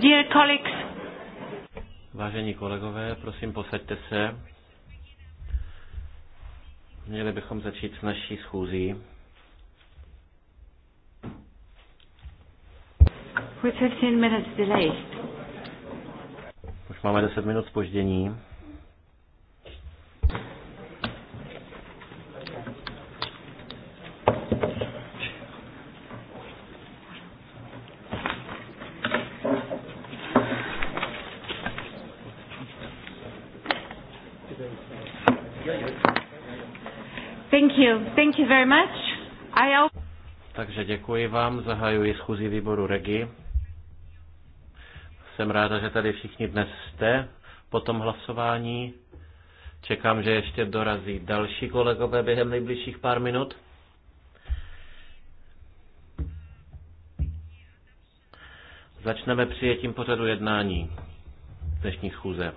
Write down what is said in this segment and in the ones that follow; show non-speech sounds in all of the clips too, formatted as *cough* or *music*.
Dear colleagues. Vážení kolegové, prosím, posaďte se. Měli bychom začít s naší schůzí. With 15 minutes delay. Už máme 10 minut spoždění. very much. I Takže děkuji vám, zahajuji schůzi výboru Regi. Jsem ráda, že tady všichni dnes jste po tom hlasování. Čekám, že ještě dorazí další kolegové během nejbližších pár minut. Začneme přijetím pořadu jednání dnešní schůze.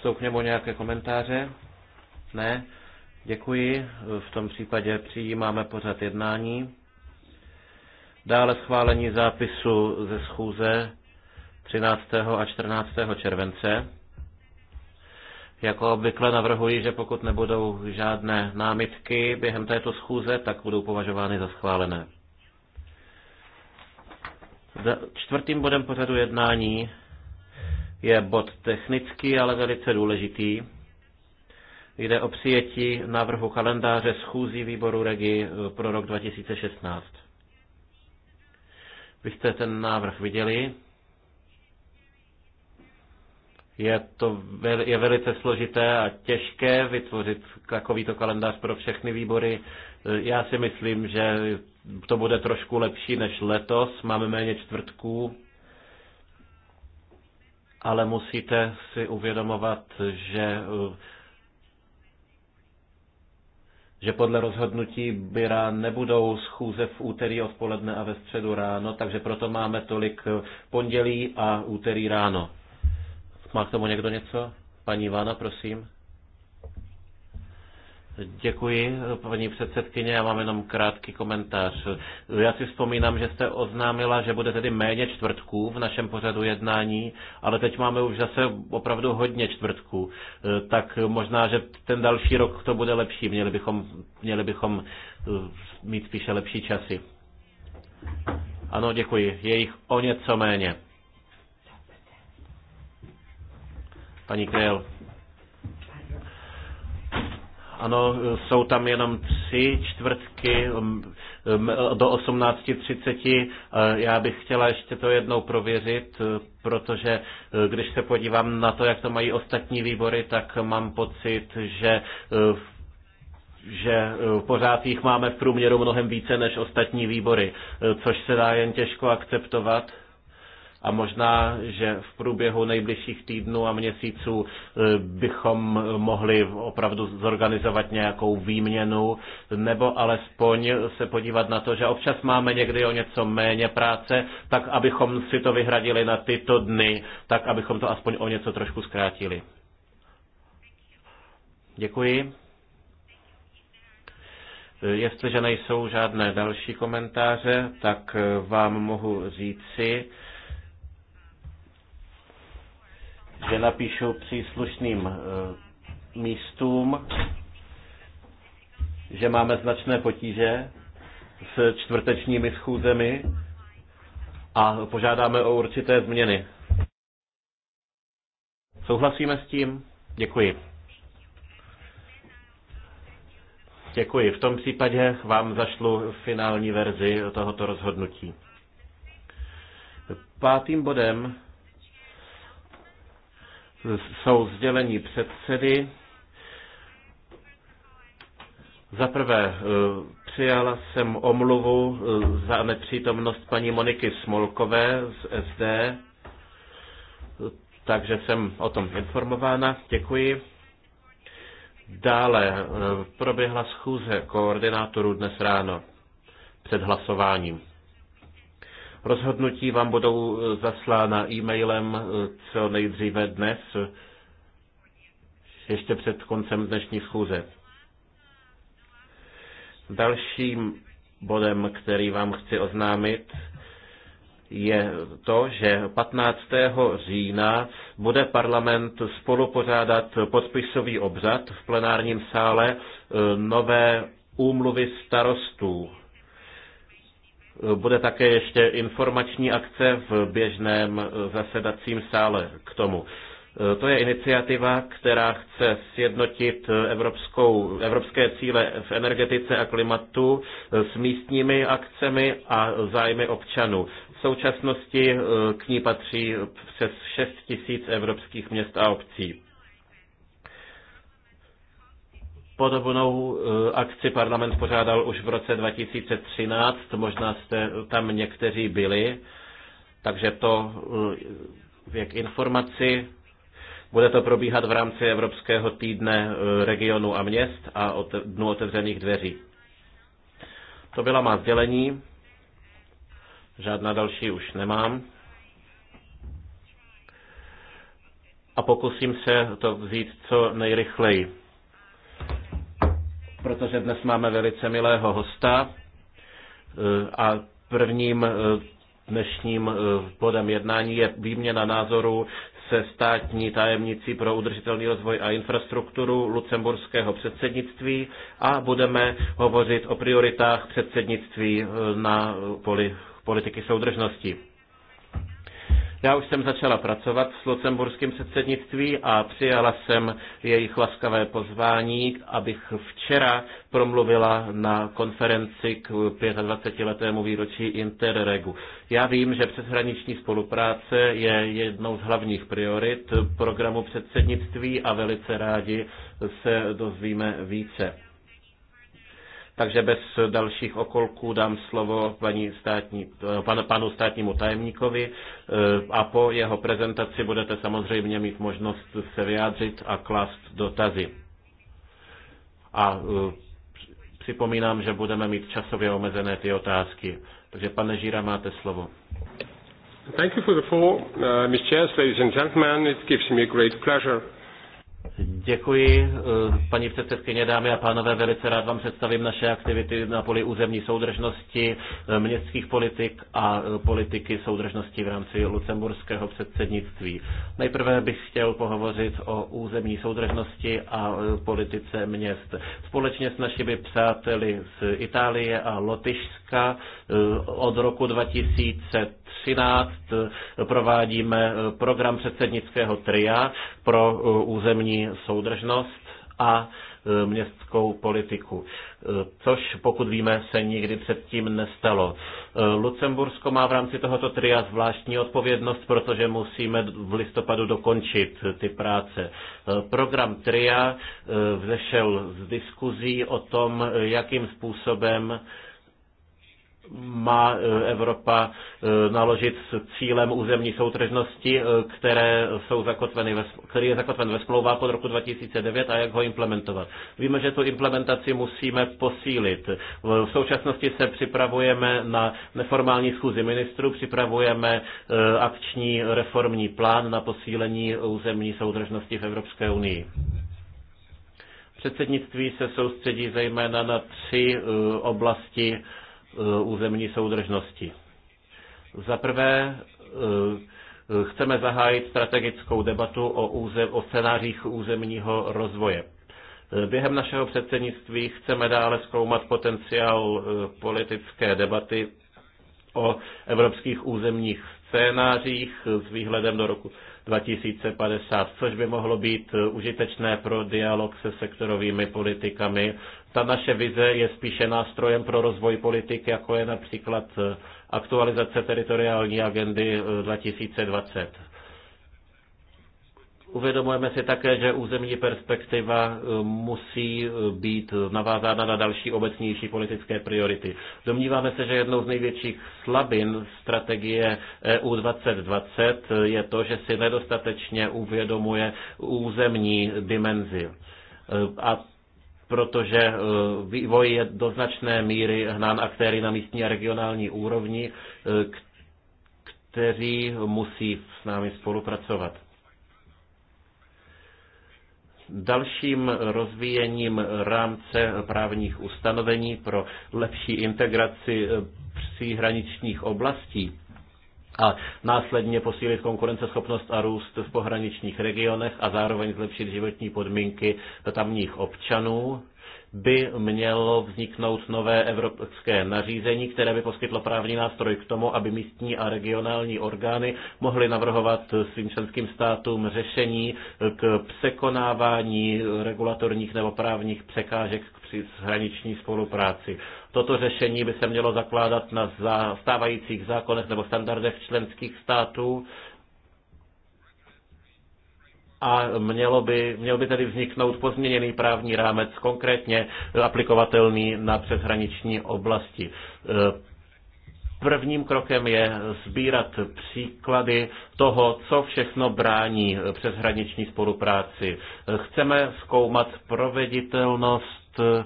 Jsou k němu nějaké komentáře? Ne? Děkuji. V tom případě přijímáme pořad jednání. Dále schválení zápisu ze schůze 13. a 14. července. Jako obvykle navrhuji, že pokud nebudou žádné námitky během této schůze, tak budou považovány za schválené. Čtvrtým bodem pořadu jednání je bod technický, ale velice důležitý. Jde o přijetí návrhu kalendáře schůzí výboru Regi eh, pro rok 2016. Vy jste ten návrh viděli. Je to je velice složité a těžké vytvořit takovýto kalendář pro všechny výbory. Eh, já si myslím, že to bude trošku lepší než letos. Máme méně čtvrtků, ale musíte si uvědomovat, že eh, že podle rozhodnutí Byra nebudou schůze v úterý odpoledne a ve středu ráno, takže proto máme tolik eh, pondělí a úterý ráno. Má k tomu někdo něco? Paní Vána, prosím. Děkuji, paní předsedkyně. Já mám jenom krátký komentář. Já si vzpomínám, že jste oznámila, že bude tedy méně čtvrtků v našem pořadu jednání, ale teď máme už zase opravdu hodně čtvrtků. Tak možná, že ten další rok to bude lepší. Měli bychom, měli bychom eh, mít spíše lepší časy. Ano, děkuji. Je jich o něco méně. Paní Kryl. Ano, jsou tam jenom tři čtvrtky um, um, do 18.30. Eh, já bych chtěla ještě to jednou prověřit, eh, protože eh, když se podívám na to, jak to mají ostatní výbory, tak mám pocit, že že pořád jich máme v průměru mnohem více než ostatní výbory, což se dá jen těžko akceptovat a možná, že v průběhu nejbližších týdnů a měsíců eh, bychom mohli opravdu zorganizovat nějakou výměnu, nebo alespoň se podívat na to, že občas máme někdy o něco méně práce, tak abychom si to vyhradili na tyto dny, tak abychom to aspoň o něco trošku zkrátili. Děkuji. Eh, jestliže nejsou žádné další komentáře, tak eh, vám mohu říci, že napíšu příslušným eh, místům, že máme značné potíže s čtvrtečními schůzemi a požádáme o určité změny. Souhlasíme s tím? Děkuji. Děkuji. V tom případě vám zašlu finální verzi tohoto rozhodnutí. Pátým bodem jsou sdělení předsedy. Za prvé, e, přijala jsem omluvu e, za nepřítomnost paní Moniky Smolkové z SD, takže jsem o tom informována. Děkuji. Dále e, proběhla schůze koordinátorů dnes ráno před hlasováním. Rozhodnutí vám budou eh, zaslána e-mailem eh, co nejdříve dnes, ještě před koncem dnešní schůze. Dalším bodem, který vám chci oznámit, je to, že 15. října bude parlament spolupořádat podpisový obřad v plenárním sále eh, nové úmluvy starostů bude také ještě informační akce v běžném eh, zasedacím sále k tomu. Eh, to je iniciativa, která chce sjednotit eh, evropskou, evropské cíle v energetice a klimatu s místními akcemi a zájmy občanů. V současnosti k ní patří přes 6 tisíc evropských měst a obcí. Podobnou eh, akci parlament pořádal už v roce 2013, možná jste tam někteří byli, takže to věk eh, informaci. Bude to probíhat v rámci Evropského týdne eh, regionu a měst a od dnu otevřených dveří. To byla má sdělení. Žádná další už nemám. A pokusím se to vzít co nejrychleji protože dnes máme velice milého hosta e, a prvním e, dnešním e, bodem jednání je výměna názoru se státní tajemnicí pro udržitelný rozvoj a infrastrukturu lucemburského předsednictví a budeme hovořit o prioritách předsednictví na poli politiky soudržnosti. Já už jsem začala pracovat s lucemburským předsednictví a přijala jsem jejich laskavé pozvání, abych včera promluvila na konferenci k 25. letému výročí Interregu. Já vím, že přeshraniční spolupráce je jednou z hlavních priorit programu předsednictví a velice rádi se dozvíme více. Takže bez dalších okolků dám slovo paní státní, pan, panu státnímu tajemníkovi eh, a po jeho prezentaci budete samozřejmě mít možnost se vyjádřit a klást dotazy. A eh, připomínám, že budeme mít časově omezené ty otázky. Takže pane Žíra, máte slovo. Thank you for the floor, uh, Mr. Chairs, ladies and gentlemen. It gives me great pleasure Děkuji, eh, paní předsedkyně, dámy a pánové, velice rád vám představím naše aktivity na poli územní soudržnosti, eh, městských politik a eh, politiky soudržnosti v rámci lucemburského předsednictví. Nejprve bych chtěl pohovořit o územní soudržnosti a politice měst. Společně s našimi přáteli z Itálie a Lotyšska od roku 2000 13 provádíme eh, program předsednického tria pro eh, územní soudržnost a eh, městskou politiku, což pokud víme se nikdy předtím nestalo. Lucembursko má v rámci tohoto tria zvláštní odpovědnost, protože musíme v listopadu dokončit ty práce. Program tria vzešel z diskuzí o tom, jakým způsobem má eh, Evropa eh, naložit s cílem územní soutržnosti, eh, které jsou zakotveny ve, který je zakotven ve smlouvách pod roku 2009 a jak ho implementovat. Víme, že tu implementaci musíme posílit. V současnosti se připravujeme na neformální schůzi ministrů, připravujeme akční reformní plán na posílení územní soudržnosti v Evropské unii. Předsednictví se soustředí zejména na tři oblasti Eh, územní soudržnosti. Za prvé eh, chceme zahájit strategickou debatu o, úze- o scénářích územního rozvoje. Eh, během našeho předsednictví chceme dále zkoumat potenciál politické debaty o evropských územních scénářích s výhledem do roku 2050, což by mohlo být užitečné pro dialog se sektorovými politikami ta naše vize je spíše nástrojem pro rozvoj politik, jako je například eh, aktualizace teritoriální agendy 2020. Eh, Uvědomujeme si také, že územní perspektiva eh, musí být navázána na další obecnější politické priority. Domníváme se, že jednou z největších slabin strategie EU 2020 je to, že si nedostatečně uvědomuje územní dimenzi. A protože eh, vývoj je do značné míry hnán aktéry na místní a regionální úrovni, eh, kteří musí s námi spolupracovat. Dalším rozvíjením rámce právních ustanovení pro lepší integraci eh, příhraničních oblastí a následně posílit konkurenceschopnost a růst v pohraničních regionech a zároveň zlepšit životní podmínky tamních občanů by mělo vzniknout nové evropské nařízení, které by poskytlo právní nástroj k tomu, aby místní a regionální orgány mohly navrhovat svým členským státům řešení k překonávání regulatorních nebo právních překážek k přeshraniční spolupráci. Toto řešení by se mělo zakládat na stávajících zákonech nebo standardech členských států a mělo by, měl by tedy vzniknout pozměněný právní rámec, konkrétně aplikovatelný na přeshraniční oblasti. E, prvním krokem je sbírat příklady toho, co všechno brání přeshraniční spolupráci. E, chceme zkoumat proveditelnost e,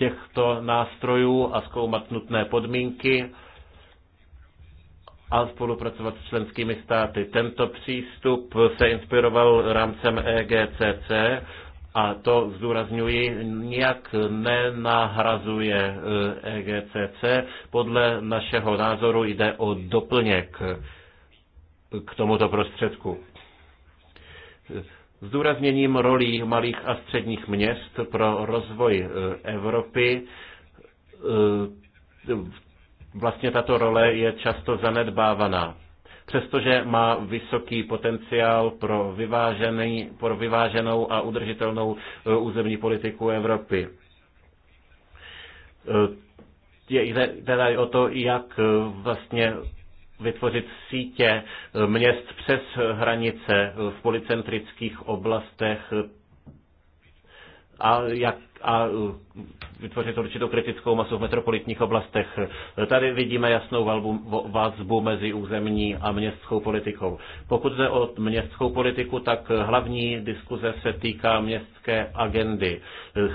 těchto nástrojů a zkoumat nutné podmínky a spolupracovat s členskými státy. Tento přístup se inspiroval rámcem EGCC a to zdůrazňuji, nijak nenahrazuje EGCC. Eh, e Podle našeho názoru jde o doplněk k tomuto prostředku zdůrazněním rolí malých a středních měst pro rozvoj eh, Evropy. Eh, vlastně tato role je často zanedbávaná přestože má vysoký potenciál pro, vyvážený, pro vyváženou a udržitelnou eh, územní politiku Evropy. Je teda o to, jak vlastně vytvořit sítě měst přes hranice v policentrických oblastech a, jak, a uh, vytvořit určitou kritickou masu v metropolitních oblastech. Tady vidíme jasnou vazbu mezi územní a městskou politikou. Pokud jde o městskou politiku, tak hlavní diskuze se týká městské agendy.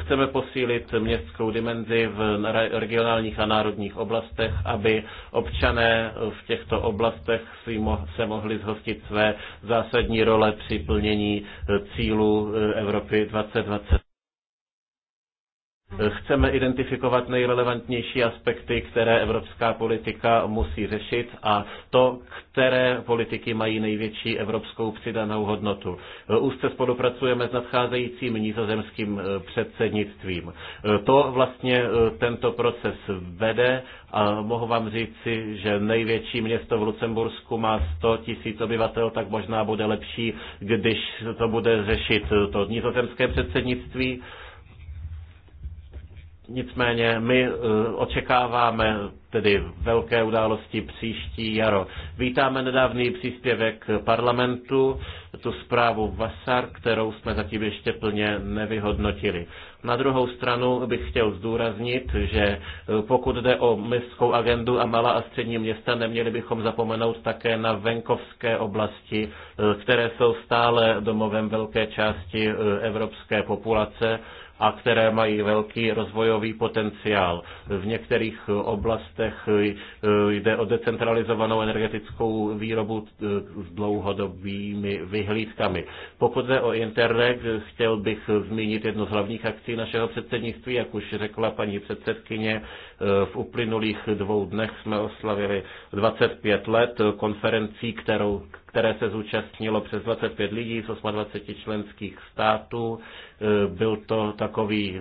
Chceme posílit městskou dimenzi v regionálních a národních oblastech, aby občané v těchto oblastech si se mohli zhostit své zásadní role při plnění cílů Evropy 2020. Chceme identifikovat nejrelevantnější aspekty, které evropská politika musí řešit a to, které politiky mají největší evropskou přidanou hodnotu. Úzce spolupracujeme s nadcházejícím nizozemským eh, předsednictvím. Eh, to vlastně eh, tento proces vede a mohu vám říci, že největší město v Lucembursku má 100 tisíc obyvatel, tak možná bude lepší, když to bude řešit to nizozemské předsednictví Nicméně my eh, očekáváme tedy velké události příští jaro. Vítáme nedávný příspěvek parlamentu, tu zprávu Vasar, kterou jsme zatím ještě plně nevyhodnotili. Na druhou stranu bych chtěl zdůraznit, že eh, pokud jde o městskou agendu a malá a střední města, neměli bychom zapomenout také na venkovské oblasti, eh, které jsou stále domovem velké části evropské populace a které mají velký rozvojový potenciál. V některých oblastech jde o decentralizovanou energetickou výrobu eh, s dlouhodobými vyhlídkami. Pokud jde o Interreg, chtěl bych zmínit jednu z hlavních akcí našeho předsednictví, jak už řekla paní předsedkyně, v uplynulých dvou dnech jsme oslavili 25 let konferencí, kterou, které se zúčastnilo přes 25 lidí z 28 členských států. Byl to takový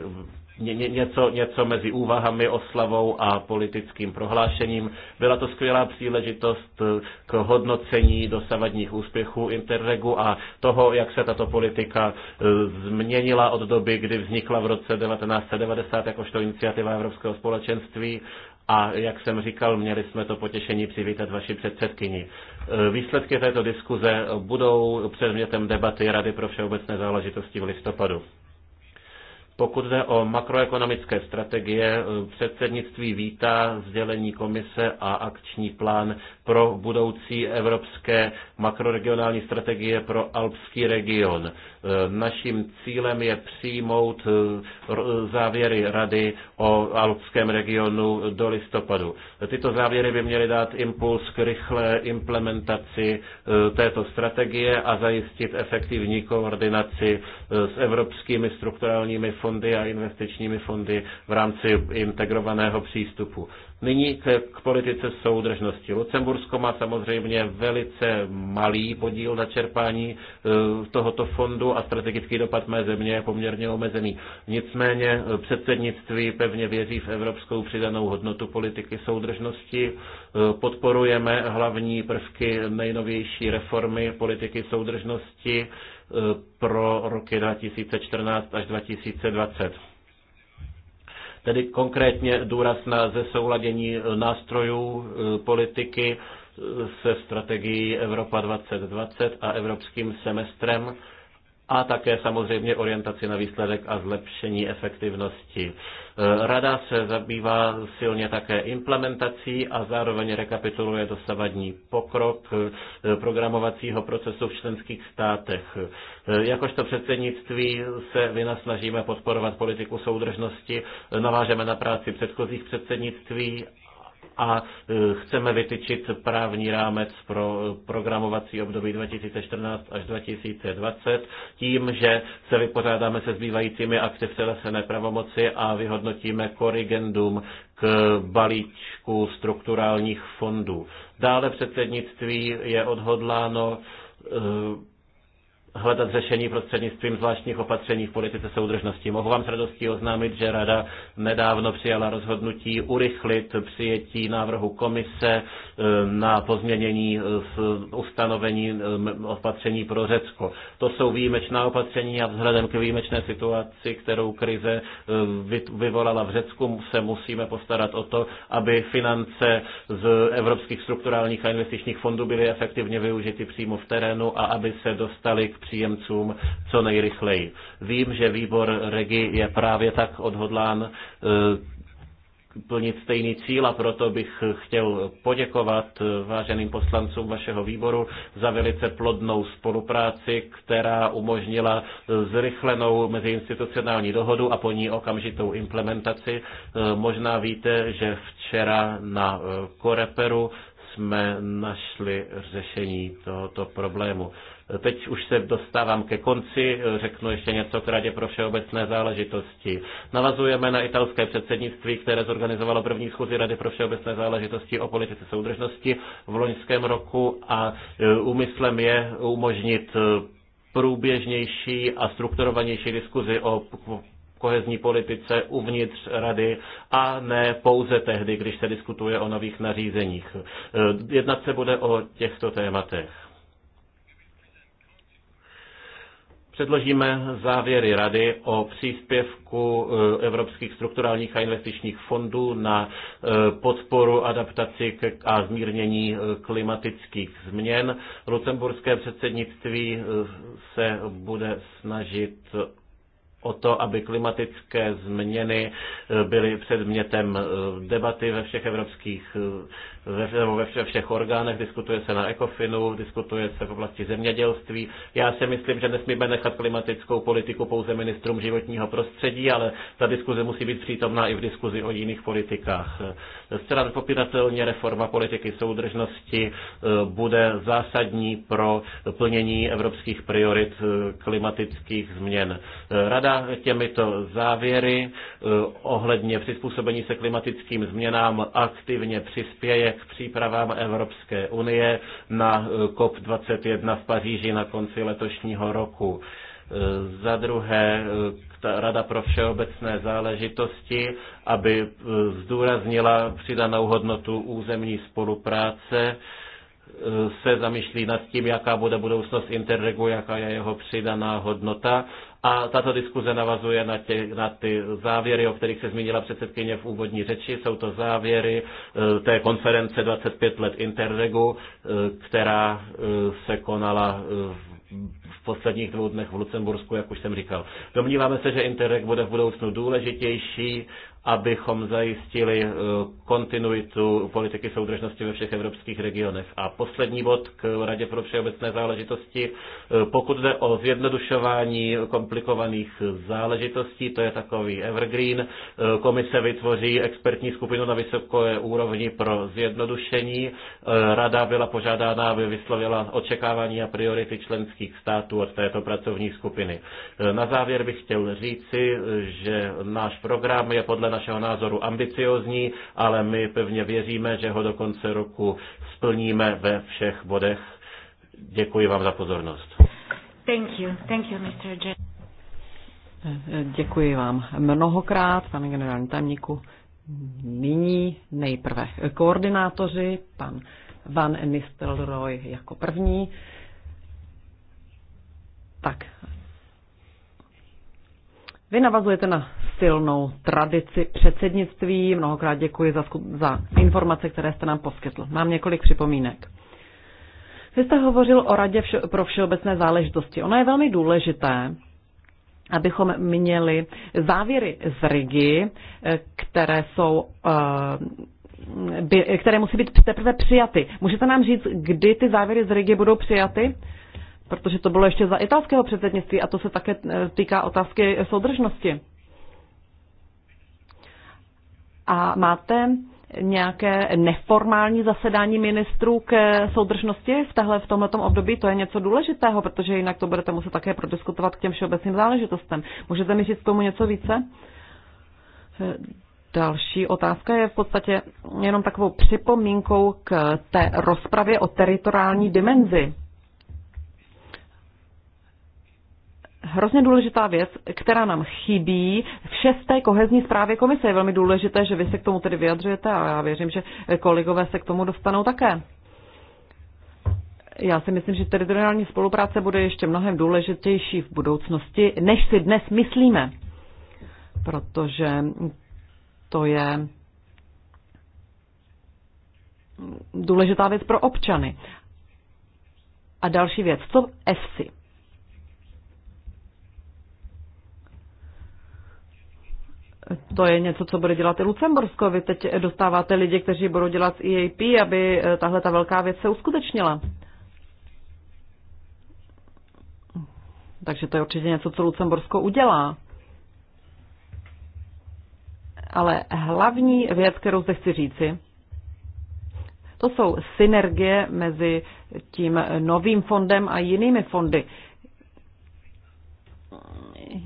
ně, něco, něco mezi úvahami, oslavou a politickým prohlášením. Byla to skvělá příležitost eh, k hodnocení dosavadních úspěchů Interregu a toho, jak se tato politika eh, změnila od doby, kdy vznikla v roce 1990 jakožto iniciativa Evropského společenství a jak jsem říkal, měli jsme to potěšení přivítat vaši předsedkyni. Eh, výsledky této diskuze budou předmětem debaty Rady pro všeobecné záležitosti v listopadu. Pokud jde o makroekonomické strategie, eh, předsednictví vítá sdělení komise a akční plán pro budoucí evropské makroregionální strategie pro alpský region. Eh, naším cílem je přijmout eh, závěry Rady o alpském regionu do listopadu. Tyto závěry by měly dát impuls k rychlé implementaci eh, této strategie a zajistit efektivní koordinaci s evropskými strukturálními fondy a investičními fondy v rámci integrovaného přístupu. Nyní k, k politice soudržnosti. Lucembursko má samozřejmě velice malý podíl na čerpání e, tohoto fondu a strategický dopad mé země je poměrně omezený. Nicméně e, předsednictví pevně věří v evropskou přidanou hodnotu politiky soudržnosti. E, podporujeme hlavní prvky nejnovější reformy politiky soudržnosti pro roky 2014 až 2020. Tedy konkrétně důraz na zesouladění nástrojů e, politiky e, se strategií Evropa 2020 a evropským semestrem a také samozřejmě orientaci na výsledek a zlepšení efektivnosti Eh, Rada se zabývá silně také implementací a zároveň rekapituluje dosavadní pokrok eh, programovacího procesu v členských státech. Eh, Jakožto předsednictví se vynasnažíme podporovat politiku soudržnosti, navážeme na práci předchozích předsednictví a e, chceme vytyčit právní rámec pro e, programovací období 2014 až 2020 tím, že se vypořádáme se zbývajícími akty v přenesené pravomoci a vyhodnotíme korrigendum k balíčku strukturálních fondů. Dále předsednictví je odhodláno e, hledat řešení prostřednictvím zvláštních opatření v politice soudržnosti. Mohu vám s radostí oznámit, že Rada nedávno přijala rozhodnutí urychlit přijetí návrhu komise eh, na pozměnění eh, ustanovení eh, opatření pro Řecko. To jsou výjimečná opatření a vzhledem k výjimečné situaci, kterou krize vyvolala v Řecku, se musíme postarat o to, aby finance z evropských strukturálních a investičních fondů byly efektivně využity přímo v terénu a aby se dostali k příjemcům co nejrychleji. Vím, že výbor REGI je právě tak odhodlán eh, plnit stejný cíl a proto bych chtěl poděkovat eh, váženým poslancům vašeho výboru za velice plodnou spolupráci, která umožnila eh, zrychlenou meziinstitucionální dohodu a po ní okamžitou implementaci. Možná víte, že včera na Koreperu jsme našli řešení tohoto problému. Teď už se dostávám ke konci, řeknu ještě něco k Radě pro všeobecné záležitosti. Navazujeme na italské předsednictví, které zorganizovalo první schůzi Rady pro všeobecné záležitosti o politice soudržnosti v loňském roku a e, úmyslem je umožnit e, průběžnější a strukturovanější diskuzi o kohezní politice uvnitř rady a ne pouze tehdy, když se diskutuje o nových nařízeních. E, jednat se bude o těchto tématech. Předložíme závěry Rady o příspěvku eh, evropských strukturálních a investičních fondů na eh, podporu adaptaci a zmírnění eh, klimatických změn. Lucemburské předsednictví se bude snažit o to, aby klimatické změny byly předmětem debaty ve všech evropských ve, ve všech orgánech, diskutuje se na ECOFINu, diskutuje se v oblasti zemědělství. Já si myslím, že nesmíme nechat klimatickou politiku pouze ministrům životního prostředí, ale ta diskuze musí být přítomná i v diskuzi o jiných politikách. Zcela nepopiratelně reforma politiky soudržnosti eh, bude zásadní pro plnění evropských priorit eh, klimatických změn. Eh, Rada těmito závěry ohledně přizpůsobení se klimatickým změnám aktivně přispěje k přípravám Evropské unie na eh, COP21 v Paříži na konci letošního roku. Eh, za druhé, eh, Rada pro všeobecné záležitosti, aby zdůraznila přidanou hodnotu územní spolupráce, se zamýšlí nad tím, jaká bude budoucnost Interregu, jaká je jeho přidaná hodnota a tato diskuze navazuje na, tě, na ty závěry, o kterých se zmínila předsedkyně v úvodní řeči. Jsou to závěry e, té konference 25 let Interregu, e, která e, se konala v posledních dvou dnech v Lucembursku, jak už jsem říkal. Domníváme se, že Interreg bude v budoucnu důležitější abychom zajistili eh, kontinuitu politiky soudržnosti ve všech evropských regionech. A poslední bod k Radě pro všeobecné záležitosti. Eh, pokud jde o zjednodušování komplikovaných záležitostí, to je takový evergreen. Eh, komise vytvoří expertní skupinu na vysoké úrovni pro zjednodušení. Rada byla požádána, aby vyslovila očekávání a priority členských států od této pracovní skupiny. Na závěr bych chtěl říci, že náš program je podle našeho názoru ambiciozní, ale my pevně věříme, že ho do konce roku splníme ve všech bodech. Děkuji vám za pozornost. Thank you. Thank you, Mr. Děkuji vám mnohokrát, pane generální tajemníku. Nyní nejprve koordinátoři, pan Van Nistelrooy jako první. Tak. Vy navazujete na silnou tradici předsednictví. Mnohokrát děkuji za, za informace, které jste nám poskytl. Mám několik připomínek. Vy jste hovořil o Radě pro všeobecné záležitosti. Ono je velmi důležité, abychom měli závěry z Rigi, eh, které jsou eh, by, které musí být teprve přijaty. Můžete nám říct, kdy ty závěry z Rigi budou přijaty? Protože to bylo ještě za italského předsednictví a to se také eh, týká otázky soudržnosti. A máte nějaké neformální zasedání ministrů k soudržnosti v, tahle, v tomto období, to je něco důležitého, protože jinak to budete muset také prodiskutovat k těm všeobecným záležitostem. Můžete mi říct k tomu něco více? Eh, další otázka je v podstatě jenom takovou připomínkou k té rozpravě o teritoriální dimenzi. hrozně důležitá věc, která nám chybí v šesté kohezní zprávě komise. Je velmi důležité, že vy se k tomu tedy vyjadřujete a já věřím, že kolegové se k tomu dostanou také. Já si myslím, že teritoriální spolupráce bude ještě mnohem důležitější v budoucnosti, než si dnes myslíme. Protože to je důležitá věc pro občany. A další věc, co EFSI? to je něco, co bude dělat i Lucembursko. Vy teď dostáváte lidi, kteří budou dělat EAP, aby eh, tahle ta velká věc se uskutečnila. Takže to je určitě něco, co Lucembursko udělá. Ale hlavní věc, kterou zde chci říci, to jsou synergie mezi tím novým fondem a jinými fondy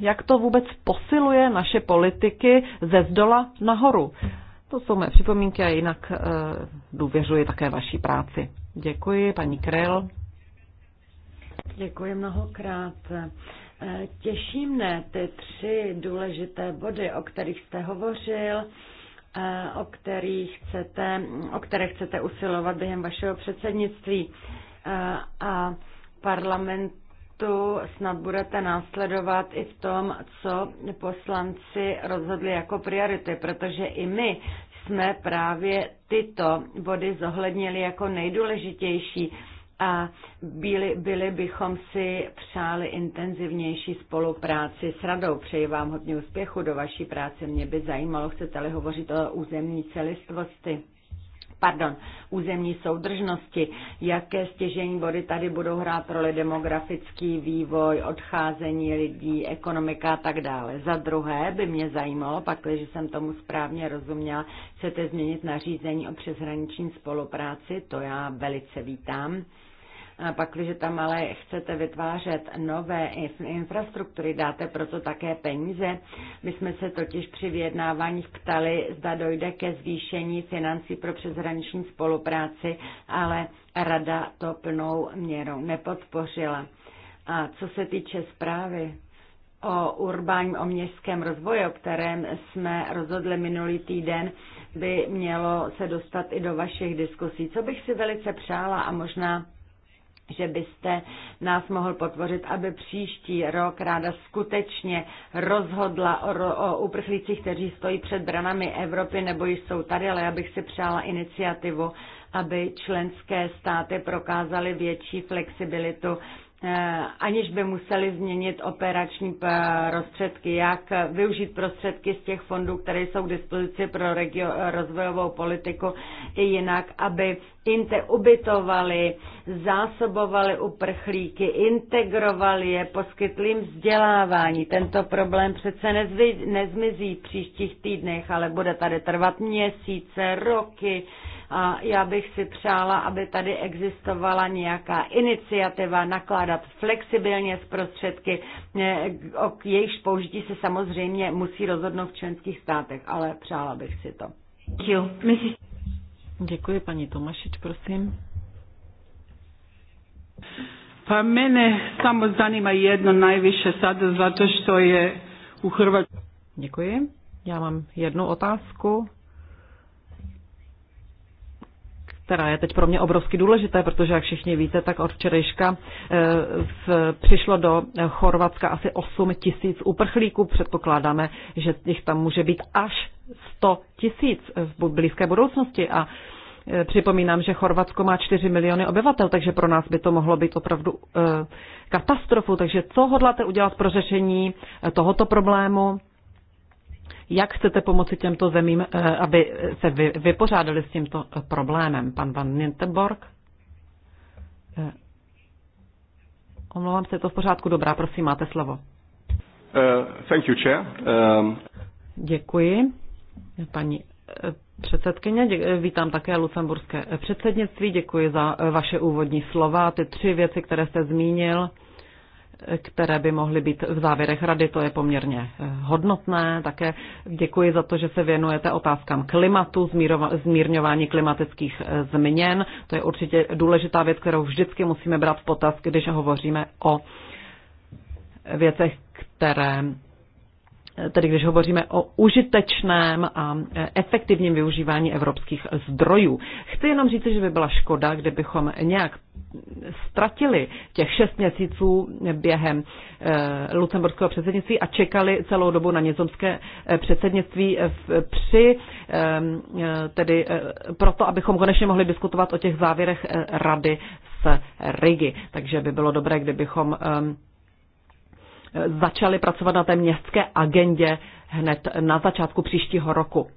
jak to vůbec posiluje naše politiky ze zdola nahoru. To jsou mé připomínky a jinak e, důvěřuji také vaší práci. Děkuji, paní Krel. Děkuji mnohokrát. Eh, těší mne ty tři důležité body, o kterých jste hovořil, eh, o, kterých chcete, o které chcete usilovat během vašeho předsednictví. A parlament debatu snad budete následovat i v tom, co poslanci rozhodli jako priority, protože i my jsme právě tyto body zohlednili jako nejdůležitější a byli, byli bychom si přáli intenzivnější spolupráci s radou. Přeji vám hodně úspěchu do vaší práce. Mě by zajímalo, chcete-li hovořit o územní celistvosti pardon, územní soudržnosti, jaké stěžení body tady budou hrát roli demografický vývoj, odcházení lidí, ekonomika a tak dále. Za druhé by mě zajímalo, pak, když jsem tomu správně rozuměla, chcete změnit nařízení o přeshraniční spolupráci, to já velice vítám. Pak, když tam ale chcete vytvářet nové infrastruktury, dáte proto také peníze. My jsme se totiž při vyjednáváních ptali, zda dojde ke zvýšení financí pro přeshraniční spolupráci, ale rada to plnou měrou nepodpořila. A co se týče zprávy, o urbáním, o městském rozvoji, o kterém jsme rozhodli minulý týden, by mělo se dostat i do vašich diskusí. Co bych si velice přála a možná že byste nás mohl potvořit, aby příští rok ráda skutečně rozhodla o, ro, o uprchlících, kteří stojí před branami Evropy nebo již jsou tady, ale já bych si přála iniciativu, aby členské státy prokázaly větší flexibilitu Eh, aniž by museli změnit operační prostředky, jak využít prostředky z těch fondů, které jsou k dispozici pro regio, rozvojovou politiku i jinak, aby inte ubytovali, zásobovali uprchlíky, integrovali je, poskytli jim vzdělávání. Tento problém přece nezvy, nezmizí v příštích týdnech, ale bude tady trvat měsíce, roky, a já bych si přála, aby tady existovala nějaká iniciativa nakládat flexibilně s prostředky, o jejichž použití se samozřejmě musí rozhodnout v členských státech, ale přála bych si to. Děkuji, paní Tomašič, prosím. Pa mene samo zanima jedno najviše sada zato što je u Hrvatskoj. Děkuji. Já mám jednu otázku která je teď pro mě obrovsky důležité, protože, jak všichni víte, tak od včerejška eh, v, přišlo do Chorvatska asi 8 tisíc uprchlíků. Předpokládáme, že jich tam může být až 100 tisíc v blízké budoucnosti a eh, Připomínám, že Chorvatsko má 4 miliony obyvatel, takže pro nás by to mohlo být opravdu eh, katastrofu. Takže co hodláte udělat pro řešení tohoto problému? Jak chcete pomoci těmto zemím, eh, aby se vypořádali s tímto eh, problémem? Pan Van Ninteborg? Eh, omlouvám se, je to v pořádku dobrá, prosím, máte slovo. Uh, thank you, chair. Um... Děkuji, paní předsedkyně. Vítám také lucemburské předsednictví. Děkuji za vaše úvodní slova. Ty tři věci, které jste zmínil, které by mohly být v závěrech rady. To je poměrně eh, hodnotné. Také děkuji za to, že se věnujete otázkám klimatu, zmírňování klimatických eh, změn. To je určitě důležitá věc, kterou vždycky musíme brát v potaz, když hovoříme o věcech, které tedy když hovoříme o užitečném a efektivním využívání evropských zdrojů. Chci jenom říct, že by byla škoda, kdybychom nějak ztratili těch šest měsíců během eh, lucemburského předsednictví a čekali celou dobu na nizozemské eh, předsednictví eh, při, tedy proto, abychom konečně mohli diskutovat o těch závěrech rady z Rigi. Takže by bylo dobré, kdybychom začali pracovat na té městské agendě hned na začátku příštího roku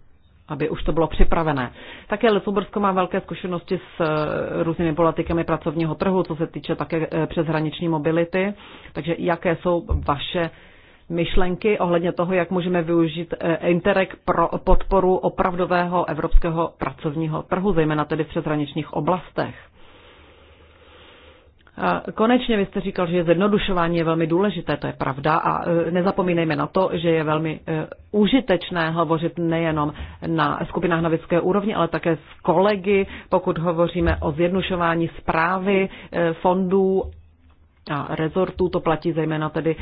aby už to bylo připravené. Také Lesoborsko má velké zkušenosti s eh, různými politikami pracovního trhu, co se týče také eh, přeshraniční mobility. Takže jaké jsou vaše myšlenky ohledně toho, jak můžeme využít eh, Interreg pro podporu opravdového evropského pracovního trhu, zejména tedy v přeshraničních oblastech? konečně vy jste říkal, že zjednodušování je velmi důležité, to je pravda a e, nezapomínejme na to, že je velmi e, užitečné hovořit nejenom na skupinách na vědecké úrovni, ale také s kolegy, pokud hovoříme o zjednodušování zprávy e, fondů a rezortů, to platí zejména tedy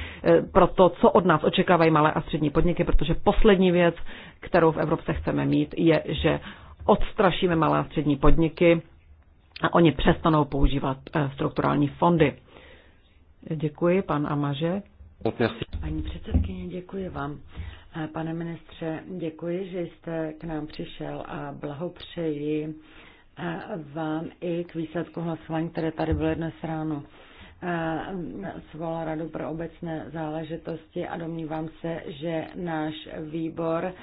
pro to, co od nás očekávají malé a střední podniky, protože poslední věc, kterou v Evropě chceme mít, je, že odstrašíme malé a střední podniky a oni přestanou používat eh, strukturální fondy. Děkuji, pan Amaže. Paní předsedkyně, děkuji vám. Eh, pane ministře, děkuji, že jste k nám přišel a blahopřeji eh, vám i k výsledku hlasování, které tady bylo dnes ráno. Svolala Radu pro obecné záležitosti a domnívám se, že náš výbor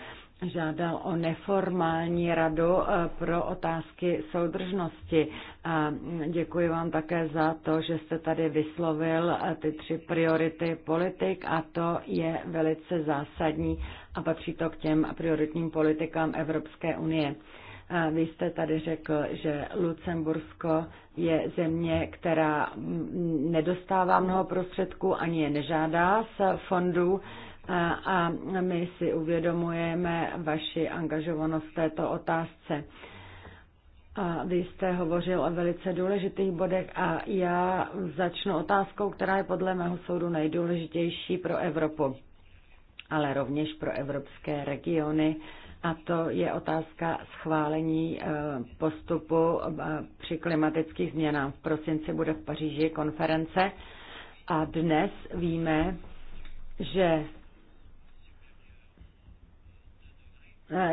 žádal o neformální radu eh, pro otázky soudržnosti. A mm, děkuji vám také za to, že jste tady vyslovil eh, ty tři priority politik a to je velice zásadní a patří to k těm prioritním politikám Evropské unie. Eh, vy jste tady řekl, že Lucembursko je země, která mm, nedostává mnoho prostředků, ani je nežádá z fondů a my si uvědomujeme vaši angažovanost v této otázce. A vy jste hovořil o velice důležitých bodech a já začnu otázkou, která je podle mého soudu nejdůležitější pro Evropu, ale rovněž pro evropské regiony, a to je otázka schválení e, postupu e, při klimatických změnách. V prosinci bude v Paříži konference a dnes víme, že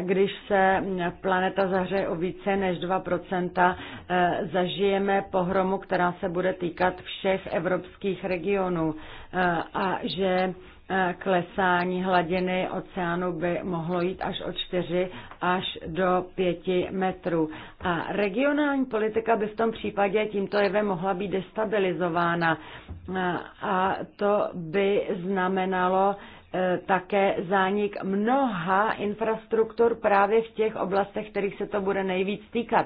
když se planeta zahřeje o více než 2%, eh, zažijeme pohromu, která se bude týkat všech evropských regionů eh, a že eh, klesání hladiny oceánu by mohlo jít až o 4 až do 5 metrů. A regionální politika by v tom případě tímto jevem mohla být destabilizována. A to by znamenalo, E, také zánik mnoha infrastruktur právě v těch oblastech, kterých se to bude nejvíc týkat.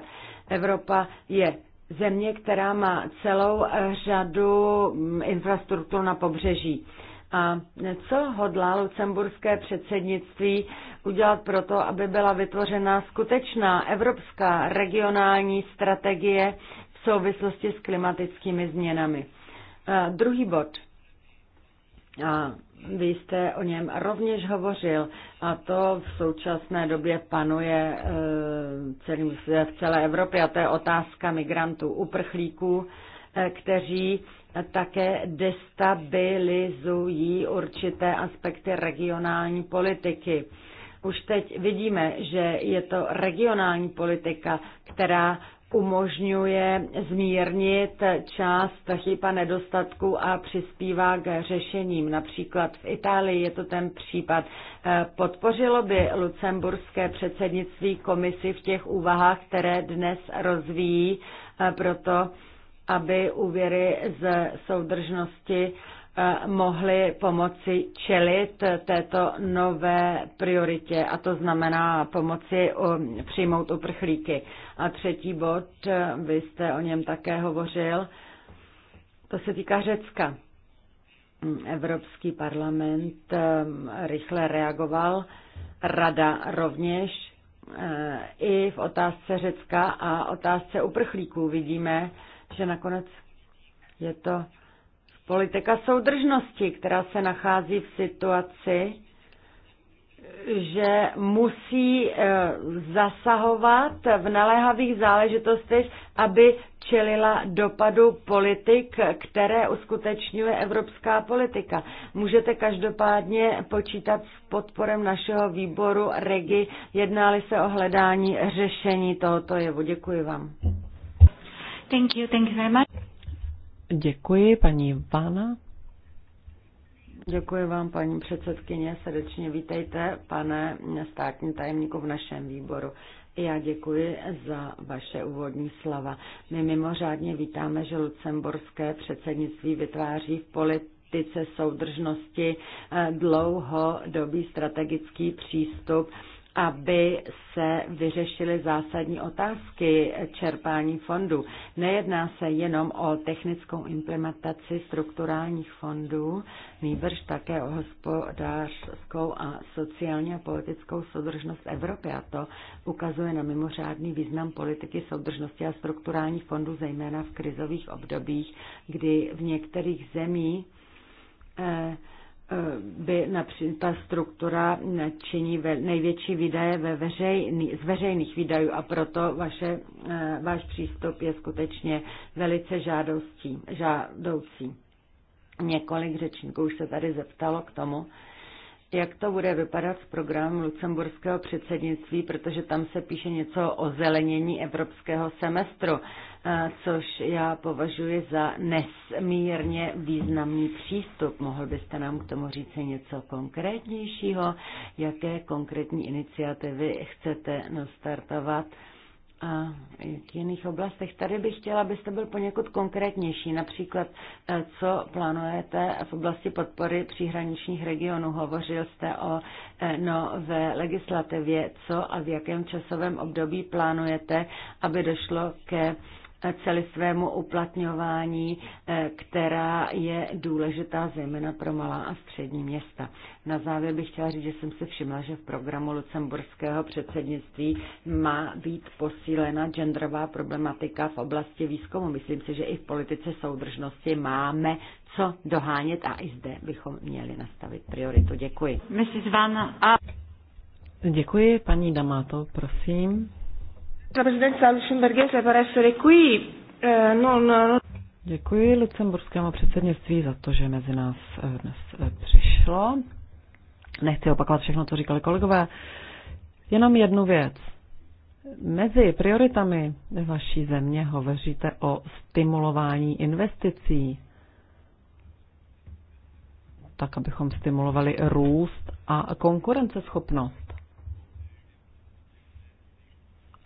Evropa je země, která má celou řadu mm, infrastruktur na pobřeží. A co hodlá lucemburské předsednictví udělat proto, aby byla vytvořena skutečná evropská regionální strategie v souvislosti s klimatickými změnami? A e, druhý bod. A vy jste o něm rovněž hovořil a to v současné době panuje eh, v celé Evropě a to je otázka migrantů, uprchlíků, eh, kteří také destabilizují určité aspekty regionální politiky. Už teď vidíme, že je to regionální politika, která umožňuje zmírnit část chyb a nedostatků a přispívá k řešením. Například v Itálii je to ten případ. Podpořilo by lucemburské předsednictví komisi v těch úvahách, které dnes rozvíjí proto, aby úvěry z soudržnosti Eh, mohli pomoci čelit této nové prioritě, a to znamená pomoci eh, přijmout uprchlíky. A třetí bod, eh, vy jste o něm také hovořil, to se týká Řecka. Evropský parlament rychle reagoval, rada rovněž, i v otázce Řecka a otázce uprchlíků vidíme, že nakonec je to Politika soudržnosti, která se nachází v situaci, že musí eh, zasahovat v naléhavých záležitostech, aby čelila dopadu politik, které uskutečňuje evropská politika. Můžete každopádně počítat s podporem našeho výboru REGI, jednáli se o hledání řešení tohoto jevu. Děkuji vám. Thank you, thank you very much. Děkuji, paní Vana. Děkuji vám, paní předsedkyně. Srdečně vítejte, pane státní tajemníku v našem výboru. Já děkuji za vaše úvodní slova. My mimořádně vítáme, že lucemburské předsednictví vytváří v politice politice soudržnosti eh, dlouhodobý strategický přístup aby se vyřešily zásadní otázky čerpání fondů. Nejedná se jenom o technickou implementaci strukturálních fondů, nýbrž také o hospodářskou a sociálně a politickou soudržnost Evropy. A to ukazuje na mimořádný význam politiky soudržnosti a strukturálních fondů, zejména v krizových obdobích, kdy v některých zemích eh, by například ta struktura činí největší výdaje ve veřejný, z veřejných výdajů a proto vaše, eh, váš přístup je skutečně velice žádoucí. Několik řečníků už se tady zeptalo k tomu, jak to bude vypadat v programu lucemburského předsednictví, protože tam se píše něco o zelenění evropského semestru, eh, což já považuji za nesmírně významný přístup. Mohl byste nám k tomu říct něco konkrétnějšího? Jaké konkrétní iniciativy chcete nastartovat? No a v jiných oblastech. Tady bych chtěla, abyste byl poněkud konkrétnější, například e, co plánujete v oblasti podpory příhraničních regionů. Hovořil jste o e, nové legislativě, co a v jakém časovém období plánujete, aby došlo ke svému uplatňování, eh, která je důležitá zejména pro malá a střední města. Na závěr bych chtěla říct, že jsem si všimla, že v programu lucemburského předsednictví má být posílena genderová problematika v oblasti výzkumu. Myslím si, že i v politice soudržnosti máme co dohánět a i zde bychom měli nastavit prioritu. Děkuji. Děkuji, paní Damato, prosím. La presidenza lussemburghese per essere qui. Non... Děkuji lucemburskému předsednictví za to, že mezi nás e, dnes e, přišlo. Nechci opakovat všechno, co říkali kolegové. Jenom jednu věc. Mezi prioritami vaší země hovoříte o stimulování investicí, tak abychom stimulovali růst a konkurenceschopnost.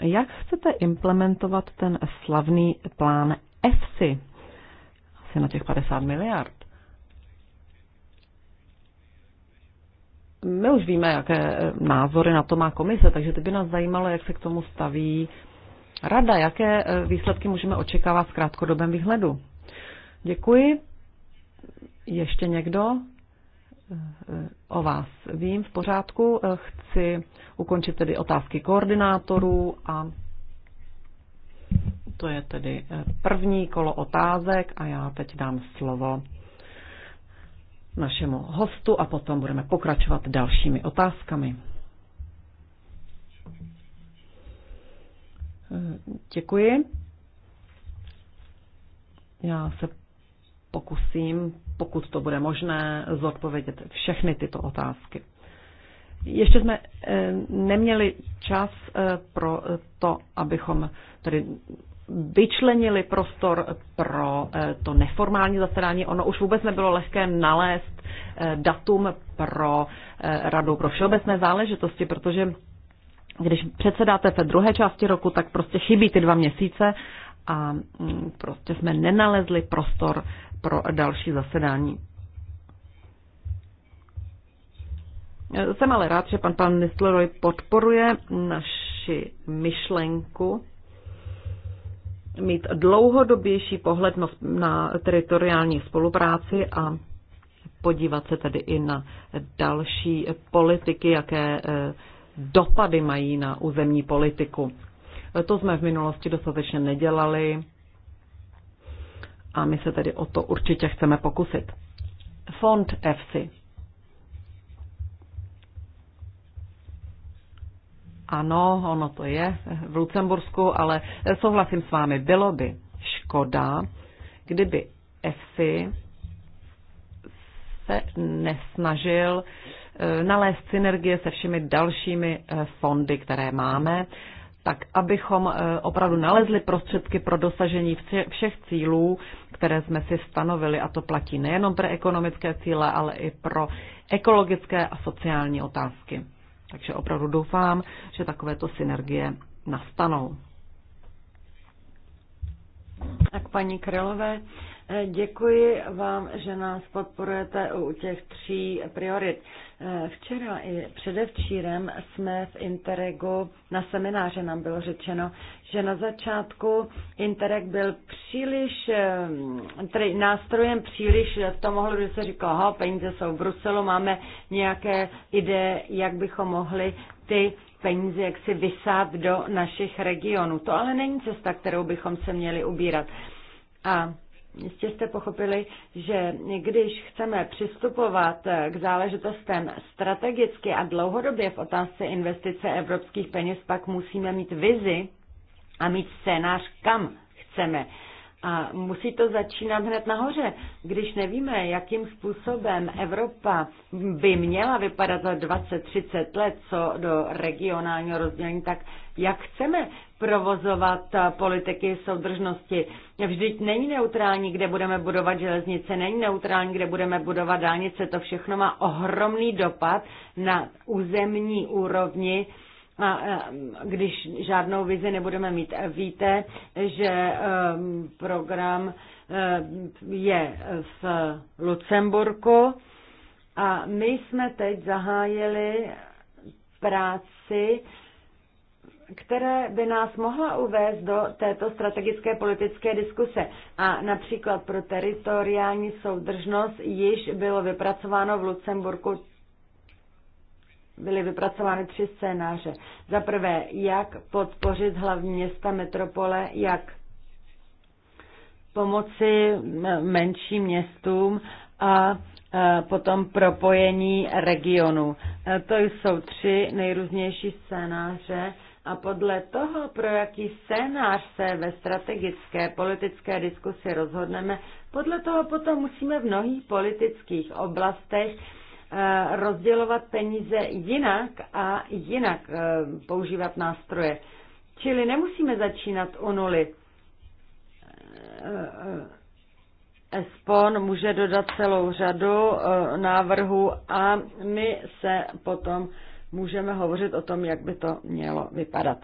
Jak chcete implementovat ten slavný plán EFSI? Asi na těch 50 miliard. My už víme, jaké eh, názory na to má komise, takže to by nás zajímalo, jak se k tomu staví rada, jaké eh, výsledky můžeme očekávat v krátkodobém výhledu. Děkuji. Ještě někdo? o vás vím v pořádku. Chci ukončit tedy otázky koordinátorů a to je tedy eh, první kolo otázek a já teď dám slovo našemu hostu a potom budeme pokračovat dalšími otázkami. Eh, děkuji. Já se pokusím, pokud to bude možné, zodpovědět všechny tyto otázky. Ještě jsme eh, neměli čas eh, pro to, abychom tedy vyčlenili prostor pro eh, to neformální zasedání. Ono už vůbec nebylo lehké nalézt datum pro Radu pro všeobecné záležitosti, protože když předsedáte ve druhé části roku, tak prostě chybí ty dva měsíce a mm, prostě jsme nenalezli prostor pro další zasedání. Jsem ale rád, že pan pan Nistleroy podporuje naši myšlenku mít dlouhodobější pohled na teritoriální spolupráci a podívat se tedy i na další politiky, jaké eh, dopady mají na územní politiku. To jsme v minulosti dostatečně nedělali a my se tedy o to určitě chceme pokusit. Fond FC. Ano, ono to je v Lucembursku, ale souhlasím s vámi, bylo by škoda, kdyby EFSI se nesnažil eh, nalézt synergie se všemi dalšími eh, fondy, které máme, tak abychom eh, opravdu nalezli prostředky pro dosažení všech cílů, které jsme si stanovili. A to platí nejenom pro ekonomické cíle, ale i pro ekologické a sociální otázky. Takže opravdu doufám, že takovéto synergie nastanou. Tak paní Krylové, Eh, děkuji vám, že nás podporujete u těch tří priorit. Eh, včera i předevčírem jsme v Interregu na semináře nám bylo řečeno, že na začátku Interreg byl příliš, eh, tedy nástrojem příliš v tom ohledu, že se říkalo, ho, peníze jsou v Bruselu, máme nějaké ideje, jak bychom mohli ty peníze jaksi vysát do našich regionů. To ale není cesta, kterou bychom se měli ubírat. A Jistě jste pochopili, že když chceme přistupovat eh, k záležitostem strategicky a dlouhodobě v otázce investice evropských peněz, pak musíme mít vizi a mít scénář, kam chceme a musí to začínat hned nahoře. Když nevíme, jakým způsobem Evropa by měla vypadat za 20-30 let, co do regionálního rozdělení, tak jak chceme provozovat politiky soudržnosti. Vždyť není neutrální, kde budeme budovat železnice, není neutrální, kde budeme budovat dálnice. To všechno má ohromný dopad na územní úrovni a když žádnou vizi nebudeme mít. Eh, víte, že program je v Lucemburku a my jsme teď zahájili práci, které by nás mohla uvést do této strategické politické diskuse. A například pro teritoriální soudržnost již bylo vypracováno v Lucemburku byly vypracovány tři scénáře. Za prvé, jak podpořit hlavní města, metropole, jak pomoci menším městům a potom propojení regionu. E, to jsou tři nejrůznější scénáře a podle toho, pro jaký scénář se ve strategické politické diskusi rozhodneme, podle toho potom musíme v mnohých politických oblastech Eh, rozdělovat peníze jinak a jinak eh, používat nástroje. Čili nemusíme začínat u nuly. Eh, Espon může dodat celou řadu návrhů a my se potom můžeme hovořit o tom, jak by to mělo vypadat.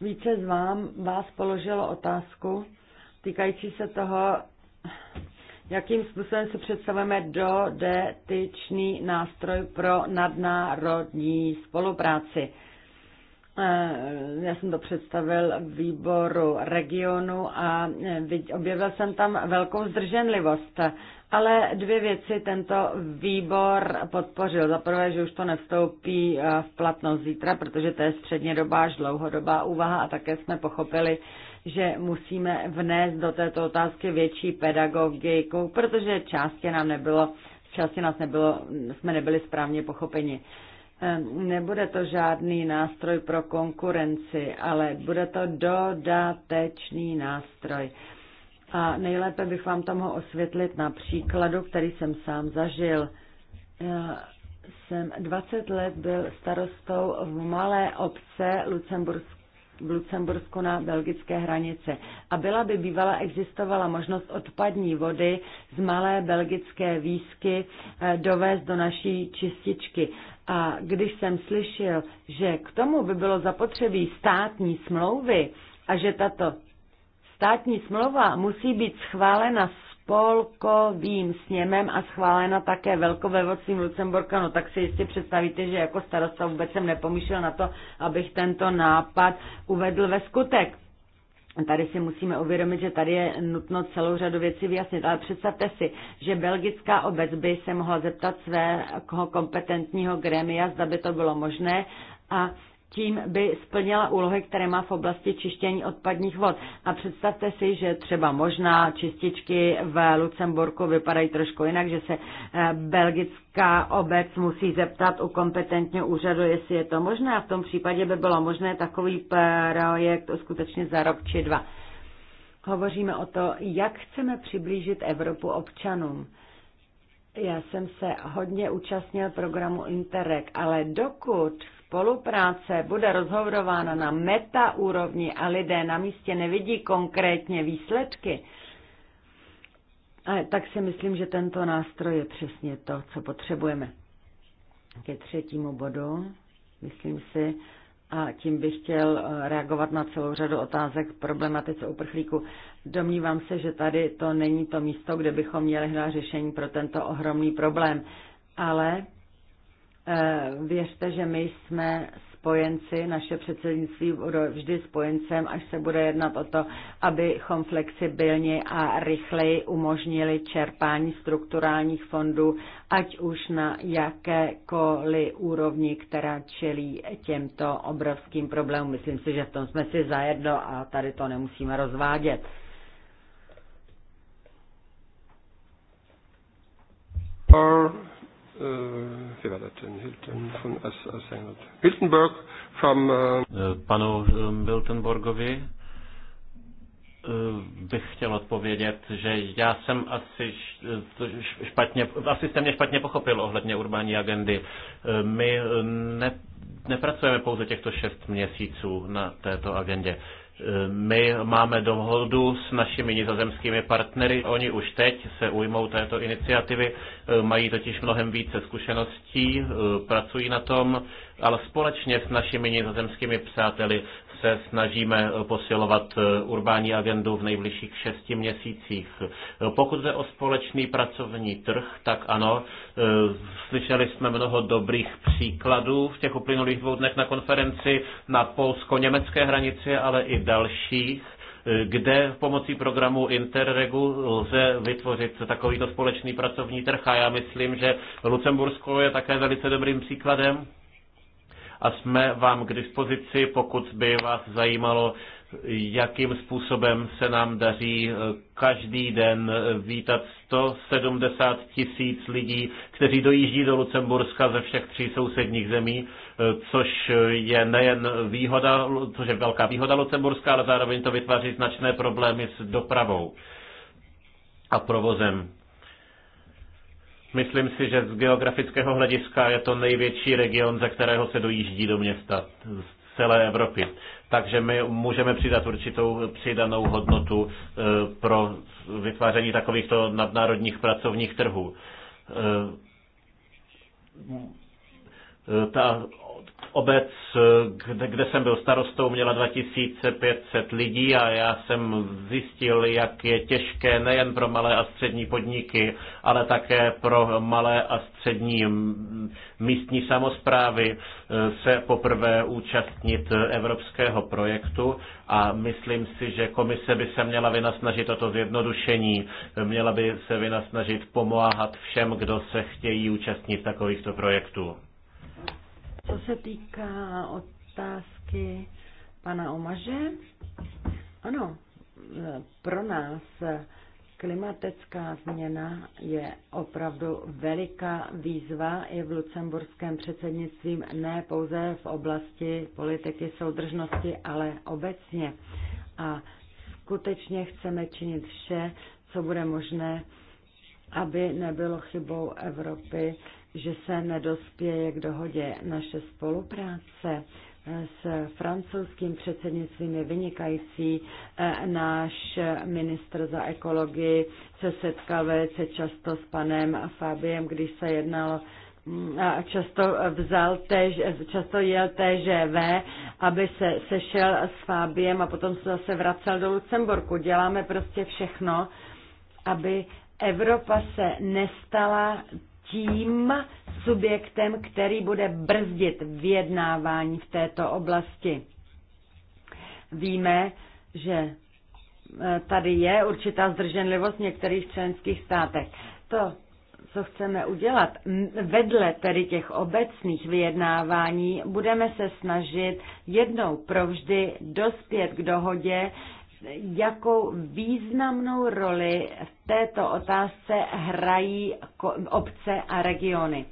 Více z vám, vás položilo otázku týkající se toho, jakým způsobem si představujeme dotyčný nástroj pro nadnárodní spolupráci. Eh, já jsem to představil výboru regionu a eh, objevil jsem tam velkou zdrženlivost. Ale dvě věci tento výbor podpořil. Za prvé, že už to nevstoupí eh, v platnost zítra, protože to je středně doba až dlouhodobá úvaha a také jsme pochopili, že musíme vnést do této otázky větší pedagogiku, protože části nám nebylo, části nás nebylo, jsme nebyli správně pochopeni. Ehm, nebude to žádný nástroj pro konkurenci, ale bude to dodatečný nástroj. A nejlépe bych vám to mohl osvětlit na příkladu, který jsem sám zažil. Já jsem 20 let byl starostou v malé obce Lucemburské v Lucembursku na belgické hranice. A byla by bývala existovala možnost odpadní vody z malé belgické výsky eh, dovést do naší čističky. A když jsem slyšel, že k tomu by bylo zapotřebí státní smlouvy a že tato státní smlouva musí být schválena spolkovým sněmem a schválena také velkovévodcím Lucemburka, no tak si jistě představíte, že jako starosta vůbec jsem nepomýšlel na to, abych tento nápad uvedl ve skutek. Tady si musíme uvědomit, že tady je nutno celou řadu věcí vyjasnit, ale představte si, že belgická obec by se mohla zeptat svého kompetentního grémia, zda by to bylo možné a tím by splnila úlohy, které má v oblasti čištění odpadních vod. A představte si, že třeba možná čističky v Lucemburku vypadají trošku jinak, že se eh, belgická obec musí zeptat u kompetentního úřadu, jestli je to možné a v tom případě by bylo možné takový projekt skutečně za rok či dva. Hovoříme o to, jak chceme přiblížit Evropu občanům. Já jsem se hodně účastnil programu Interreg, ale dokud spolupráce bude rozhodována na meta úrovni a lidé na místě nevidí konkrétně výsledky, tak si myslím, že tento nástroj je přesně to, co potřebujeme. Ke třetímu bodu, myslím si, a tím bych chtěl eh, reagovat na celou řadu otázek k problematice uprchlíku. Domnívám se, že tady to není to místo, kde bychom měli hledat řešení pro tento ohromný problém, ale Eh, věřte, že my jsme spojenci, naše předsednictví bude vždy spojencem, až se bude jednat o to, abychom flexibilně a rychleji umožnili čerpání strukturálních fondů, ať už na jakékoliv úrovni, která čelí těmto obrovským problémům. Myslím si, že v tom jsme si zajedno a tady to nemusíme rozvádět. Or Äh, wie war das denn, Hilton von Hiltenberg from... Äh, äh, panu ähm, Miltenborgovi bych chtěl odpovědět, že já jsem asi špatně, asi jste mě špatně pochopil ohledně urbání agendy. My ne, nepracujeme pouze těchto šest měsíců na této agendě. My máme dohodu s našimi nizozemskými partnery. Oni už teď se ujmou této iniciativy, e, mají totiž mnohem více zkušeností, e, pracují na tom, ale společně s našimi nizozemskými přáteli se snažíme posilovat eh, urbání agendu v nejbližších šesti měsících. Eh, pokud jde o společný pracovní trh, tak ano, eh, slyšeli jsme mnoho dobrých příkladů v těch uplynulých dvou dnech na konferenci na polsko-německé hranici, ale i dalších kde pomocí programu Interregu lze vytvořit takovýto společný pracovní trh. A já myslím, že Lucembursko je také velice dobrým příkladem a jsme vám k dispozici, pokud by vás zajímalo, jakým způsobem se nám daří eh, každý den eh, vítat 170 tisíc lidí, kteří dojíždí do Lucemburska ze všech tří sousedních zemí, eh, což je nejen výhoda, což je velká výhoda Lucemburska, ale zároveň to vytváří značné problémy s dopravou a provozem. Myslím si, že z geografického hlediska je to největší region, ze kterého se dojíždí do města z celé Evropy. Takže my můžeme přidat určitou přidanou hodnotu eh, pro vytváření takovýchto nadnárodních pracovních trhů. Eh, eh, ta Obec, kde, kde jsem byl starostou, měla 2500 lidí a já jsem zjistil, jak je těžké nejen pro malé a střední podniky, ale také pro malé a střední místní samozprávy e, se poprvé účastnit evropského projektu a myslím si, že komise by se měla vynasnažit o to zjednodušení, měla by se vynasnažit pomáhat všem, kdo se chtějí účastnit takovýchto projektů. Co se týká otázky pana Omaže, ano, pro nás klimatická změna je opravdu veliká výzva i v lucemburském předsednictví, ne pouze v oblasti politiky soudržnosti, ale obecně. A skutečně chceme činit vše, co bude možné, aby nebylo chybou Evropy, že se nedospěje k dohodě. Naše spolupráce s francouzským předsednictvím je vynikající. E, náš ministr za ekologii se setkal velice často s panem Fabiem, když se jednalo mm, a často vzal tež, často jel TŽV, aby se sešel s Fábiem a potom se zase vracel do Lucemburku. Děláme prostě všechno, aby Evropa se nestala tím subjektem, který bude brzdit vyjednávání v této oblasti. Víme, že e, tady je určitá zdrženlivost v některých členských státech. To, co chceme udělat, vedle tedy těch obecných vyjednávání, budeme se snažit jednou provždy dospět k dohodě, jakou významnou roli v této otázce hrají obce a regiony.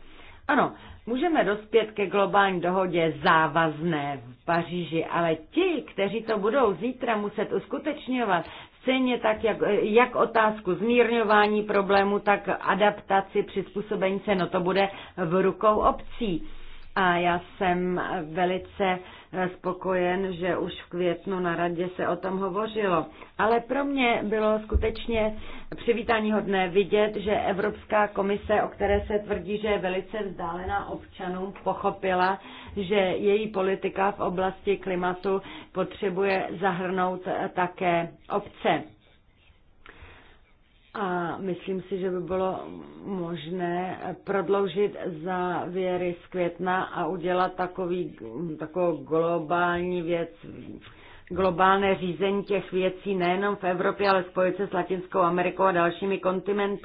Ano, můžeme dospět ke globální dohodě závazné v Paříži, ale ti, kteří to budou zítra muset uskutečňovat, stejně tak jak, jak otázku zmírňování problému, tak adaptaci, přizpůsobení se, no to bude v rukou obcí. A já jsem velice Eh, spokojen, že už v květnu na radě se o tom hovořilo. Ale pro mě bylo skutečně přivítání hodné vidět, že Evropská komise, o které se tvrdí, že je velice vzdálená občanům, pochopila, že její politika v oblasti klimatu potřebuje zahrnout také obce. A myslím si, že by bylo možné prodloužit závěry z května a udělat takový, takovou globální věc globálné řízení těch věcí nejenom v Evropě, ale spojit se s Latinskou Amerikou a dalšími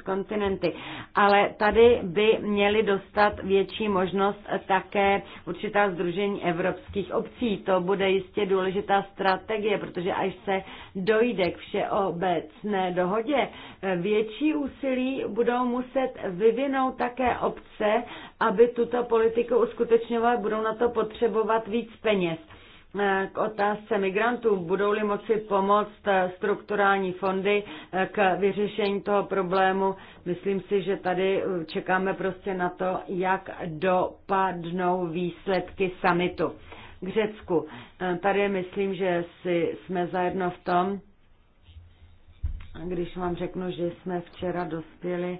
kontinenty. Ale tady by měly dostat větší možnost také určitá združení evropských obcí. To bude jistě důležitá strategie, protože až se dojde k všeobecné dohodě, větší úsilí budou muset vyvinout také obce, aby tuto politiku uskutečňovat, budou na to potřebovat víc peněz Eh, k otázce migrantů. Budou-li moci pomoct eh, strukturální fondy eh, k vyřešení toho problému, myslím si, že tady čekáme prostě na to, jak dopadnou výsledky samitu. K Řecku. Tady myslím, že si jsme zajedno v tom, když vám řeknu, že jsme včera dospěli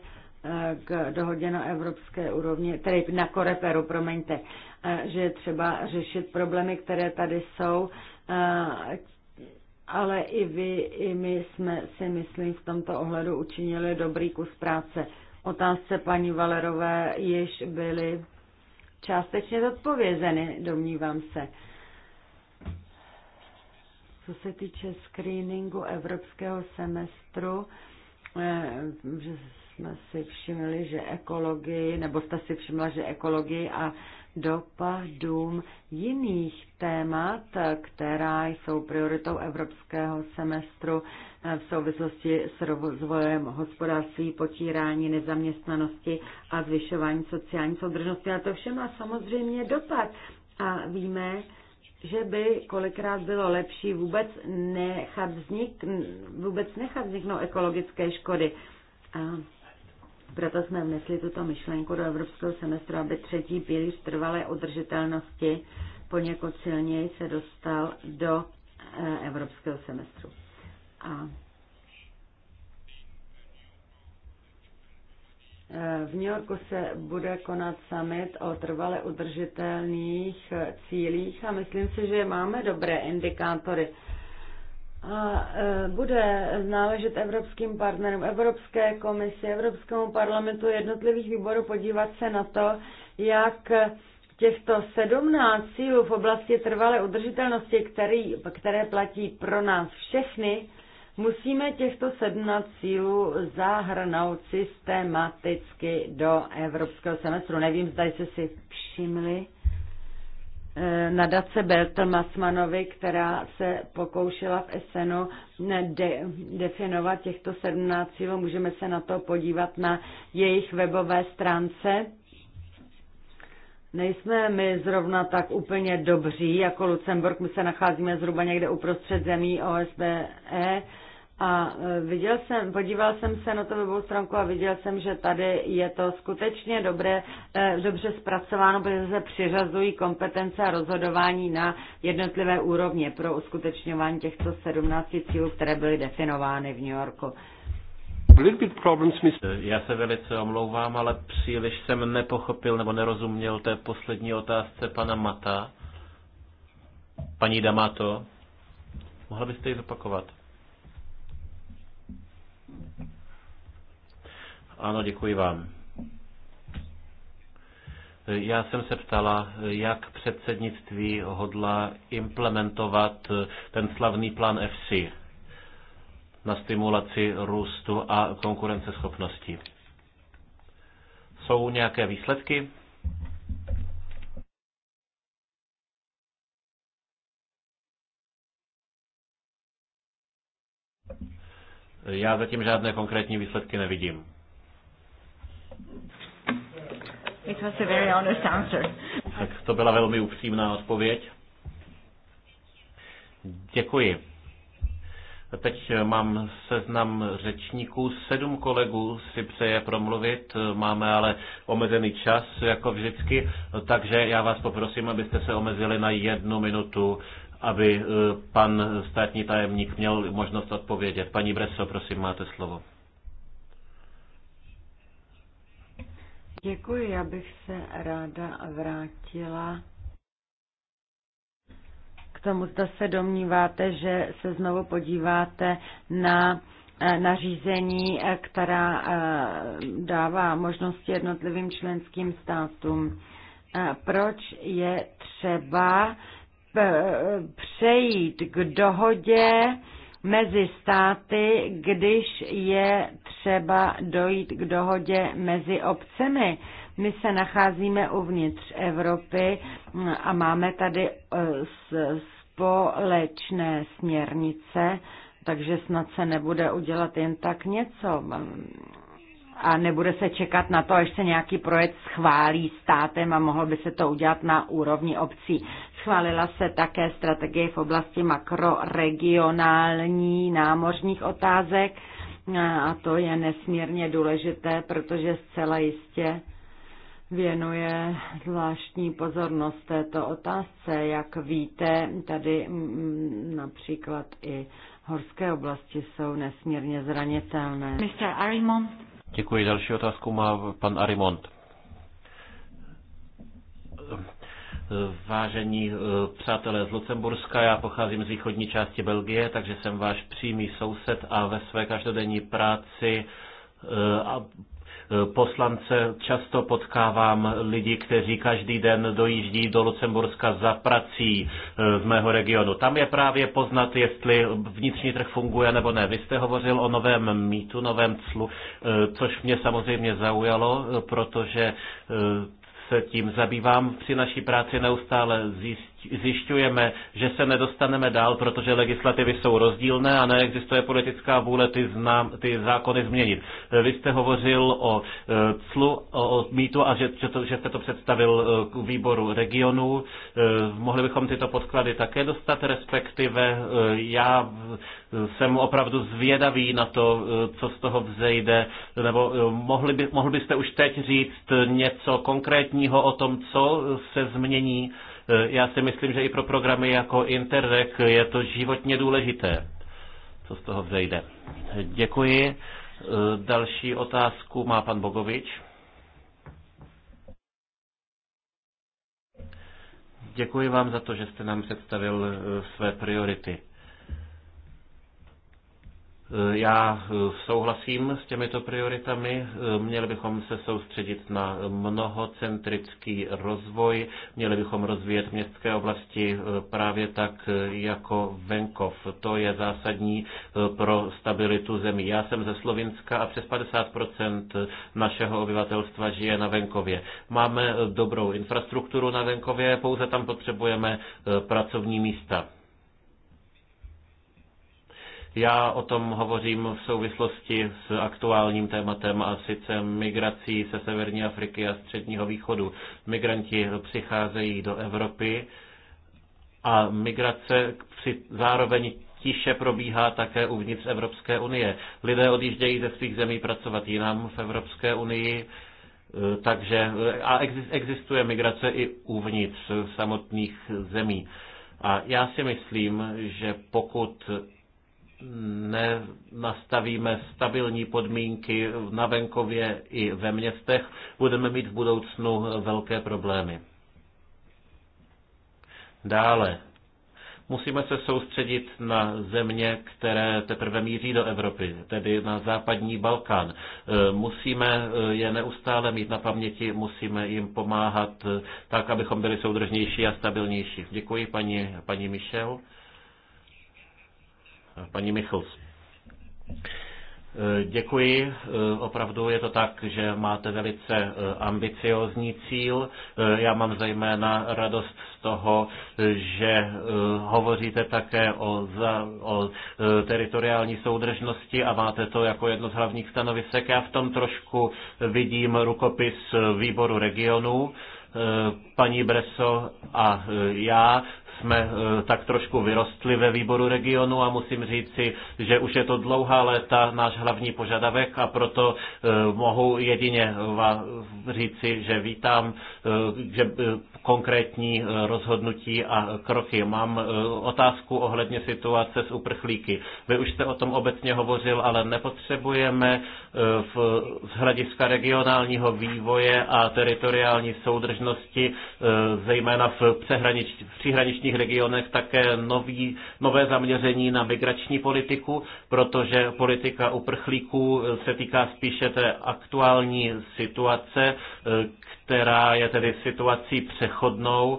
k dohodě na evropské úrovni, tedy na Koreperu, promiňte, že je třeba řešit problémy, které tady jsou, ale i vy, i my jsme si, myslím, v tomto ohledu učinili dobrý kus práce. Otázce paní Valerové již byly částečně zodpovězeny, domnívám se. Co se týče screeningu evropského semestru, eh, že jsme si všimli, že ekologii, nebo jste si všimla, že ekologii a dopadům jiných témat, která jsou prioritou evropského semestru v souvislosti s rozvojem hospodářství, potírání nezaměstnanosti a zvyšování sociální soudržnosti. A to vše má samozřejmě dopad. A víme, že by kolikrát bylo lepší vůbec nechat, vznik, vůbec nechat vzniknout ekologické škody. A proto jsme vnesli tuto myšlenku do evropského semestru, aby třetí pilíř trvalé udržitelnosti poněkud silněji se dostal do eh, evropského semestru. A eh, V New Yorku se bude konat summit o trvale udržitelných eh, cílích a myslím si, že máme dobré indikátory a e, bude náležet evropským partnerům, Evropské komisi, Evropskému parlamentu, jednotlivých výborů podívat se na to, jak těchto 17 cílů v oblasti trvalé udržitelnosti, který, které platí pro nás všechny, musíme těchto 17 cílů zahrnout systematicky do evropského semestru. Nevím, zda jste si všimli Eh, nadace Bertel Masmanovi, která se pokoušela v Essenu de, definovat těchto 17 cílů. Můžeme se na to podívat na jejich webové stránce. Nejsme my zrovna tak úplně dobří jako Lucemburg, my se nacházíme zhruba někde uprostřed zemí OSBE, a e, viděl jsem, podíval jsem se na to webovou stránku a viděl jsem, že tady je to skutečně dobré, e, dobře zpracováno, protože se přiřazují kompetence a rozhodování na jednotlivé úrovně pro uskutečňování těchto 17 cílů, které byly definovány v New Yorku. E, já se velice omlouvám, ale příliš jsem nepochopil nebo nerozuměl té poslední otázce pana Mata. Paní Damato, mohla byste ji zopakovat? Ano, děkuji vám. Já jsem se ptala, jak předsednictví hodla implementovat ten slavný plán FC na stimulaci růstu a konkurenceschopnosti. Jsou nějaké výsledky? Já zatím žádné konkrétní výsledky nevidím. It was a very honest answer. Tak to byla velmi upřímná odpověď. Děkuji. Teď mám seznam řečníků. Sedm kolegů si přeje promluvit, máme ale omezený čas, jako vždycky, takže já vás poprosím, abyste se omezili na jednu minutu, aby eh, pan státní tajemník měl možnost odpovědět. Paní Breso, prosím, máte slovo. Děkuji, já bych se ráda vrátila k tomu, zda se domníváte, že se znovu podíváte na eh, nařízení, eh, která eh, dává možnosti jednotlivým členským státům. Proč je třeba přejít k dohodě, mezi státy, když je třeba dojít k dohodě mezi obcemi. My se nacházíme uvnitř Evropy a máme tady e, společné směrnice, takže snad se nebude udělat jen tak něco a nebude se čekat na to, až se nějaký projekt schválí státem a mohlo by se to udělat na úrovni obcí. Schválila se také strategie v oblasti makroregionální námořních otázek a to je nesmírně důležité, protože zcela jistě věnuje zvláštní pozornost této otázce. Jak víte, tady mm, mm, například i horské oblasti jsou nesmírně zranitelné. Mr. Arimont. Děkuji. Další otázku má pan Arimont. Vážení eh, přátelé z Lucemburska, já pocházím z východní části Belgie, takže jsem váš přímý soused a ve své každodenní práci eh, a Eh, poslance často potkávám lidi, kteří každý den dojíždí do Lucemburska za prací eh, z mého regionu. Tam je právě poznat, jestli vnitřní trh funguje nebo ne. Vy jste hovořil o novém mýtu, novém clu, eh, což mě samozřejmě zaujalo, protože se tím zabývám při naší práci neustále zjistit, zjišťujeme, že se nedostaneme dál, protože legislativy jsou rozdílné a neexistuje politická vůle ty, znám, ty zákony změnit. Eh, vy jste hovořil o eh, clu, o mýtu a že, že, to, že jste to představil eh, k výboru regionů. Mohli bychom tyto podklady také dostat, respektive já jsem opravdu zvědavý na to, co z toho vzejde, nebo mohli by, mohl byste už teď říct něco konkrétního o tom, co se změní Eh, já si myslím, že i pro programy jako Interreg je to životně důležité, co z toho vzejde. Děkuji. Eh, další otázku má pan Bogovič. Děkuji vám za to, že jste nám představil eh, své priority. Eh, já eh, souhlasím s těmito prioritami. Eh, měli bychom se soustředit na mnohocentrický rozvoj, měli bychom rozvíjet městské oblasti právě tak jako venkov. To je zásadní pro stabilitu zemí. Já jsem ze Slovinska a přes 50 našeho obyvatelstva žije na venkově. Máme dobrou infrastrukturu na venkově, pouze tam potřebujeme pracovní místa. Já o tom hovořím v souvislosti s aktuálním tématem a sice migrací se Severní Afriky a Středního východu. Migranti přicházejí do Evropy a migrace při zároveň tiše probíhá také uvnitř Evropské unie. Lidé odjíždějí ze svých zemí pracovat jinam v Evropské unii, e, takže a existuje migrace i uvnitř samotných zemí. A já si myslím, že pokud nenastavíme stabilní podmínky na venkově i ve městech, budeme mít v budoucnu velké problémy. Dále. Musíme se soustředit na země, které teprve míří do Evropy, tedy na západní Balkán. E, musíme je neustále mít na paměti, musíme jim pomáhat e, tak, abychom byli soudržnější a stabilnější. Děkuji paní, paní Michel. Paní Michals. Eh, děkuji. Eh, opravdu je to tak, že máte velice eh, ambiciozní cíl. Já mám zejména radost z toho, že hovoříte také o, za, o teritoriální soudržnosti a máte to jako jedno z hlavních stanovisek. Já v tom trošku vidím rukopis výboru regionů paní Breso a já jsme e, tak trošku vyrostli ve výboru regionu a musím říci, že už je to dlouhá léta náš hlavní požadavek a proto e, mohu jedině říci, že vítám e, že konkrétní rozhodnutí a kroky. Mám otázku ohledně situace s uprchlíky. Vy už jste o tom obecně hovořil, ale nepotřebujeme v, z hlediska regionálního vývoje a teritoriální soudržnosti, zejména v, přehranič, v příhraničních příslušných regionech také nový, nové zaměření na migrační politiku, protože politika uprchlíků se týká spíše té aktuální situace, e, která je tedy situací přechodnou, e,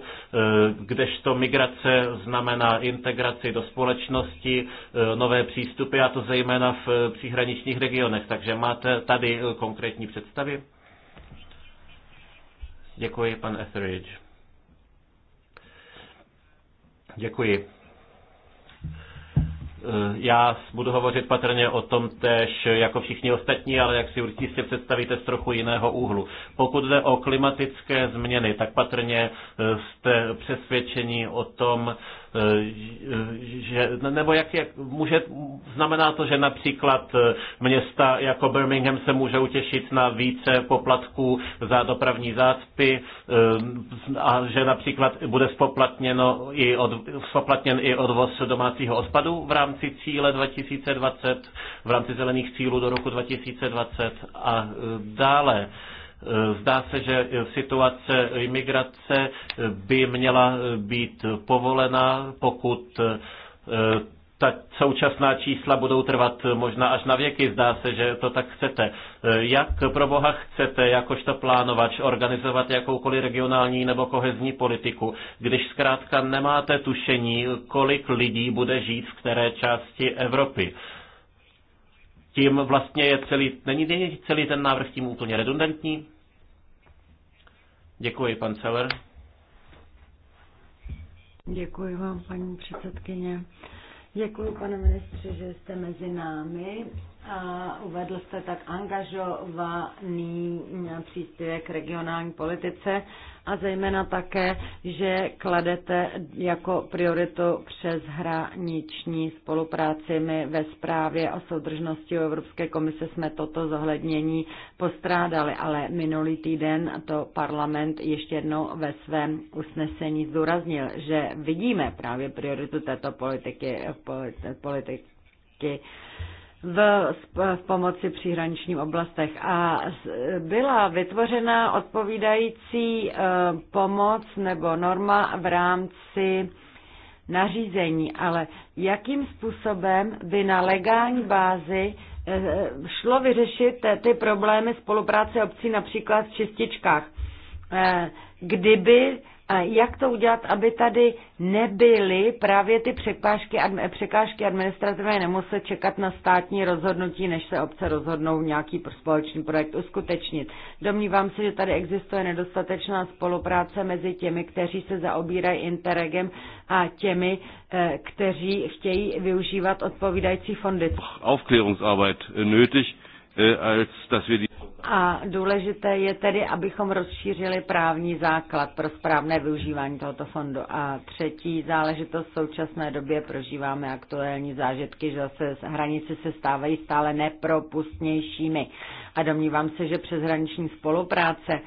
kdežto migrace znamená integraci do společnosti, e, nové přístupy, a to zejména v příhraničních regionech. Takže máte tady konkrétní představy? Děkuji, pan Etheridge. Děkuji. Eh, já budu hovořit patrně o tom tež jako všichni ostatní, ale jak si určitě představíte z trochu jiného úhlu. Pokud jde o klimatické změny, tak patrně eh, jste přesvědčeni o tom, Eh, že, eh, nebo jak, jak může, znamená to, že například eh, města jako Birmingham se můžou těšit na více poplatků za dopravní zácpy a že například bude spoplatněno i od, spoplatněn i odvoz domácího odpadu v rámci cíle 2020, v rámci zelených cílů do roku 2020 a dále. Zdá se, že situace imigrace by měla být povolena, pokud eh, ta současná čísla budou trvat možná až na věky, zdá se, že to tak chcete. Eh, jak pro Boha chcete, jakožto plánovač, organizovat jakoukoliv regionální nebo kohezní politiku, když zkrátka nemáte tušení, kolik lidí bude žít v které části Evropy? tím vlastně je celý, není, není celý ten návrh tím úplně redundantní? Děkuji, pan Seller. Děkuji vám, paní předsedkyně. Děkuji, pane ministře, že jste mezi námi a uvedl jste tak angažovaný příspěvek k regionální politice a zejména také, že kladete jako prioritu přeshraniční spolupráci. My ve zprávě o soudržnosti Evropské komise jsme toto zohlednění postrádali, ale minulý týden to parlament ještě jednou ve svém usnesení zdůraznil, že vidíme právě prioritu této politiky, politiky v, v pomoci příhraničním oblastech. A byla vytvořena odpovídající eh, pomoc nebo norma v rámci nařízení, ale jakým způsobem by na legální bázi eh, šlo vyřešit ty problémy spolupráce obcí například v čističkách, eh, kdyby a jak to udělat, aby tady nebyly právě ty překážky, překážky administrativy, nemuset čekat na státní rozhodnutí, než se obce rozhodnou nějaký společný projekt uskutečnit. Domnívám se, že tady existuje nedostatečná spolupráce mezi těmi, kteří se zaobírají interregem a těmi, eh, kteří chtějí využívat odpovídající fondy. Aufklärungsarbeit nötig, eh, als dass wir die a důležité je tedy, abychom rozšířili právní základ pro správné využívání tohoto fondu. A třetí záležitost v současné době prožíváme aktuální zážitky, že se hranice se stávají stále nepropustnějšími. A domnívám se, že přeshraniční spolupráce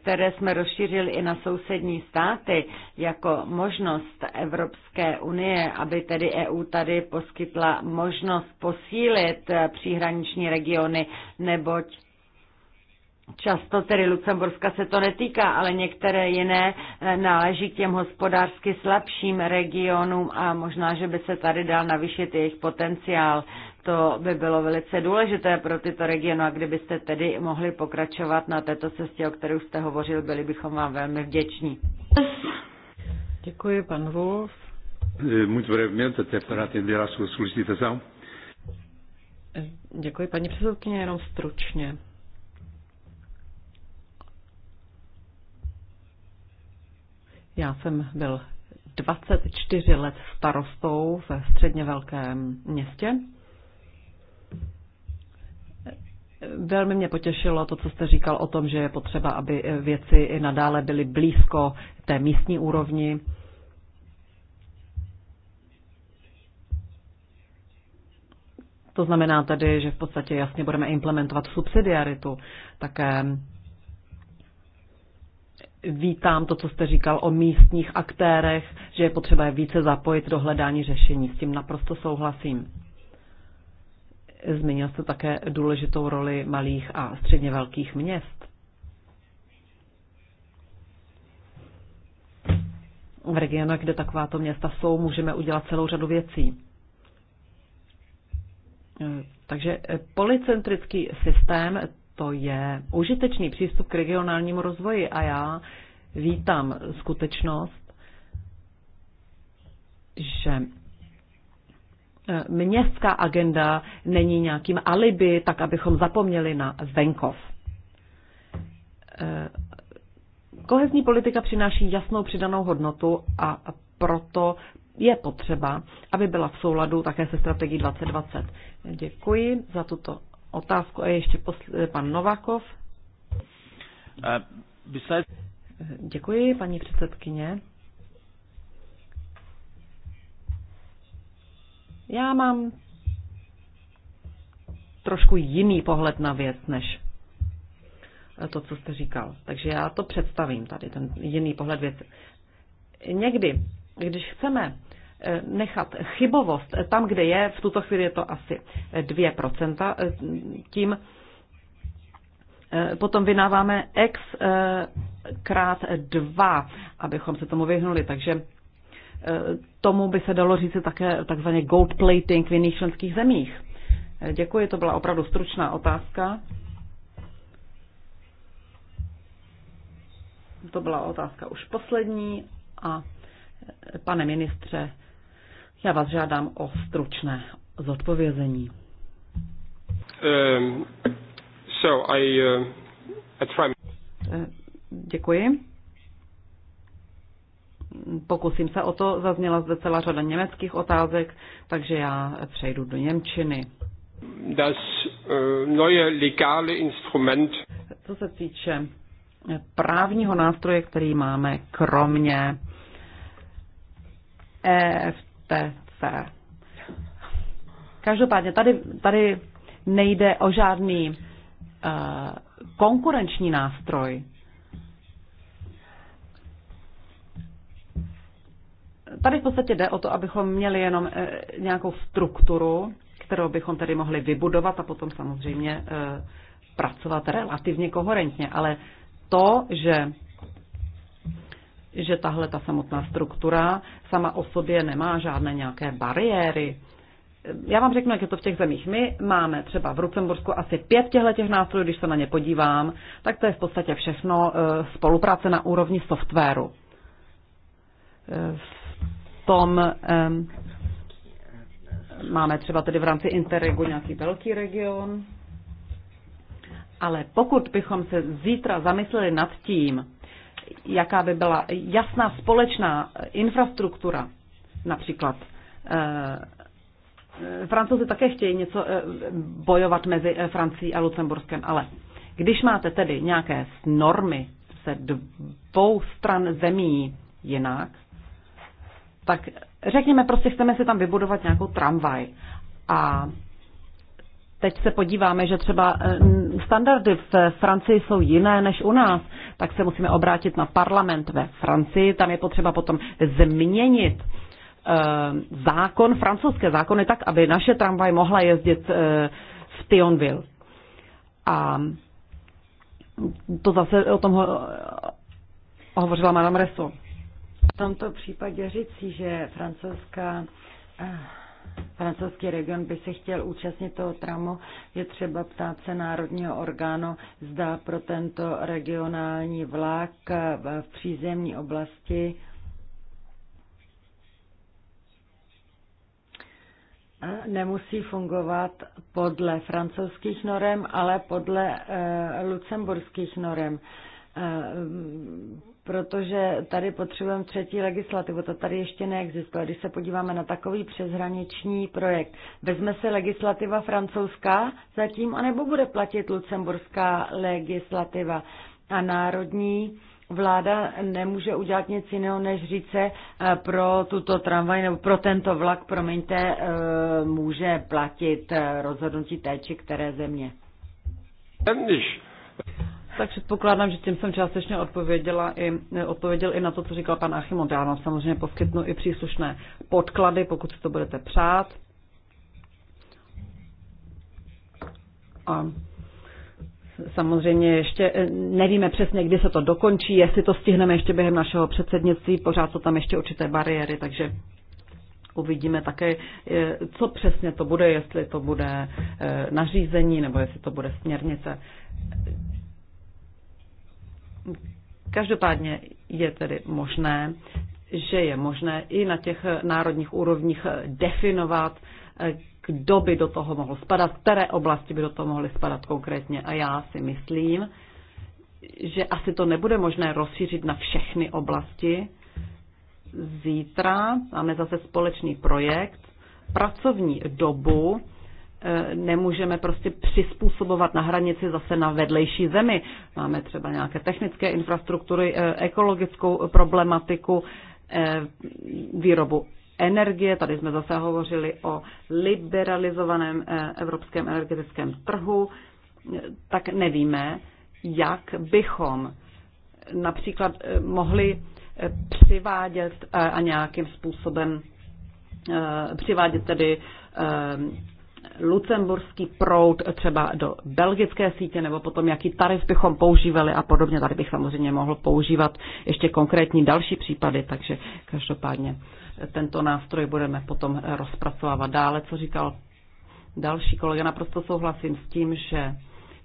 které jsme rozšířili i na sousední státy jako možnost Evropské unie, aby tedy EU tady poskytla možnost posílit příhraniční regiony, neboť Často tedy Lucemburska se to netýká, ale některé jiné náleží k těm hospodářsky slabším regionům a možná, že by se tady dal navýšit jejich potenciál. To by bylo velice důležité pro tyto regiony a kdybyste tedy mohli pokračovat na této cestě, o kterou jste hovořil, byli bychom vám velmi vděční. Děkuji, pan Wolf. Eh, eh, děkuji, paní předsedkyně, jenom stručně. Já jsem byl 24 let starostou ve středně velkém městě Velmi mě potěšilo to, co jste říkal o tom, že je potřeba, aby věci i nadále byly blízko té místní úrovni. To znamená tedy, že v podstatě jasně budeme implementovat subsidiaritu. Také vítám to, co jste říkal o místních aktérech, že je potřeba je více zapojit do hledání řešení. S tím naprosto souhlasím. Zmínil jste také důležitou roli malých a středně velkých měst. V regionech, kde takováto města jsou, můžeme udělat celou řadu věcí. Takže policentrický systém to je užitečný přístup k regionálnímu rozvoji a já vítám skutečnost, že Eh, městská agenda není nějakým alibi, tak abychom zapomněli na venkov. Eh, kohezní politika přináší jasnou přidanou hodnotu a proto je potřeba, aby byla v souladu také se strategií 2020. Děkuji za tuto otázku. A ještě posl- eh, pan Novakov. Děkuji, paní předsedkyně. Já mám trošku jiný pohled na věc, než to, co jste říkal. Takže já to představím tady, ten jiný pohled věci. Někdy, když chceme eh, nechat chybovost tam, kde je, v tuto chvíli je to asi 2%, eh, tím eh, potom vynáváme x krát 2, abychom se tomu vyhnuli. Takže Eh, tomu by se dalo říct také takzvaně gold plating v jiných členských zemích. Eh, děkuji, to byla opravdu stručná otázka. To byla otázka už poslední a eh, pane ministře, já vás žádám o stručné zodpovězení. Um, so I, uh, I try... Děkuji. Pokusím se o to, zazněla zde celá řada německých otázek, takže já přejdu do Němčiny. Das eh, neue legale Instrument. Co se týče právního nástroje, který máme kromě EFTC. Každopádně tady, tady nejde o žádný uh, konkurenční nástroj. Tady v podstatě jde o to, abychom měli jenom eh, nějakou strukturu, kterou bychom tedy mohli vybudovat a potom samozřejmě eh, pracovat relativně koherentně. Ale to, že že tahle ta samotná struktura sama o sobě nemá žádné nějaké bariéry. Eh, já vám řeknu, jak je to v těch zemích. My máme třeba v Rucembursku asi pět těchto těch nástrojů, když se na ně podívám, tak to je v podstatě všechno spolupráce na úrovni softwaru. Potom máme třeba tedy v rámci Interregu nějaký velký region. Ale pokud bychom se zítra zamysleli nad tím, jaká by byla jasná společná infrastruktura, například eh, Francouzi také chtějí něco eh, bojovat mezi eh, Francií a Lucemburskem, ale když máte tedy nějaké normy se dvou stran zemí jinak, tak řekněme, prostě chceme si tam vybudovat nějakou tramvaj. A teď se podíváme, že třeba eh, standardy v Francii jsou jiné než u nás, tak se musíme obrátit na parlament ve Francii. Tam je potřeba potom změnit eh, zákon, francouzské zákony, tak, aby naše tramvaj mohla jezdit eh, v Thionville. A to zase o tom ho, hovořila Madame Resu. V tomto případě říci, že francouzská eh, Francouzský region by se chtěl účastnit toho tramu, je třeba ptát se národního orgánu, zda pro tento regionální vlak eh, v přízemní oblasti eh, nemusí fungovat podle francouzských norem, ale podle lucemburských norem protože tady potřebujeme třetí legislativu, to tady ještě neexistuje. Když se podíváme na takový přeshraniční projekt, vezme se legislativa francouzská zatím, anebo bude platit lucemburská legislativa a národní vláda nemůže udělat nic jiného, než říct se eh, pro tuto tramvaj nebo pro tento vlak, promiňte, eh, může platit eh, rozhodnutí té či které země. když tak předpokládám, že tím jsem částečně odpověděla i, eh, odpověděl i na to, co říkal pan Achimov. Já vám samozřejmě poskytnu i příslušné podklady, pokud si to budete přát. A samozřejmě ještě eh, nevíme přesně, kdy se to dokončí, jestli to stihneme ještě během našeho předsednictví, pořád jsou tam ještě určité bariéry, takže uvidíme také, eh, co přesně to bude, jestli to bude nařízení nebo jestli to bude směrnice. Každopádně je tedy možné, že je možné i na těch národních úrovních definovat, kdo by do toho mohl spadat, které oblasti by do toho mohly spadat konkrétně. A já si myslím, že asi to nebude možné rozšířit na všechny oblasti. Zítra máme zase společný projekt, pracovní dobu Eh, nemůžeme prostě přizpůsobovat na hranici zase na vedlejší zemi. Máme třeba nějaké technické infrastruktury, eh, ekologickou problematiku, eh, výrobu energie. Tady jsme zase hovořili o liberalizovaném evropském energetickém trhu. Tak nevíme, jak bychom například mohli přivádět a nějakým způsobem přivádět tedy lucemburský proud třeba do belgické sítě, nebo potom jaký tarif bychom používali a podobně. Tady bych samozřejmě mohl používat ještě konkrétní další případy, takže každopádně tento nástroj budeme potom rozpracovávat dále. Co říkal další kolega, naprosto souhlasím s tím, že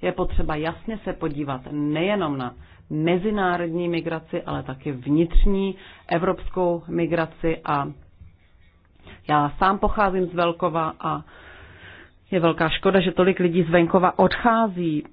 je potřeba jasně se podívat nejenom na mezinárodní migraci, ale taky vnitřní evropskou migraci a já sám pocházím z Velkova a je velká škoda, že tolik lidí z venkova odchází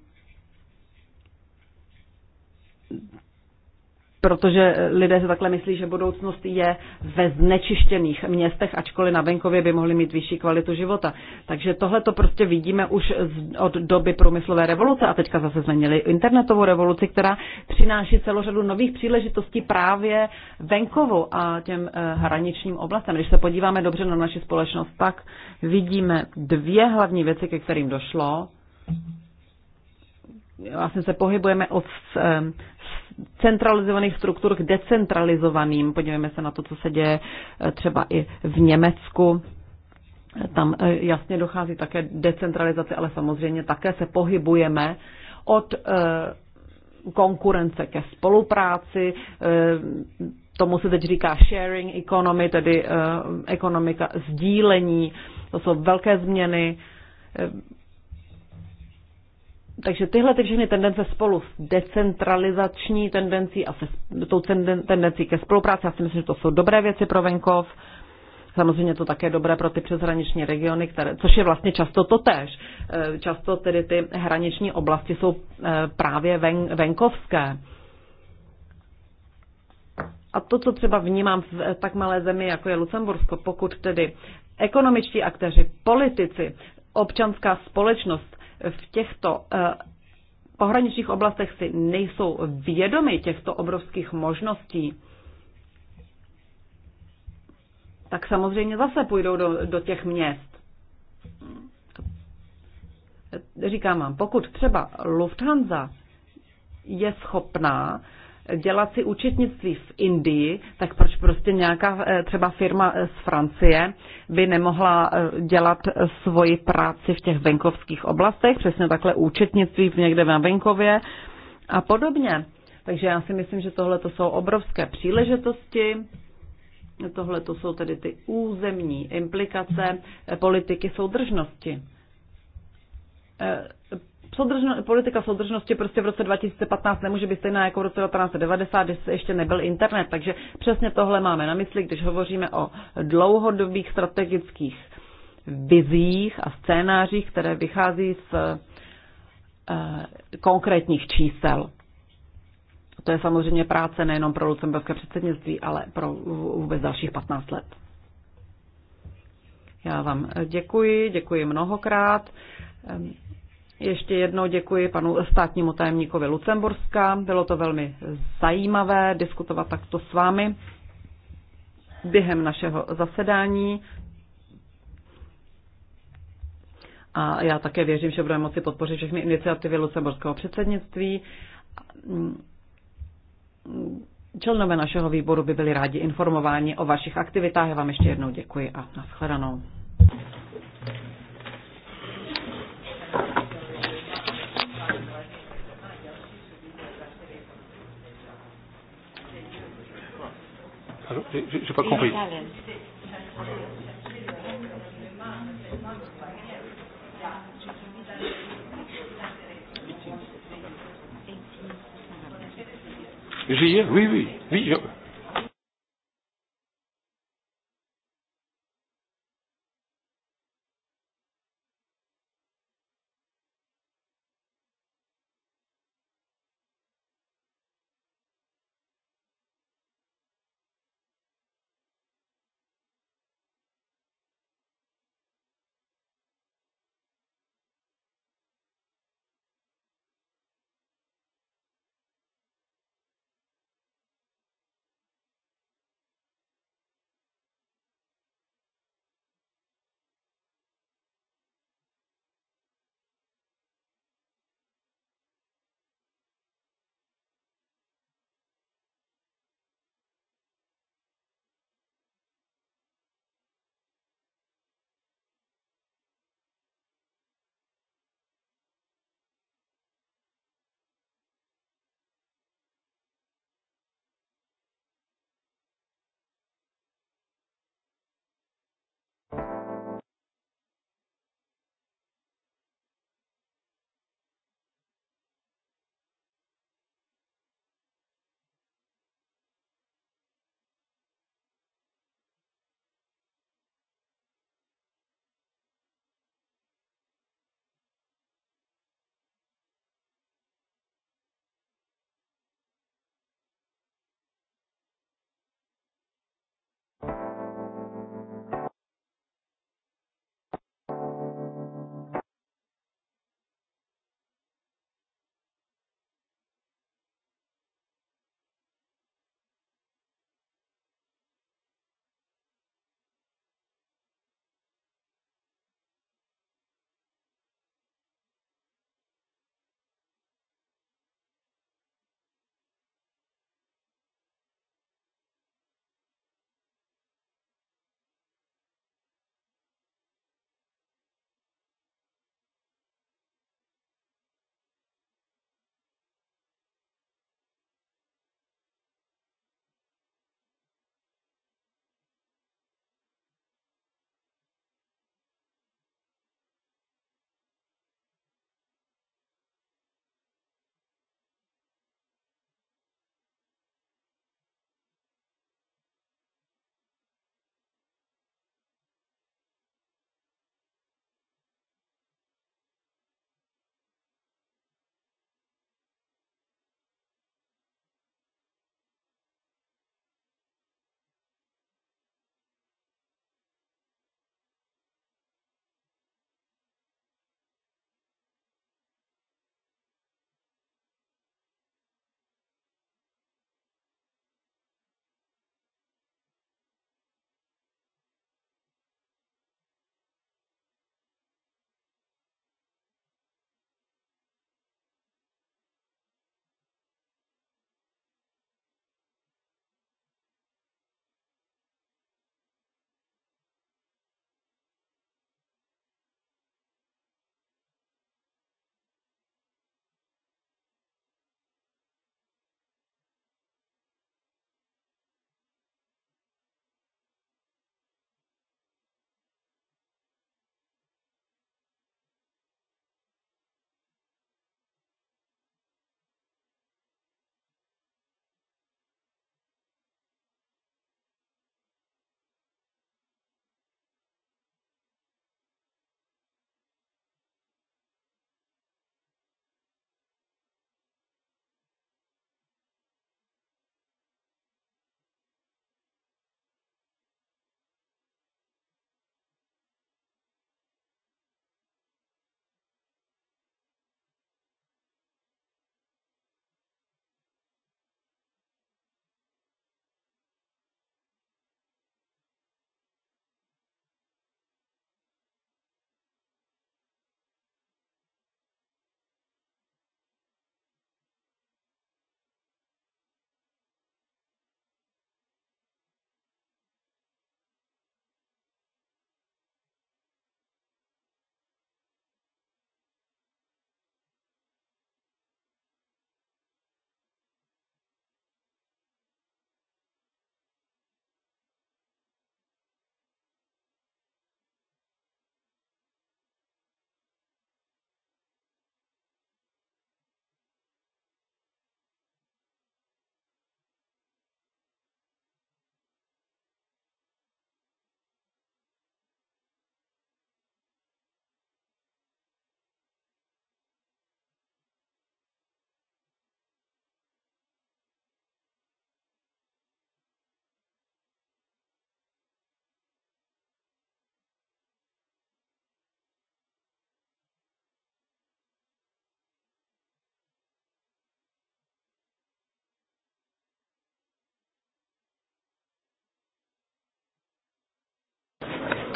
protože lidé se takhle myslí, že budoucnost je ve znečištěných městech, ačkoliv na venkově by mohli mít vyšší kvalitu života. Takže tohle to prostě vidíme už od doby průmyslové revoluce a teďka zase změnili internetovou revoluci, která přináší celou řadu nových příležitostí právě venkovu a těm eh, hraničním oblastem. Když se podíváme dobře na naši společnost, tak vidíme dvě hlavní věci, ke kterým došlo vlastně se pohybujeme od eh, centralizovaných struktur k decentralizovaným. Podívejme se na to, co se děje eh, třeba i v Německu. Tam eh, jasně dochází také decentralizace, ale samozřejmě také se pohybujeme od eh, konkurence ke spolupráci. Tomu se teď říká sharing economy, tedy ekonomika sdílení. To jsou velké změny takže tyhle ty všechny tendence spolu s decentralizační tendencí a se tou tendencí ke spolupráci, já si myslím, že to jsou dobré věci pro venkov. Samozřejmě to také dobré pro ty přeshraniční regiony, které, což je vlastně často to tež. Eh, často tedy ty hraniční oblasti jsou eh, právě ven, venkovské. A to, co třeba vnímám v eh, tak malé zemi, jako je Lucembursko, pokud tedy ekonomičtí aktéři, politici, občanská společnost v těchto eh, pohraničních oblastech si nejsou vědomi těchto obrovských možností, tak samozřejmě zase půjdou do, do těch měst. Říkám vám, pokud třeba Lufthansa je schopná dělat si účetnictví v Indii, tak proč prostě nějaká eh, třeba firma eh, z Francie by nemohla eh, dělat svoji práci v těch venkovských oblastech, přesně takhle účetnictví někde na venkově a podobně. Takže já si myslím, že tohle to jsou obrovské příležitosti. Tohle to jsou tedy ty územní implikace politiky soudržnosti Soudržno, politika soudržnosti prostě v roce 2015 nemůže být stejná jako v roce 1990, když ještě nebyl internet. Takže přesně tohle máme na mysli, když hovoříme o dlouhodobých strategických vizích a scénářích, které vychází z eh, konkrétních čísel. To je samozřejmě práce nejenom pro lucemburské předsednictví, ale pro vůbec dalších 15 let. Já vám děkuji, děkuji mnohokrát. Ještě jednou děkuji panu státnímu tajemníkovi Lucemburska. Bylo to velmi zajímavé diskutovat takto s vámi během našeho zasedání. A já také věřím, že budeme moci podpořit všechny iniciativy Lucemburského předsednictví. Členové našeho výboru by byli rádi informováni o vašich aktivitách. Já vám ještě jednou děkuji a nashledanou. Je n'ai pas compris. J'y ai, oui, oui, oui.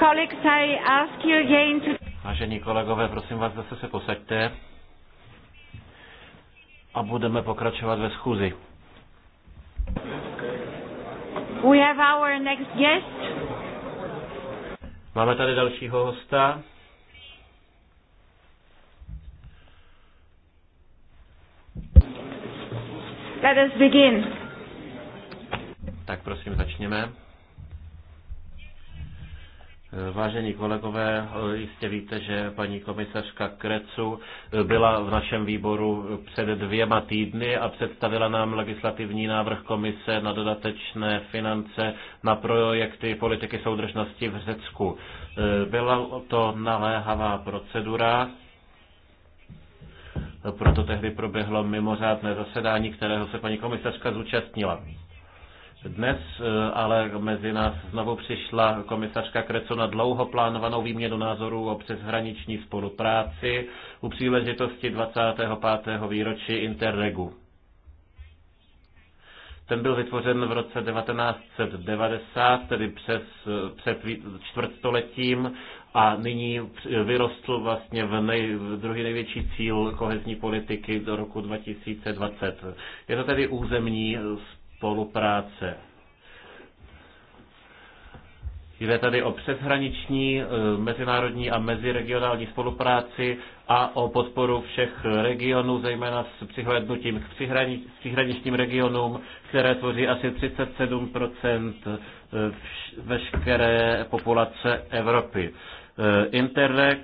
colleagues, I ask you again to... Vážení kolegové, prosím vás, zase se posaďte a budeme pokračovat ve schůzi. We have our next guest. Máme tady dalšího hosta. Let us begin. Tak prosím, začněme. Vážení kolegové, jistě víte, že paní komisařka Krecu byla v našem výboru před dvěma týdny a představila nám legislativní návrh komise na dodatečné finance na projekty politiky soudržnosti v Řecku. Byla to naléhavá procedura, proto tehdy proběhlo mimořádné zasedání, kterého se paní komisařka zúčastnila. Dnes eh, ale mezi nás znovu přišla komisařka Kreco na dlouho plánovanou výměnu názorů o přeshraniční spolupráci u příležitosti 25. výročí Interregu. Ten byl vytvořen v roce 1990, tedy přes, eh, před čtvrtstoletím a nyní vyrostl vlastně v, nej, v druhý největší cíl kohezní politiky do roku 2020. Je to tedy územní spolupráce eh, spolupráce. Jde tady o přeshraniční, eh, mezinárodní a meziregionální spolupráci a o podporu všech regionů, zejména s přihlednutím k přihrani, přihraničním regionům, které tvoří asi 37 eh, veškeré populace Evropy. Eh, Interreg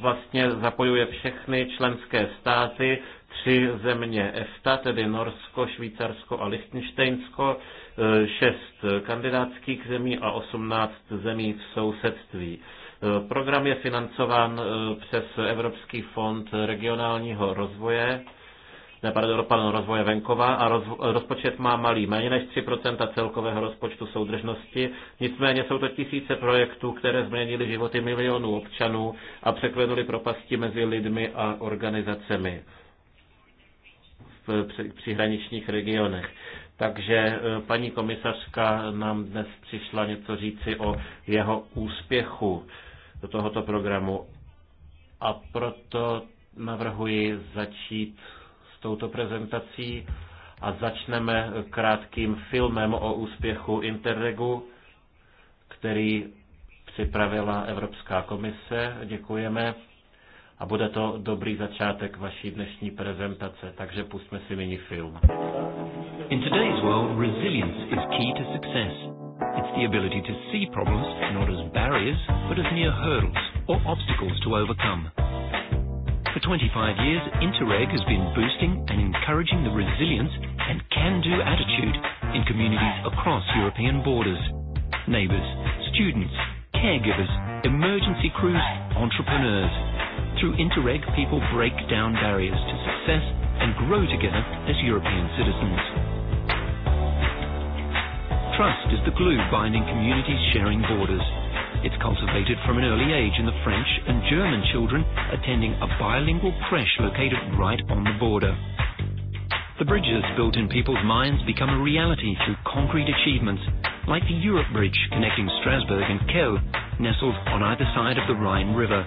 vlastně zapojuje všechny členské státy, tři země EFTA, tedy Norsko, Švýcarsko a Lichtensteinsko, e, šest kandidátských zemí a osmnáct zemí v sousedství. E, program je financován e, přes Evropský fond regionálního rozvoje, ne, pardon, pardon, rozvoje venkova a roz, rozpočet má malý, méně než 3% celkového rozpočtu soudržnosti. Nicméně jsou to tisíce projektů, které změnily životy milionů občanů a překlenuly propasti mezi lidmi a organizacemi v přihraničních regionech. Takže e, paní komisařka nám dnes přišla něco říci o jeho úspěchu tohoto programu a proto navrhuji začít s touto prezentací a začneme krátkým filmem o úspěchu Interregu, který připravila Evropská komise. Děkujeme a bude to dobrý začátek vaší dnešní prezentace, takže pusme si nyní film. In today's world, resilience is key to success. It's the ability to see problems not as barriers, but as mere hurdles or obstacles to overcome. For 25 years, Interreg has been boosting and encouraging the resilience and can-do attitude in communities across European borders. Neighbors, students, caregivers, emergency crews, entrepreneurs, Through Interreg, people break down barriers to success and grow together as European citizens. Trust is the glue binding communities sharing borders. It's cultivated from an early age in the French and German children attending a bilingual creche located right on the border. The bridges built in people's minds become a reality through concrete achievements, like the Europe Bridge connecting Strasbourg and Kiel, nestled on either side of the Rhine River.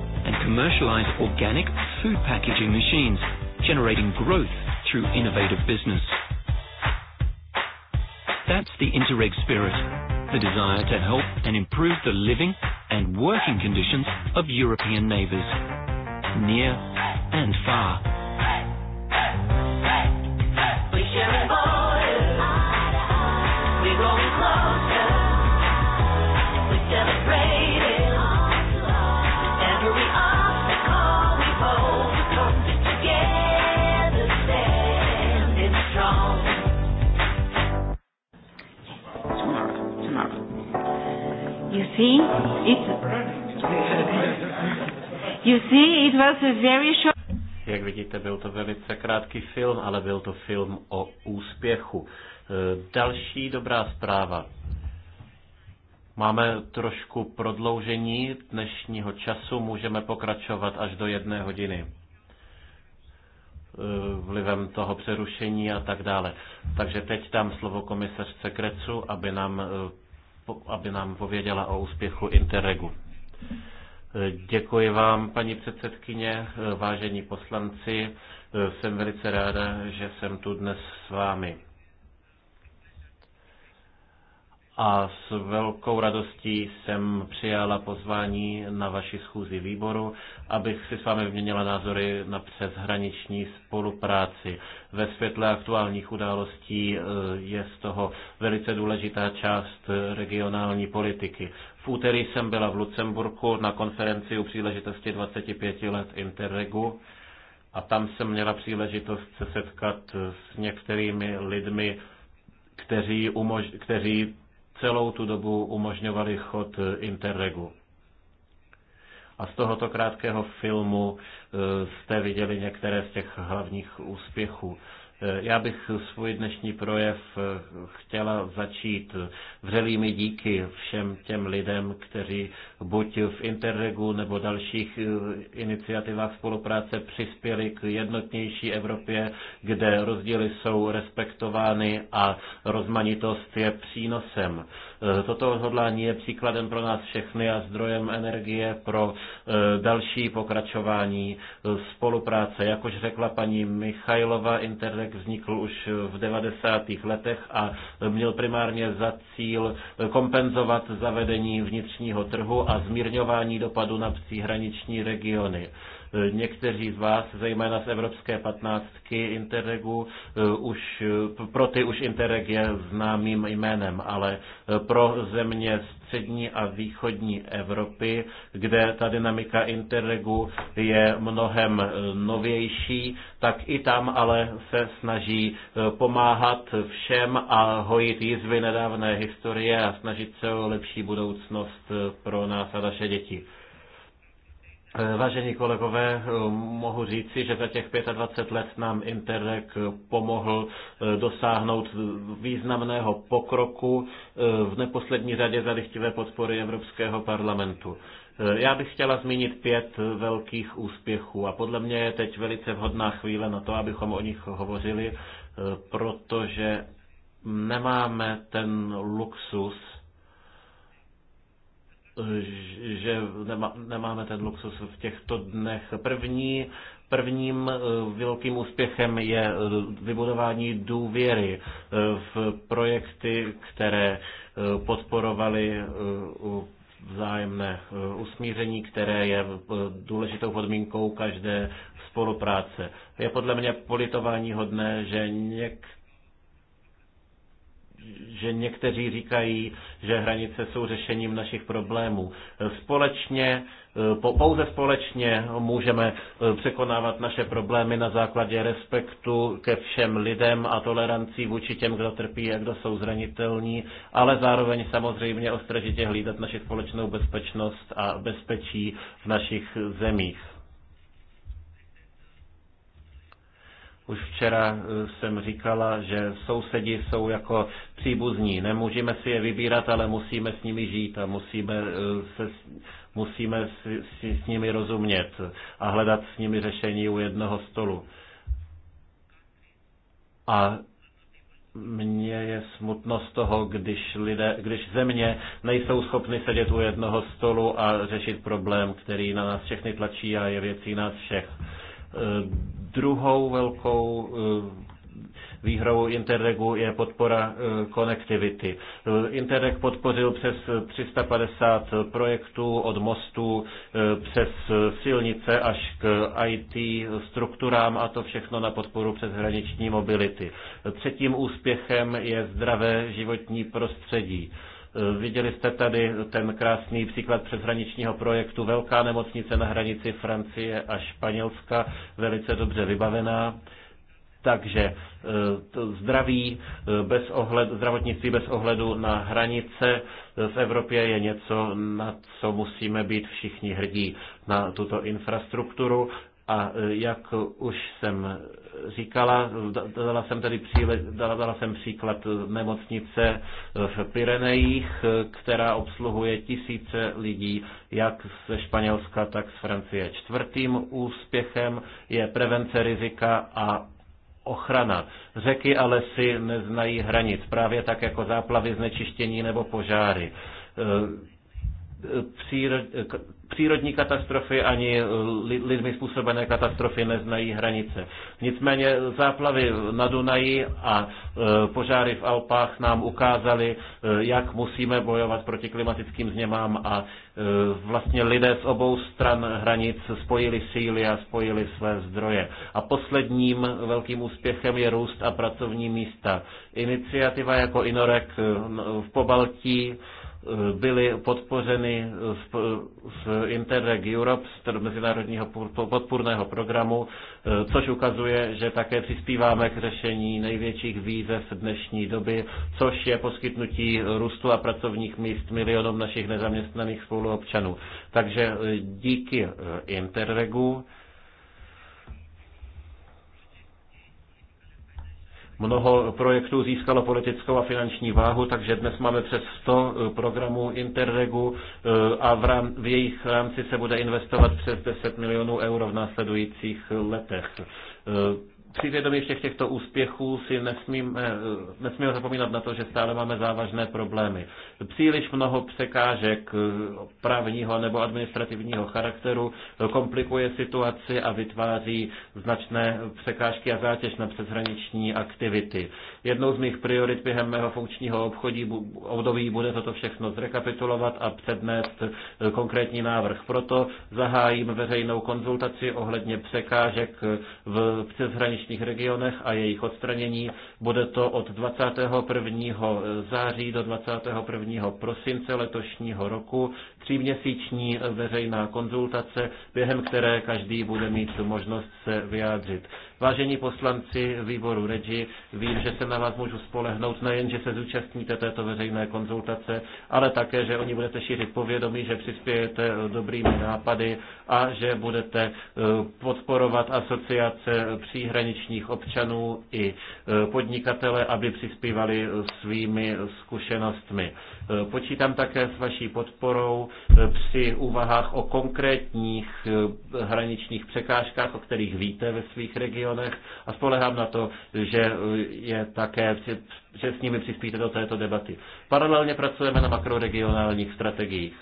and commercialize organic food packaging machines, generating growth through innovative business. That's the Interreg spirit, the desire to help and improve the living and working conditions of European neighbors, near and far. We're going closer. We celebrate. You see, it, you see, it was a very short... Jak vidíte, byl to velice krátký film, ale byl to film o úspěchu. E, další dobrá zpráva. Máme trošku prodloužení dnešního času, můžeme pokračovat až do jedné hodiny e, vlivem toho přerušení a tak dále. Takže teď dám slovo komisařce Krecu, aby nám e, aby nám pověděla o úspěchu Interregu. Děkuji vám, paní předsedkyně, vážení poslanci. Jsem velice ráda, že jsem tu dnes s vámi a s velkou radostí jsem přijala pozvání na vaši schůzi výboru, abych si s vámi vyměnila názory na přeshraniční spolupráci. Ve světle aktuálních událostí e, je z toho velice důležitá část regionální politiky. V úterý jsem byla v Lucemburku na konferenci u příležitosti 25 let Interregu a tam jsem měla příležitost se setkat s některými lidmi, kteří, umož- kteří celou tu dobu umožňovali chod eh, Interregu. A z tohoto krátkého filmu eh, jste viděli některé z těch hlavních úspěchů. Já bych svůj dnešní projev eh, chtěla začít vřelými díky všem těm lidem, kteří buď v Interregu nebo dalších eh, iniciativách spolupráce přispěli k jednotnější Evropě, kde rozdíly jsou respektovány a rozmanitost je přínosem. Eh, toto odhodlání je příkladem pro nás všechny a zdrojem energie pro eh, další pokračování eh, spolupráce. Jak už řekla paní Michajlova, Interreg vznikl už v 90. letech a měl primárně za cíl kompenzovat zavedení vnitřního trhu a zmírňování dopadu na příhraniční regiony. Někteří z vás, zejména z Evropské patnáctky Interregu, eh, už, eh, pro ty už Interreg je známým jménem, ale eh, pro země střední a východní Evropy, kde ta dynamika Interregu je mnohem novější, tak i tam ale se snaží pomáhat všem a hojit jizvy nedávné historie a snažit se o lepší budoucnost pro nás a naše děti. Eh, vážení kolegové, eh, mohu říci, že za těch 25 let nám Interreg eh, pomohl dosáhnout významného pokroku v neposlední řadě za lichtivé podpory Evropského parlamentu. Já bych chtěla zmínit pět velkých úspěchů a podle mě je teď velice vhodná chvíle na to, abychom o nich hovořili, protože nemáme ten luxus, že nemáme ten luxus v těchto dnech. První, prvním eh, velkým úspěchem je eh, vybudování důvěry eh, v projekty, které podporovaly vzájemné usmíření, které je důležitou podmínkou každé spolupráce. Je podle mě politování hodné, že někdo že někteří říkají, že hranice jsou řešením našich problémů. Společně, pouze společně můžeme eh, překonávat naše problémy na základě respektu ke všem lidem a tolerancí vůči těm, kdo trpí a kdo jsou zranitelní, ale zároveň samozřejmě ostražitě hlídat naši společnou bezpečnost a bezpečí v našich zemích. Už včera eh, jsem říkala, že sousedi jsou jako příbuzní. Nemůžeme si je vybírat, ale musíme s nimi žít a musíme, eh, se, musíme si, si s nimi rozumět a hledat s nimi řešení u jednoho stolu. A mně je smutno z toho, když, lidé, když země nejsou schopny sedět u jednoho stolu a řešit problém, který na nás všechny tlačí a je věcí nás všech. Eh, druhou velkou eh, výhrou Interregu je podpora eh, konektivity. Interreg podpořil přes 350 projektů od mostů přes silnice až k IT strukturám a to všechno na podporu přeshraniční mobility. Třetím úspěchem je zdravé životní prostředí. Eh, viděli jste tady ten krásný příklad přeshraničního projektu Velká nemocnice na hranici Francie a Španělska, velice dobře vybavená. Takže eh, zdraví eh, bez ohled, zdravotnictví bez ohledu na hranice v Evropě je něco, na co musíme být všichni hrdí na tuto infrastrukturu a e, jak už jsem říkala, dala jsem tady příle, dala, dala jsem příklad nemocnice v Pyrenejích, e, která obsluhuje tisíce lidí, jak ze Španělska, tak z Francie. Čtvrtým úspěchem je prevence rizika a ochrana. Řeky a lesy neznají hranic, právě tak jako záplavy, znečištění nebo požáry. E, příro přírodní katastrofy ani eh, lidmi způsobené katastrofy neznají hranice. Nicméně záplavy na Dunaji a eh, požáry v Alpách nám ukázaly, eh, jak musíme bojovat proti klimatickým změnám a vlastně lidé z obou stran hranic spojili síly a spojili své zdroje. A posledním velkým úspěchem je růst a pracovní místa. Iniciativa jako Inorek v Pobaltí byly podpořeny z, z Interreg Europe, z mezinárodního podpůrného programu, eh, což ukazuje, že také přispíváme k řešení největších výzev dnešní doby, což je poskytnutí růstu a pracovních míst milionům našich nezaměstnaných spoluobčanů. Takže eh, díky eh, Interregu Mnoho projektů získalo politickou a finanční váhu, takže dnes máme přes 100 eh, programů Interregu eh, a v, rám, v jejich rámci se bude investovat přes 10 milionů euro v následujících letech. Eh, při vědomí všech těchto úspěchů si nesmíme, eh, nesmíme zapomínat na to, že stále máme závažné problémy. Příliš mnoho překážek eh, právního nebo administrativního charakteru eh, komplikuje situaci a vytváří značné překážky a zátěž na přeshraniční aktivity. Jednou z mých priorit během mého funkčního obchodí, období bude toto všechno zrekapitulovat a přednést konkrétní návrh. Proto zahájím veřejnou konzultaci ohledně překážek v přeshraniční hraničních regionech a jejich odstranění bude to od 21. Eh, září do 21. prosince letošního roku tříměsíční eh, veřejná konzultace, během které každý bude mít možnost se vyjádřit. Vážení poslanci výboru Regi, vím, že se na vás můžu spolehnout nejen, že se zúčastníte této veřejné konzultace, ale také, že oni budete šířit povědomí, že přispějete eh, dobrými nápady a že budete podporovat asociace příhraničních občanů i podnikatelů podnikatele, aby přispívali svými zkušenostmi. Počítám také s vaší podporou eh, při úvahách o konkrétních eh, hraničních překážkách, o kterých víte ve svých regionech a spolehám na to, že eh, je také že s nimi přispíte do této debaty. Paralelně pracujeme na makroregionálních strategiích.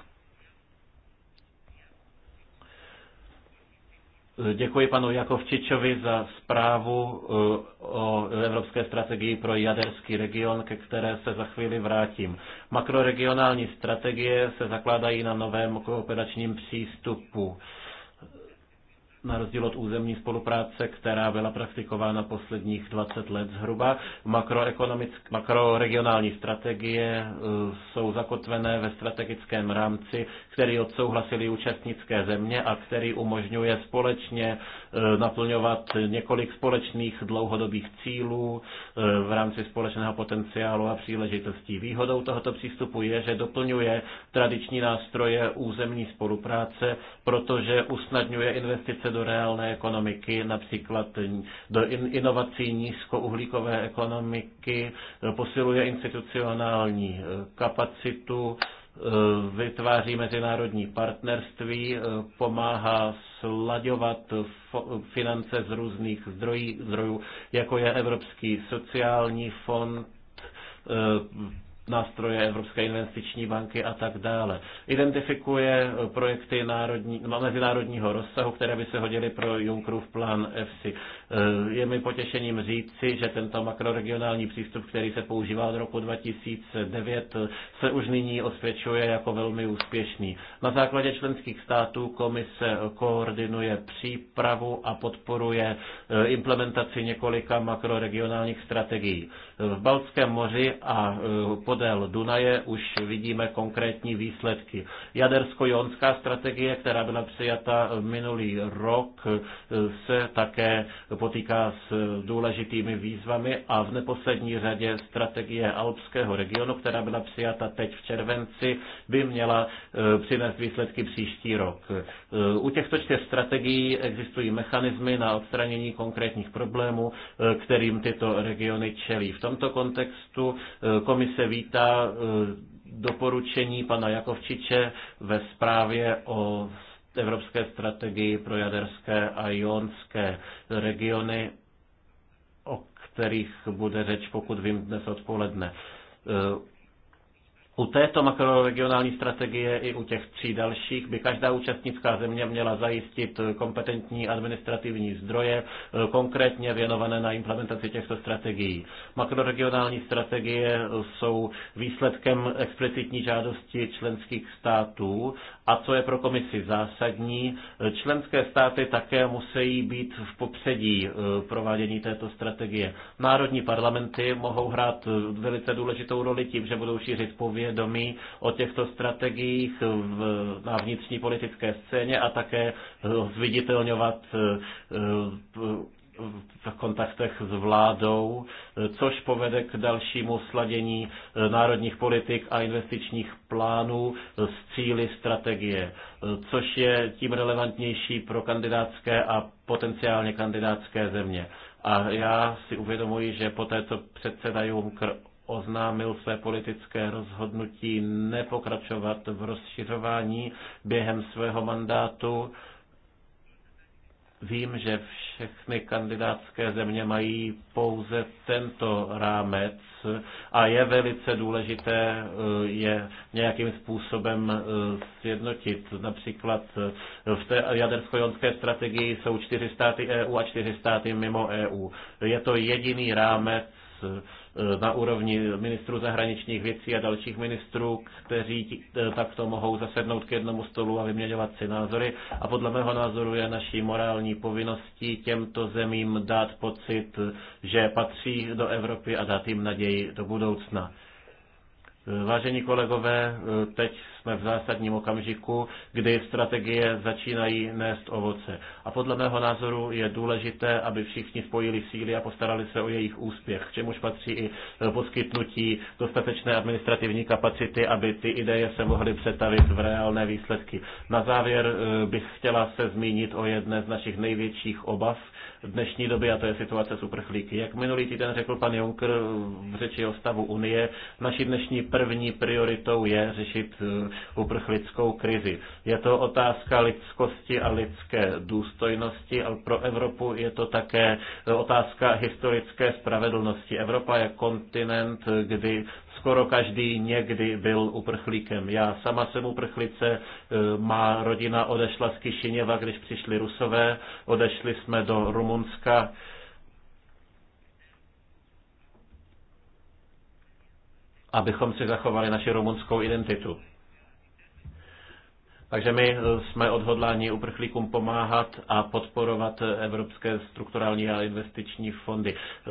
Děkuji panu Jakovčičovi za zprávu eh, o evropské strategii pro jaderský region, ke které se za chvíli vrátím. Makroregionální strategie se zakládají na novém kooperačním přístupu na rozdíl od územní spolupráce, která byla praktikována posledních 20 let zhruba. Makroregionální strategie eh, jsou zakotvené ve strategickém rámci, který odsouhlasili účastnické země a který umožňuje společně e, naplňovat několik společných dlouhodobých cílů e, v rámci společného potenciálu a příležitostí. Výhodou tohoto přístupu je, že doplňuje tradiční nástroje územní spolupráce, protože usnadňuje investice do reálné ekonomiky, například do inovací nízkouhlíkové ekonomiky, e, posiluje institucionální kapacitu, Eh, vytváří mezinárodní partnerství, eh, pomáhá slaďovat finance z různých zdrojů, jako je Evropský sociální fond, eh, nástroje Evropské investiční banky a tak dále. Identifikuje eh, projekty národní, no, mezinárodního rozsahu, které by se hodily pro Junckerův plán EFSI. Eh, je mi potěšením říci, že tento makroregionální přístup, který se používá od roku 2009, eh, se už nyní osvědčuje jako velmi úspěšný. Na základě členských států komise koordinuje přípravu a podporuje implementaci několika makroregionálních strategií. V Baltském moři a e, podél Dunaje už vidíme konkrétní výsledky. Jadersko-jonská strategie, která byla přijata minulý rok, e, se také potýká s důležitými výzvami a v neposlední řadě strategie Alpského regionu, která byla přijata teď v červenci, by měla e, přinést výsledky příští rok. U těchto čtyř strategií existují mechanismy na odstranění konkrétních problémů, kterým tyto regiony čelí. V tom tomto kontextu e, komise vítá e, doporučení pana Jakovčiče ve zprávě o evropské strategii pro jaderské a jonské regiony, o kterých bude řeč, pokud vím, dnes odpoledne. E, u této makroregionální strategie i u těch tří dalších by každá účastnická země měla zajistit kompetentní administrativní zdroje, eh, konkrétně věnované na implementaci těchto strategií. Makroregionální strategie jsou výsledkem explicitní žádosti členských států a co je pro komisi zásadní, členské státy také musí být v popředí eh, provádění této strategie. Národní parlamenty mohou hrát eh, velice důležitou roli tím, že budou šířit povědomí o těchto strategiích eh, v, na vnitřní politické scéně a také zviditelňovat v kontaktech s vládou, což povede k dalšímu sladění eh, národních politik a investičních plánů s eh, cíly strategie, eh, což je tím relevantnější pro kandidátské a potenciálně kandidátské země. A já si uvědomuji, že poté, co předseda Juncker oznámil své politické rozhodnutí nepokračovat v rozšiřování během svého mandátu, Vím, že všechny kandidátské země mají pouze tento rámec a je velice důležité eh, je nějakým způsobem eh, sjednotit. Například eh, v té jadersko-jonské strategii jsou čtyři státy EU a čtyři státy mimo EU. Je to jediný rámec, E, na úrovni ministrů zahraničních věcí a dalších ministrů, kteří e, takto mohou zasednout k jednomu stolu a vyměňovat si názory. A podle mého názoru je naší morální povinností těmto zemím dát pocit, že patří do Evropy a dát jim naději do budoucna. E, vážení kolegové, teď jsme v zásadním okamžiku, kdy strategie začínají nést ovoce. A podle mého názoru je důležité, aby všichni spojili síly a postarali se o jejich úspěch, k čemuž patří i poskytnutí dostatečné administrativní kapacity, aby ty ideje se mohly přetavit v reálné výsledky. Na závěr eh, bych chtěla se zmínit o jedné z našich největších obav v dnešní době, a to je situace s uprchlíky. Jak minulý týden řekl pan Juncker v řeči o stavu Unie, naší dnešní první prioritou je řešit eh, uprchlickou krizi. Je to otázka lidskosti a lidské důstojnosti, ale pro Evropu je to také otázka historické spravedlnosti. Evropa je kontinent, kdy skoro každý někdy byl uprchlíkem. Já sama jsem uprchlice, e, má rodina odešla z Kišiněva, když přišli Rusové, odešli jsme do Rumunska. abychom si zachovali naši rumunskou identitu. Takže my eh, jsme odhodláni uprchlíkům pomáhat a podporovat eh, evropské strukturální a investiční fondy eh,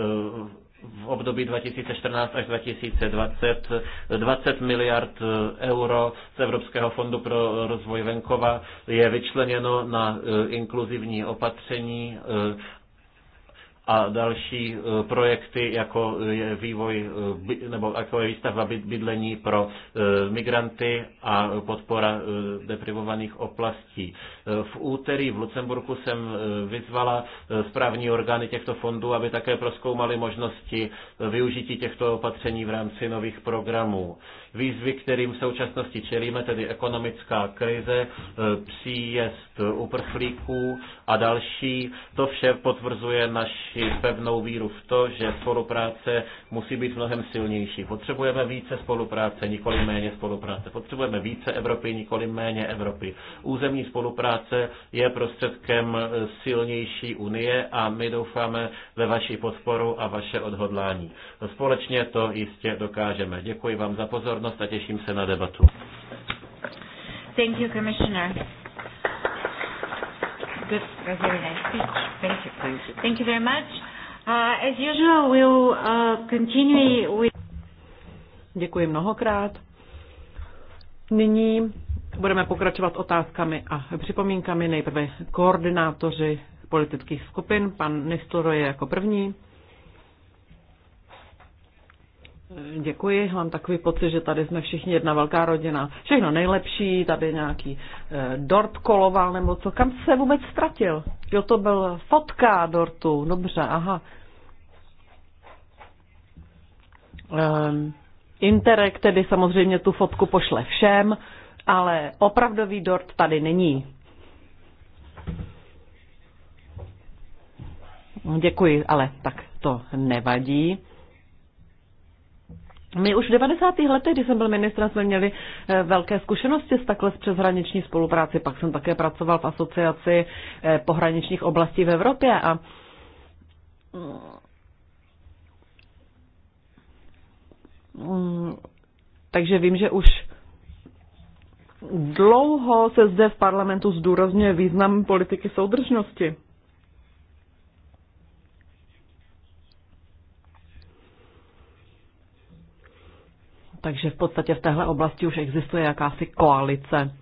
v období 2014 až 2020 20 miliard euro z Evropského fondu pro rozvoj venkova je vyčleněno na inkluzivní opatření a další e, projekty, jako je vývoj e, nebo jako je výstavba bydlení pro e, migranty a podpora deprivovaných oblastí. V úterý v Lucemburku jsem vyzvala správní orgány těchto fondů, aby také proskoumali možnosti využití těchto opatření v rámci nových programů. Výzvy, kterým v současnosti čelíme, tedy ekonomická krize, e, příjezd uprchlíků a další, to vše potvrzuje naši pevnou víru v to, že spolupráce musí být mnohem silnější. Potřebujeme více spolupráce, nikoli méně spolupráce. Potřebujeme více Evropy, nikoli méně Evropy. Územní spolupráce je prostředkem e, silnější unie a my doufáme ve vaši podporu a vaše odhodlání. Společně to jistě dokážeme. Děkuji vám za pozornost pozornost a těším se na debatu. Thank you, Commissioner. Good, very nice speech. Thank you. Thank you, Thank you very much. Uh, as usual, we'll uh, continue with... Děkuji mnohokrát. Nyní budeme pokračovat otázkami a připomínkami. Nejprve koordinátoři politických skupin. Pan Nistoro je jako první. Děkuji, mám takový pocit, že tady jsme všichni jedna velká rodina. Všechno nejlepší, tady nějaký eh, dort koloval nebo co. Kam se vůbec ztratil? Jo, to byl fotka dortu, dobře, aha. Um, ehm, Interek tedy samozřejmě tu fotku pošle všem, ale opravdový dort tady není. Děkuji, ale tak to nevadí. My už v 90. letech, když jsem byl ministrem, jsme měli eh, velké zkušenosti s takhle přeshraniční spolupráci. Pak jsem také pracoval v asociaci eh, pohraničních oblastí v Evropě a mm, takže vím, že už dlouho se zde v parlamentu zdůrazňuje význam politiky soudržnosti. Takže v podstatě v téhle oblasti už existuje jakási koalice.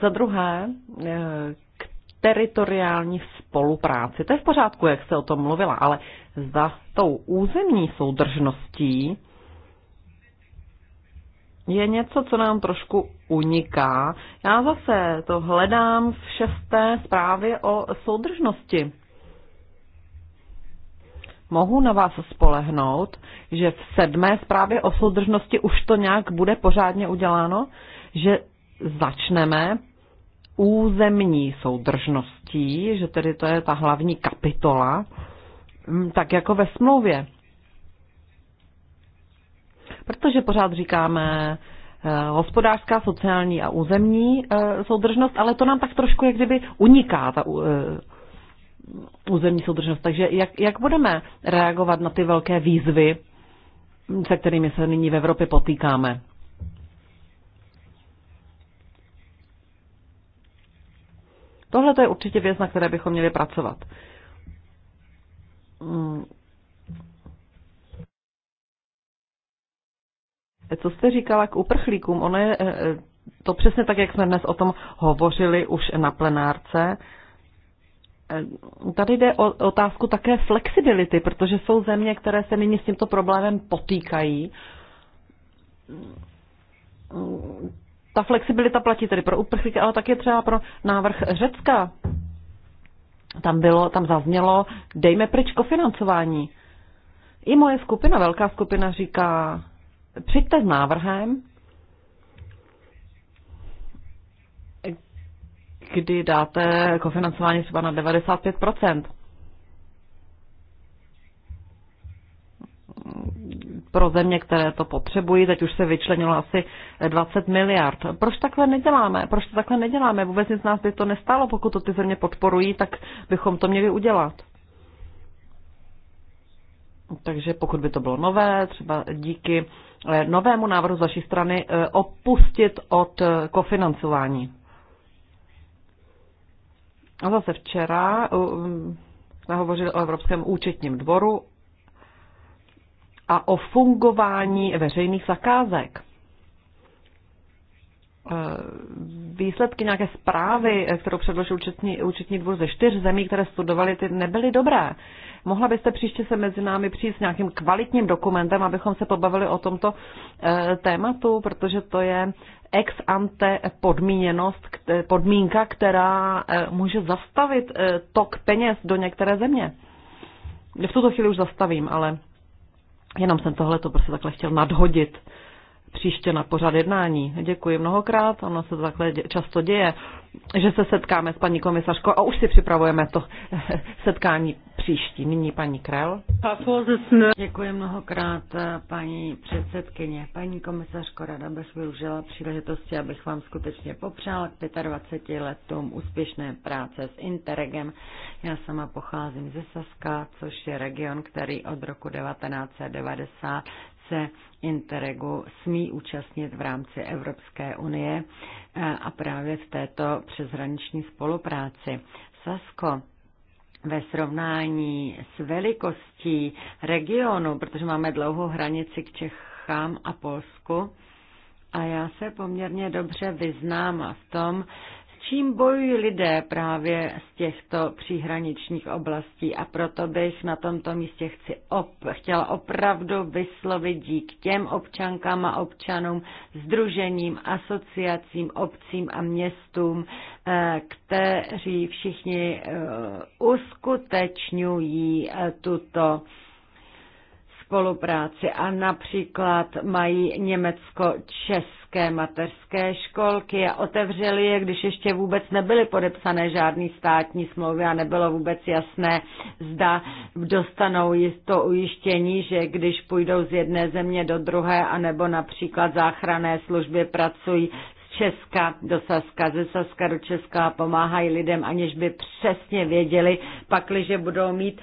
Za druhé, eh, k teritoriální spolupráci. To je v pořádku, jak se o tom mluvila, ale za tou územní soudržností je něco, co nám trošku uniká. Já zase to hledám v šesté zprávě o soudržnosti. Mohu na vás spolehnout, že v sedmé zprávě o soudržnosti už to nějak bude pořádně uděláno, že začneme územní soudržností, že tedy to je ta hlavní kapitola, mm, tak jako ve smlouvě. Protože pořád říkáme eh, hospodářská, sociální a územní eh, soudržnost, ale to nám tak trošku jak kdyby uniká ta eh, územní soudržnost. Takže jak, jak budeme reagovat na ty velké výzvy, se kterými se nyní v Evropě potýkáme? Tohle to je určitě věc, na které bychom měli pracovat. Mm. Co jste říkala k uprchlíkům? Ono je eh, eh, to přesně tak, jak jsme dnes o tom hovořili už na plenárce. Eh, tady jde o otázku také flexibility, protože jsou země, které se nyní s tímto problémem potýkají. Ta flexibilita platí tedy pro uprchlíky, ale také třeba pro návrh Řecka. Tam, bylo, tam zaznělo, dejme pryč kofinancování. I moje skupina, velká skupina, říká, přijďte s návrhem, kdy dáte kofinancování třeba na 95%. Pro země, které to potřebují, teď už se vyčlenilo asi 20 miliard. Proč takhle neděláme? Proč to takhle neděláme? Vůbec nic nás by to nestalo, pokud to ty země podporují, tak bychom to měli udělat. Takže pokud by to bylo nové, třeba díky Eh, novému návrhu z vaší strany eh, opustit od eh, kofinancování. A zase včera mm, jsme hovořili o Evropském účetním dvoru a o fungování veřejných zakázek. Eh, výsledky nějaké zprávy, eh, kterou předložil účetní, účetní dvůr ze čtyř zemí, které studovali, ty nebyly dobré. Mohla byste příště se mezi námi přijít s nějakým kvalitním dokumentem, abychom se pobavili o tomto eh, tématu, protože to je ex ante podmíněnost, podmínka, která může zastavit tok peněz do některé země. V tuto chvíli už zastavím, ale jenom jsem tohle to prostě takhle chtěl nadhodit příště na pořad jednání. Děkuji mnohokrát, ono se to takhle často děje, že se setkáme s paní komisařkou a už si připravujeme to *laughs* setkání příští. Nyní paní Krel. Děkuji mnohokrát, paní předsedkyně. Paní komisařko, rada bych využila příležitosti, abych vám skutečně popřála k 25 letům úspěšné práce s Interregem. Já sama pocházím ze Saska, což je region, který od roku 1990 se Interregu smí účastnit v rámci Evropské unie eh, a právě v této přeshraniční spolupráci. Sasko, ve srovnání s velikostí regionu, protože máme dlouhou hranici k Čechám a Polsku, a já se poměrně dobře vyznám v tom, čím bojují lidé právě z těchto příhraničních oblastí a proto bych na tomto místě chci op, chtěla opravdu vyslovit dík těm občankám a občanům, združením, asociacím, obcím a městům, eh, kteří všichni eh, uskutečňují eh, tuto spolupráci a například mají německo-české mateřské školky a otevřeli je, když ještě vůbec nebyly podepsané žádný státní smlouvy a nebylo vůbec jasné, zda dostanou to ujištění, že když půjdou z jedné země do druhé, a nebo například záchranné služby pracují Česka do Saska, ze Saska do Česka a pomáhají lidem, aniž by přesně věděli, pakliže budou mít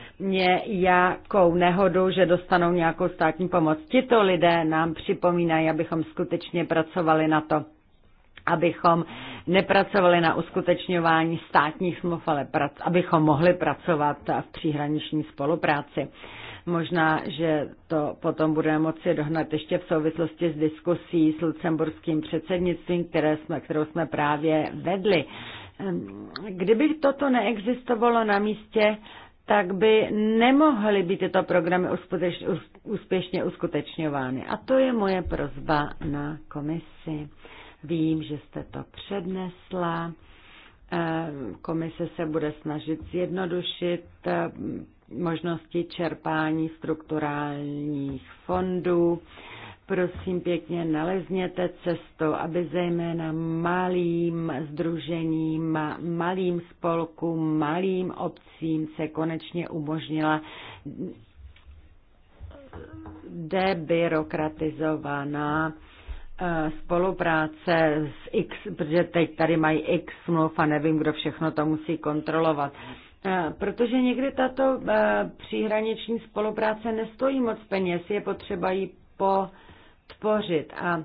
nějakou nehodu, že dostanou nějakou státní pomoc. Tito lidé nám připomínají, abychom skutečně pracovali na to, abychom nepracovali na uskutečňování státních smluv, ale prac, abychom mohli pracovat v příhraniční spolupráci. Možná, že to potom budeme moci dohnat ještě v souvislosti s diskusí s lucemburským předsednictvím, které jsme, kterou jsme právě vedli. Ehm, kdyby toto neexistovalo na místě, tak by nemohly být tyto programy úspěšně uskutečňovány. A to je moje prozba na komisi. Vím, že jste to přednesla. Ehm, komise se bude snažit zjednodušit ehm, možnosti čerpání strukturálních fondů. Prosím pěkně, nalezněte cestu, aby zejména malým združením, malým spolkům, malým obcím se konečně umožnila debirokratizovaná eh, spolupráce s X, protože teď tady mají X smluv a nevím, kdo všechno to musí kontrolovat. Eh, protože někdy tato eh, příhraniční spolupráce nestojí moc peněz, je potřeba ji potvořit A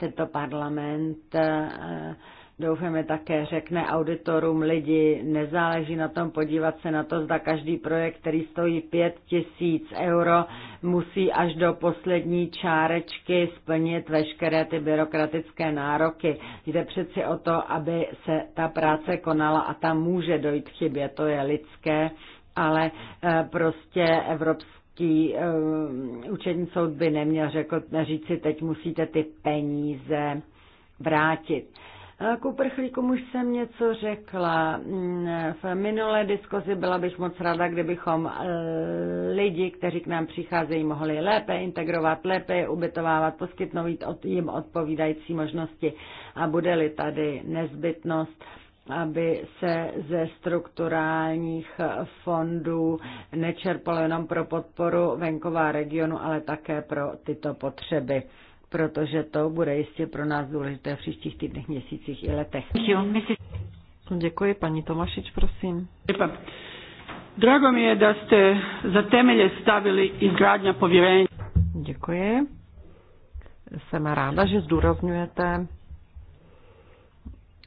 tento parlament eh, doufáme také řekne auditorům lidi, nezáleží na tom podívat se na to, zda každý projekt, který stojí 5 tisíc euro, musí až do poslední čárečky splnit veškeré ty byrokratické nároky. Jde přeci o to, aby se ta práce konala a tam může dojít k chybě, to je lidské, ale eh, prostě evropské Učení eh, účetní soud by neměl řekl, si, teď musíte ty peníze vrátit. K uprchlíkům už jsem něco řekla. Mm, v minulé diskuzi byla bych moc ráda, kdybychom eh, lidi, kteří k nám přicházejí, mohli lépe integrovat, lépe je ubytovávat, poskytnout jim odpovídající možnosti a bude-li tady nezbytnost aby se ze strukturálních fondů nečerpalo jenom pro podporu venková regionu, ale také pro tyto potřeby protože to bude jistě pro nás důležité v příštích týdnech, měsících i letech. Děkuji, paní Tomašič, prosím. Děkuji. Drago mi je da ste za temelje stavili izgradnja povjerenja. Děkuji. Jsem ráda, že zdůrazňujete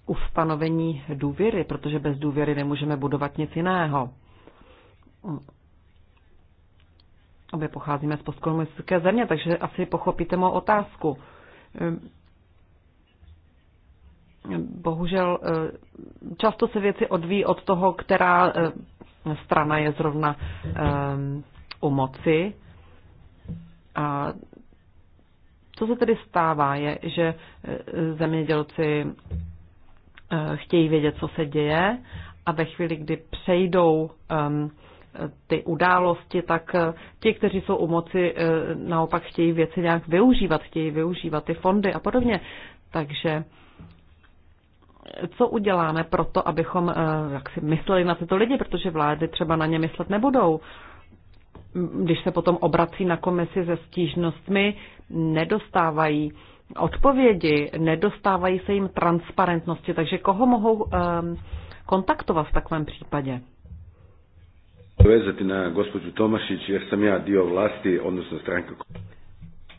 ustanovení důvěry, protože bez důvěry nemůžeme budovat nic jiného. Obě pocházíme z postkomunistické země, takže asi pochopíte mou otázku. Bohužel eh, často se věci odvíjí od toho, která eh, strana je zrovna eh, u moci. A co se tedy stává, je, že zemědělci chtějí vědět, co se děje a ve chvíli, kdy přejdou um, ty události, tak eh, ti, kteří jsou u moci, eh, naopak chtějí věci nějak využívat, chtějí využívat ty fondy a podobně. Takže co uděláme pro to, abychom eh, jak si mysleli na tyto lidi, protože vlády třeba na ně myslet nebudou. Když se potom obrací na komisi se stížnostmi, nedostávají odpovědi, nedostávají se jim transparentnosti, takže koho mohou ehm, kontaktovat v takovém případě? povezati na gospođu Tomašić jer sam ja dio vlasti, odnosno stranka.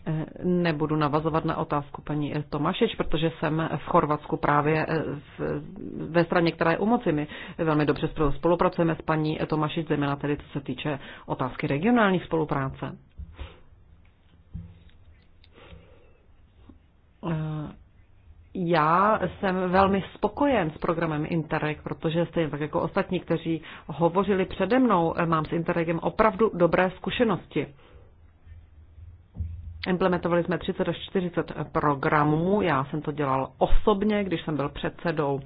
E, nebudu navazovat na otázku paní e, Tomašič, protože jsem v Chorvatsku právě e, v, ve straně, která je u moci. My velmi dobře spolupracujeme s paní Tomašič, zejména tedy co se týče otázky regionální spolupráce já jsem velmi spokojen s programem Interreg, protože stejně tak jako ostatní, kteří hovořili přede mnou, mám s Interregem opravdu dobré zkušenosti. Implementovali jsme 30 až 40 programů, já jsem to dělal osobně, když jsem byl předsedou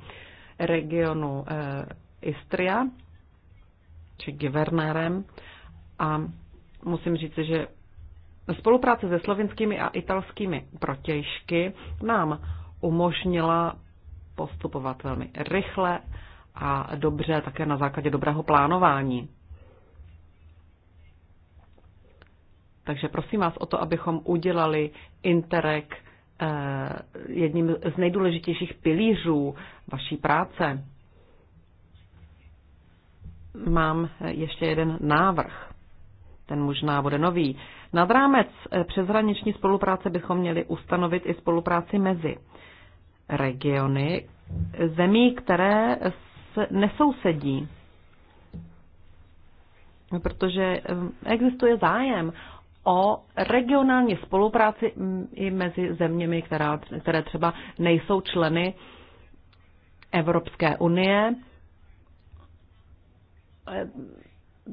regionu eh, Istria, či guvernérem. A musím říct, že spolupráce se slovinskými a italskými protějšky nám umožnila postupovat velmi rychle a dobře, také na základě dobrého plánování. Takže prosím vás o to, abychom udělali Interreg eh, jedním z nejdůležitějších pilířů vaší práce. Mám ještě jeden návrh. Ten možná bude nový. Nad rámec eh, přeshraniční spolupráce bychom měli ustanovit i spolupráci mezi regiony zemí, které nesousedí. Protože existuje zájem o regionální spolupráci mm, i mezi zeměmi, která, které třeba nejsou členy Evropské unie.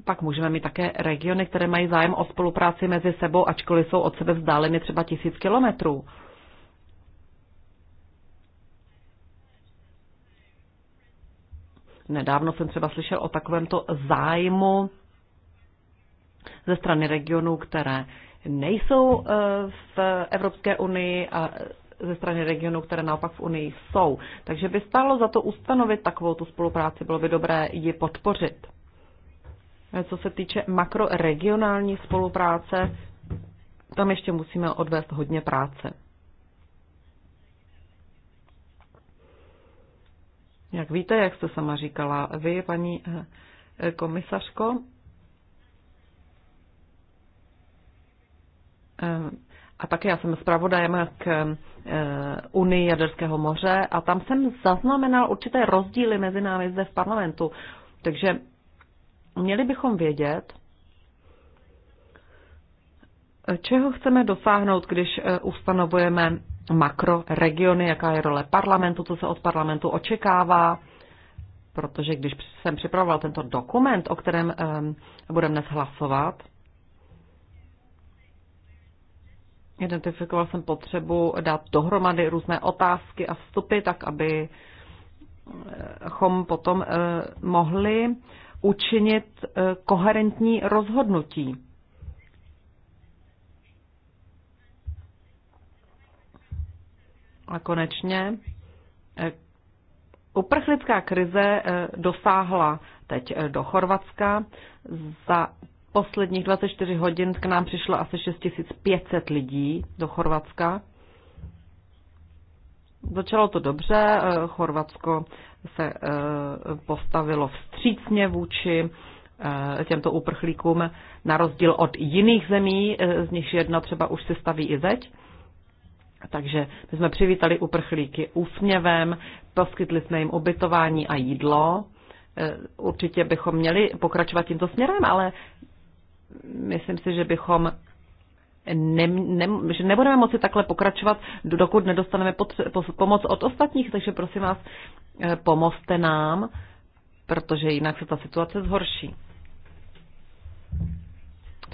Pak můžeme mít také regiony, které mají zájem o spolupráci mezi sebou, ačkoliv jsou od sebe vzdáleny třeba tisíc kilometrů. Nedávno jsem třeba slyšel o takovémto zájmu ze strany regionů, které nejsou eh, v Evropské unii a ze strany regionů, které naopak v Unii jsou. Takže by stálo za to ustanovit takovou tu spolupráci, bylo by dobré ji podpořit. Eh, co se týče makroregionální spolupráce, tam ještě musíme odvést hodně práce. Jak víte, jak jste sama říkala vy, paní eh, eh, komisařko, eh, a také já jsem zpravodajem k Unii Jaderského moře a tam jsem zaznamenal určité rozdíly mezi námi zde v parlamentu. Takže měli bychom vědět, Čeho chceme dosáhnout, když eh, ustanovujeme makroregiony, jaká je role parlamentu, co se od parlamentu očekává? Protože když jsem připravoval tento dokument, o kterém ehm, budeme dnes hlasovat, identifikoval jsem potřebu dát dohromady různé otázky a vstupy, tak aby chom potom ehm, mohli učinit eh, koherentní rozhodnutí. A konečně eh, uprchlická krize eh, dosáhla teď eh, do Chorvatska. Za posledních 24 hodin k nám přišlo asi 6500 lidí do Chorvatska. Začalo to dobře, Chorvatsko se postavilo vstřícně vůči těmto uprchlíkům, na rozdíl od jiných zemí, z nichž jedna třeba už se staví i zeď. Takže my jsme přivítali uprchlíky úsměvem, poskytli jsme jim ubytování a jídlo. Eh, určitě bychom měli pokračovat tímto směrem, ale myslím si, že bychom ne, ne, že nebudeme moci takhle pokračovat, dokud nedostaneme potře- pomoc od ostatních, takže prosím vás, eh, pomozte nám, protože jinak se ta situace zhorší.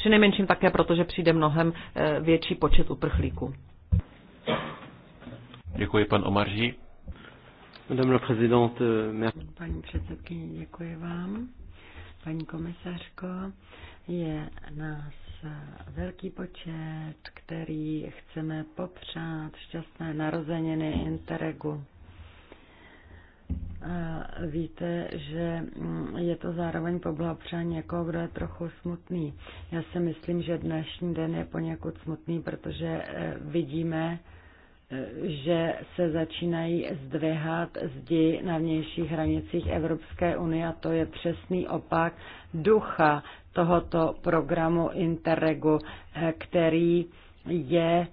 Nejmenším také protože přijde mnohem eh, větší počet uprchlíků. Děkuji, pan Omarží. Madame la présidente, euh, merci. Paní předsedkyně, děkuji vám. Paní komisařko, je nás velký počet, který chceme popřát šťastné narozeniny Interregu. Víte, že mm, je to zároveň poblahopřání někoho, kdo je trochu smutný. Já si myslím, že dnešní den je poněkud smutný, protože eh, vidíme, že se začínají zdvihat zdi na vnějších hranicích Evropské unie a to je přesný opak ducha tohoto programu Interregu, eh, který je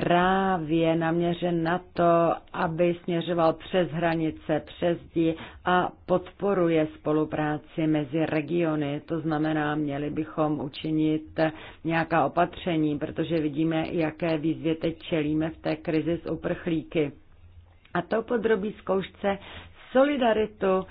právě naměřen na to, aby směřoval přes hranice, přes dí a podporuje spolupráci mezi regiony. To znamená, měli bychom učinit nějaká opatření, protože vidíme, jaké výzvě teď čelíme v té krizi s uprchlíky. A to podrobí zkoušce solidaritu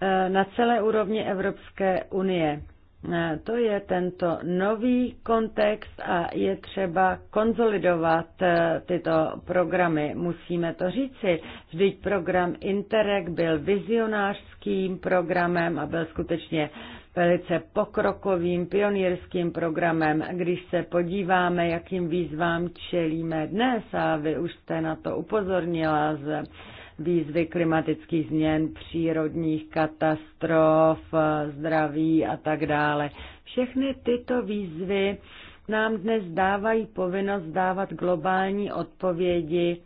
eh, na celé úrovni Evropské unie. Eh, to je tento nový kontext a je třeba konzolidovat eh, tyto programy. Musíme to říci. Vždyť program Interreg byl vizionářským programem a byl skutečně velice pokrokovým pionýrským programem. Když se podíváme, jakým výzvám čelíme dnes, a vy už jste na to upozornila z výzvy klimatických změn, přírodních katastrof, zdraví a tak dále. Všechny tyto výzvy nám dnes dávají povinnost dávat globální odpovědi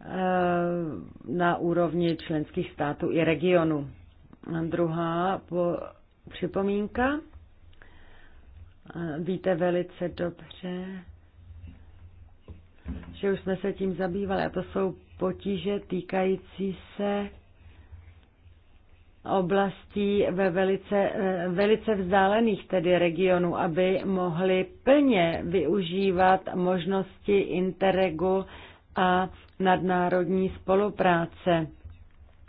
eh, na úrovni členských států i regionu. Druhá připomínka. Eh, víte velice dobře, že už jsme se tím zabývali a to jsou potíže týkající se oblastí ve velice, velice vzdálených tedy regionů, aby mohli plně využívat možnosti interregu a nadnárodní spolupráce.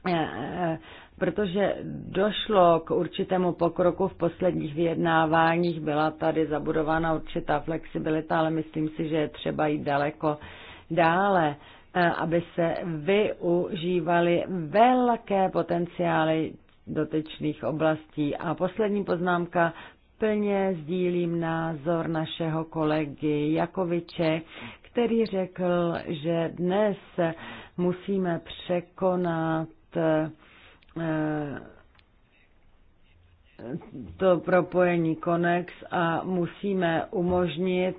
Eh, eh, protože došlo k určitému pokroku v posledních vyjednáváních, byla tady zabudována určitá flexibilita, ale myslím si, že je třeba jít daleko dále Eh, aby se využívaly velké potenciály dotyčných oblastí. A poslední poznámka, plně sdílím názor našeho kolegy Jakoviče, který řekl, že dnes musíme překonat eh, to propojení Konex a musíme umožnit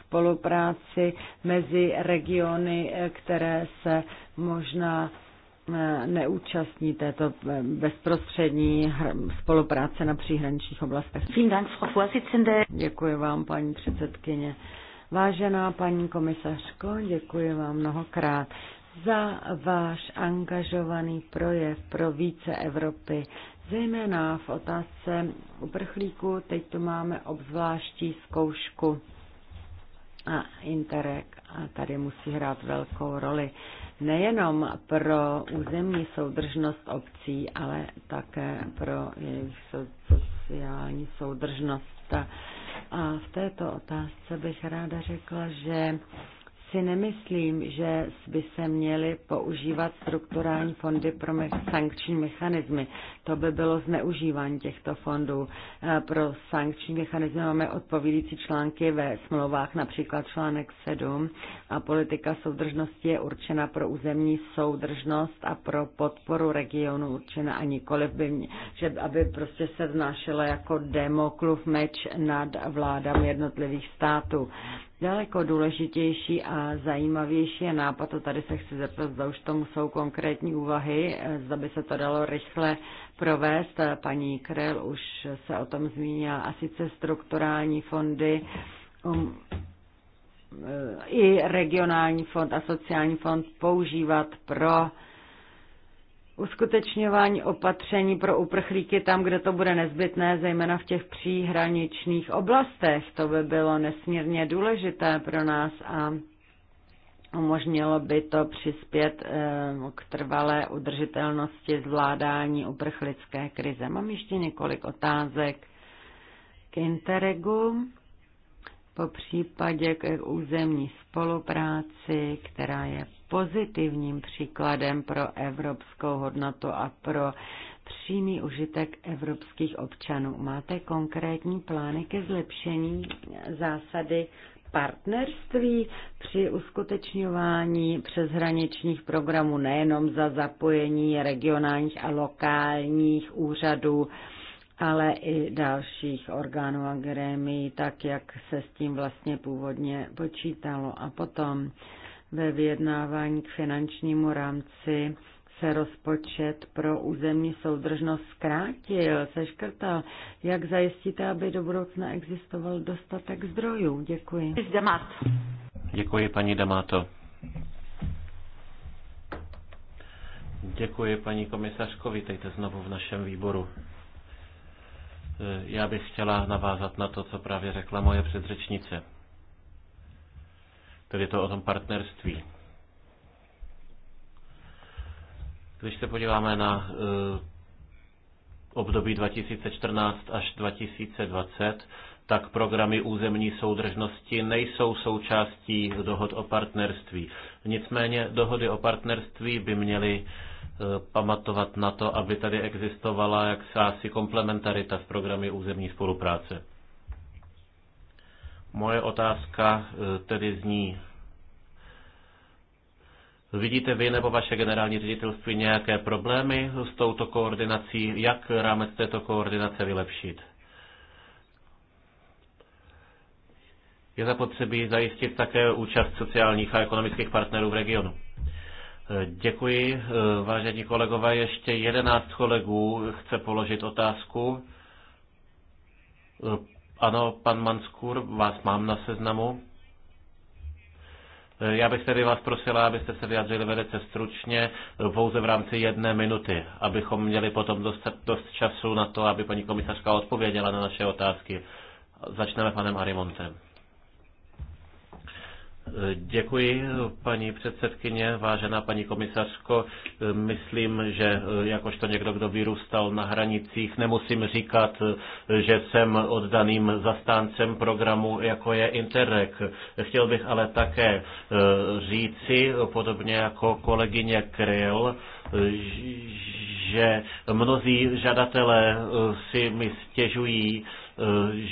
spolupráci mezi regiony, které se možná eh, neúčastní této eh, bezprostřední spolupráce na příhraničních oblastech. Děkuji vám, paní předsedkyně. Vážená paní komisařko, děkuji vám mnohokrát za váš angažovaný projev pro více Evropy Zejména v otázce uprchlíků, teď tu máme obzvláští zkoušku a Interreg a tady musí hrát velkou roli nejenom pro územní soudržnost obcí, ale také pro jejich sociální soudržnost. A v této otázce bych ráda řekla, že si nemyslím, že by se měly používat strukturální fondy pro sankční mechanismy. To by bylo zneužívání těchto fondů. E, pro sankční mechanismy máme odpovídající články ve smlouvách, například článek 7 a politika soudržnosti je určena pro územní soudržnost a pro podporu regionu určena a nikoliv by mě, že aby prostě se vznášela jako demokluv meč nad vládami jednotlivých států. Daleko důležitější a zajímavější je nápad, a tady se chci zeptat, zda už tomu jsou konkrétní úvahy, eh, zda by se to dalo rychle provést. Paní Krel už se o tom zmínila, a sice strukturální fondy, um, eh, i regionální fond a sociální fond používat pro uskutečňování opatření pro uprchlíky tam, kde to bude nezbytné, zejména v těch příhraničních oblastech. To by bylo nesmírně důležité pro nás a umožnilo by to přispět eh, k trvalé udržitelnosti zvládání uprchlické krize. Mám ještě několik otázek k Interregu, po případě k územní spolupráci, která je pozitivním příkladem pro evropskou hodnotu a pro přímý užitek evropských občanů. Máte konkrétní plány ke zlepšení zásady partnerství při uskutečňování přeshraničních programů nejenom za zapojení regionálních a lokálních úřadů, ale i dalších orgánů a grémií, tak jak se s tím vlastně původně počítalo. A potom ve vyjednávání k finančnímu rámci se rozpočet pro územní soudržnost zkrátil, seškrtal. Jak zajistíte, aby do budoucna existoval dostatek zdrojů? Děkuji. Děkuji, paní Damato. Děkuji, paní komisařko. Vítejte znovu v našem výboru. Já bych chtěla navázat na to, co právě řekla moje předřečnice tedy to o tom partnerství. Když se podíváme na eh, období 2014 až 2020, tak programy územní soudržnosti nejsou součástí dohod o partnerství. Nicméně dohody o partnerství by měly eh, pamatovat na to, aby tady existovala jaksi komplementarita v programy územní spolupráce. Moje otázka e, tedy zní, Vidíte vy nebo vaše generální ředitelství nějaké problémy s touto koordinací? Jak rámec této koordinace vylepšit? Je zapotřebí zajistit také účast sociálních a ekonomických partnerů v regionu. E, děkuji, e, vážení kolegové. Ještě jedenáct kolegů chce položit otázku. Ano, pan Manskur, vás mám na seznamu. E, já bych tedy vás prosila, abyste se vyjádřili velice stručně, e, pouze v rámci jedné minuty, abychom měli potom dost, dost času na to, aby paní komisařka odpověděla na naše otázky. Začneme panem Arimontem. Děkuji, paní předsedkyně, vážená paní komisařko. Myslím, že jakožto někdo, kdo vyrůstal na hranicích, nemusím říkat, že jsem oddaným zastáncem programu, jako je Interreg. Chtěl bych ale také eh, říci, podobně jako kolegyně Kryl, že mnozí žadatelé eh, si mi stěžují,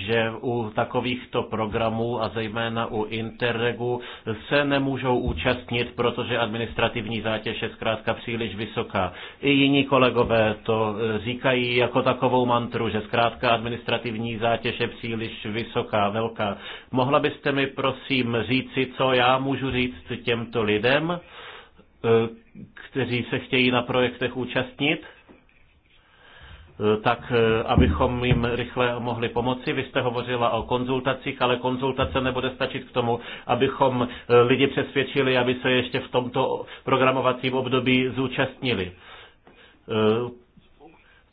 že u takovýchto programů a zejména u Interregu se nemůžou účastnit, protože administrativní zátěž je zkrátka příliš vysoká. I jiní kolegové to říkají jako takovou mantru, že zkrátka administrativní zátěž je příliš vysoká, velká. Mohla byste mi prosím říci, co já můžu říct těmto lidem, eh, kteří se chtějí na projektech účastnit? tak eh, abychom jim rychle mohli pomoci. Vy jste hovořila o konzultacích, ale konzultace nebude stačit k tomu, abychom eh, lidi přesvědčili, aby se ještě v tomto programovacím období zúčastnili eh,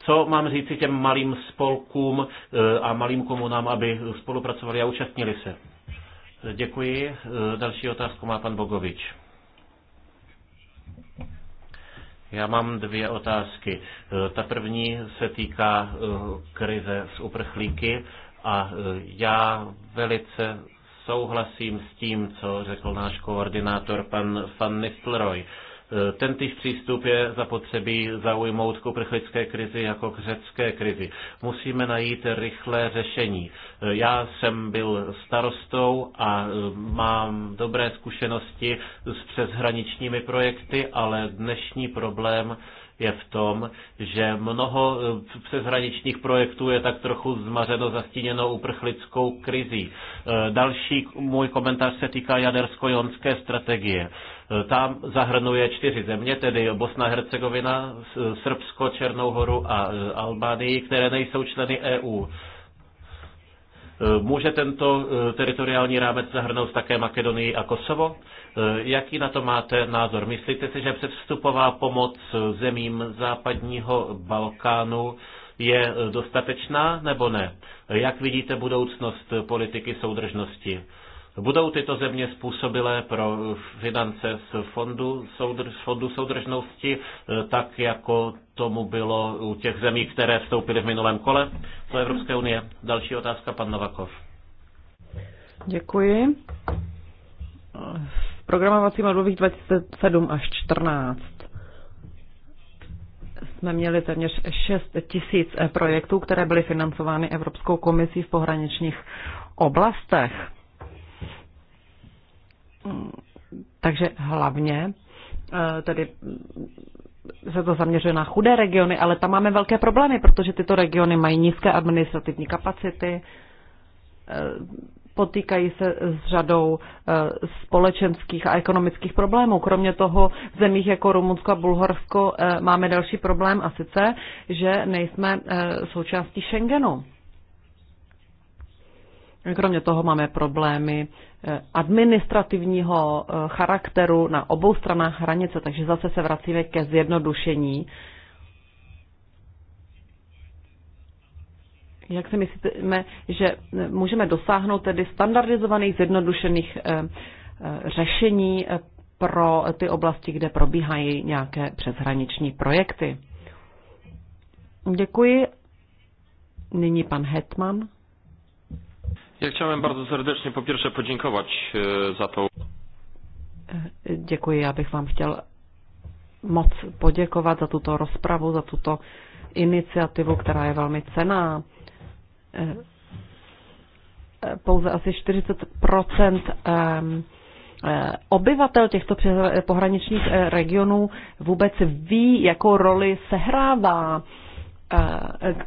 co mám říci těm malým spolkům a malým komunám, aby spolupracovali a účastnili se. Děkuji. Další otázku má pan Bogovič. Já mám dvě otázky. Eh, ta první se týká eh, krize s uprchlíky a eh, já velice souhlasím s tím, co řekl náš koordinátor pan Van Nistelrooy. Eh, Tentýž přístup je zapotřebí zaujmout k uprchlické krizi jako k řecké krizi. Musíme najít rychlé řešení. Eh, já jsem byl starostou a eh, mám dobré zkušenosti s přeshraničními projekty, ale dnešní problém je v tom, že mnoho přeshraničních projektů je tak trochu zmařeno, zastíněno uprchlickou krizí. Další můj komentář se týká jadersko-jonské strategie. Tam zahrnuje čtyři země, tedy Bosna, Hercegovina, Srbsko, Černou horu a e, Albánii, které nejsou členy EU. E, může tento e, teritoriální rámec zahrnout také Makedonii a Kosovo? Jaký na to máte názor? Myslíte si, že předstupová pomoc zemím západního Balkánu je dostatečná nebo ne? Jak vidíte budoucnost politiky soudržnosti? Budou tyto země způsobilé pro finance z fondu, soudr, fondu soudržnosti, eh, tak jako tomu bylo u těch zemí, které vstoupily v minulém kole do Evropské unie? Další otázka, pan Novakov. Děkuji. V programovacím období 2007 až 14 jsme měli téměř 6 tisíc projektů, které byly financovány Evropskou komisí v pohraničních oblastech. Takže hlavně eh, tedy se to zaměřuje na chudé regiony, ale tam máme velké problémy, protože tyto regiony mají nízké administrativní kapacity, eh, potýkají se s řadou eh, společenských a ekonomických problémů. Kromě toho v zemích jako Rumunsko a Bulharsko máme další problém a sice, že nejsme součástí Schengenu. Kromě toho máme problémy Eh, administrativního eh, charakteru na obou stranách hranice, takže zase se vracíme ke zjednodušení. Jak si myslíme, že eh, můžeme dosáhnout tedy standardizovaných zjednodušených řešení pro ty oblasti, kde probíhají nějaké přeshraniční projekty? Děkuji. Nyní pan Hetman. Já chciałem bardzo serdecznie po pierwsze poděkovat e, za to. E, Děkuji, ja bych vám chtěl moc poděkovat za tuto rozprawę, za tuto iniciativu, která je velmi cena. E, pouze asi 40 obyvatel těchto pohraničních regionů vůbec ví, jakou roli sehrává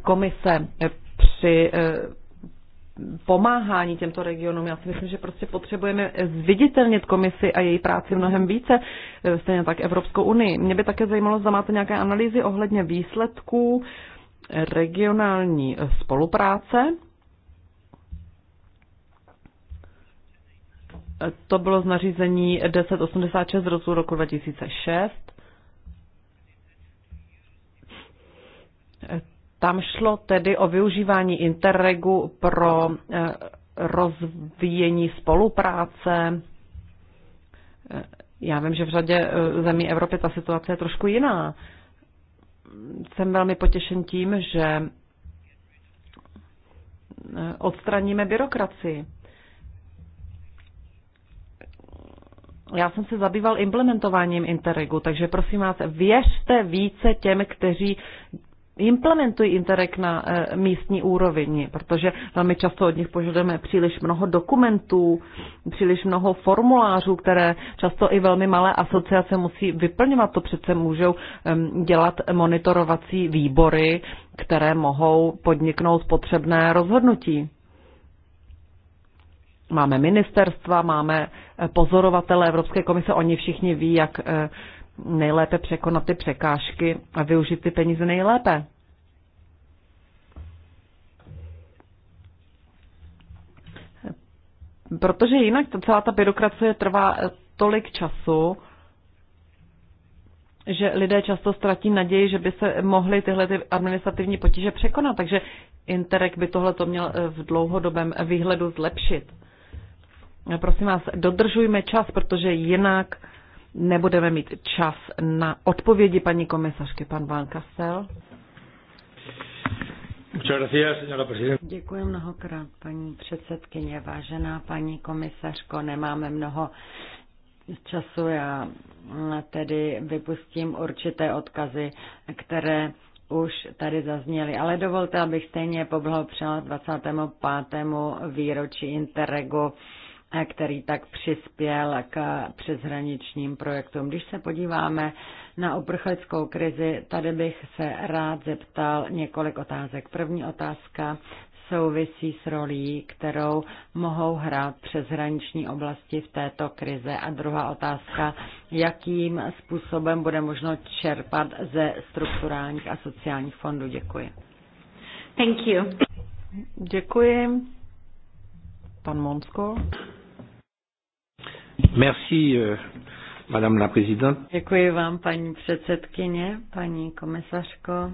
komise při pomáhání těmto regionům. Já si myslím, že prostě potřebujeme zviditelnit komisi a její práci mnohem více, e, stejně tak Evropskou unii. Mě by také zajímalo, zda máte nějaké analýzy ohledně výsledků regionální e, spolupráce. E, to bylo z nařízení 1086 z roku 2006 Tam šlo tedy o využívání Interregu pro eh, rozvíjení spolupráce. Eh, já vím, že v řadě eh, zemí Evropy ta situace je trošku jiná. Jsem velmi potěšen tím, že odstraníme byrokracii. Já jsem se zabýval implementováním Interregu, takže prosím vás, věřte více těm, kteří implementují Interreg na eh, místní úrovni, protože velmi často od nich požadujeme příliš mnoho dokumentů, příliš mnoho formulářů, které často i velmi malé asociace musí vyplňovat. To přece můžou dělat monitorovací výbory, které mohou podniknout potřebné rozhodnutí. Máme ministerstva, máme eh, pozorovatele Evropské komise, oni všichni ví, jak eh, nejlépe překonat ty překážky a využít ty peníze nejlépe. Protože jinak to, celá ta byrokracie trvá eh, tolik času, že lidé často ztratí naději, že by se mohly tyhle ty administrativní potíže překonat. Takže Interreg by tohle to měl eh, v dlouhodobém výhledu zlepšit. Prosím vás, dodržujme čas, protože jinak nebudeme mít čas na odpovědi paní komisařky, pan Van Kassel. Děkuji mnohokrát, paní předsedkyně. Vážená paní komisařko, nemáme mnoho času. Já tedy vypustím určité odkazy, které už tady zazněly. Ale dovolte, abych stejně poblahopřála 25. výročí Interregu který tak přispěl k přeshraničním projektům. Když se podíváme na uprchlickou krizi, tady bych se rád zeptal několik otázek. První otázka souvisí s rolí, kterou mohou hrát přeshraniční oblasti v této krize. A druhá otázka, jakým způsobem bude možno čerpat ze strukturálních a sociálních fondů. Děkuji. Thank you. Děkuji. Pan Monsko. Merci, euh, madame la présidente. Děkuji vám, paní předsedkyně, paní komisařko.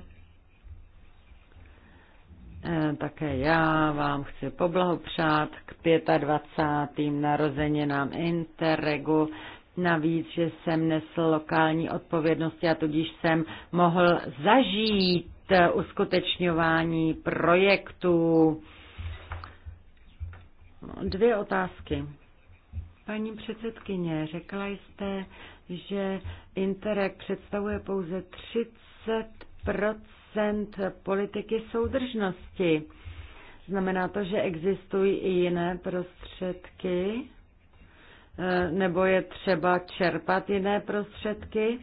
Eh, také já vám chci poblahopřát k 25. narozeninám Interregu. Navíc, že jsem nesl lokální odpovědnosti a tudíž jsem mohl zažít uskutečňování projektů. Dvě otázky. Paní předsedkyně, řekla jste, že Interreg představuje pouze 30 politiky soudržnosti. Znamená to, že existují i jiné prostředky, eh, nebo je třeba čerpat jiné prostředky,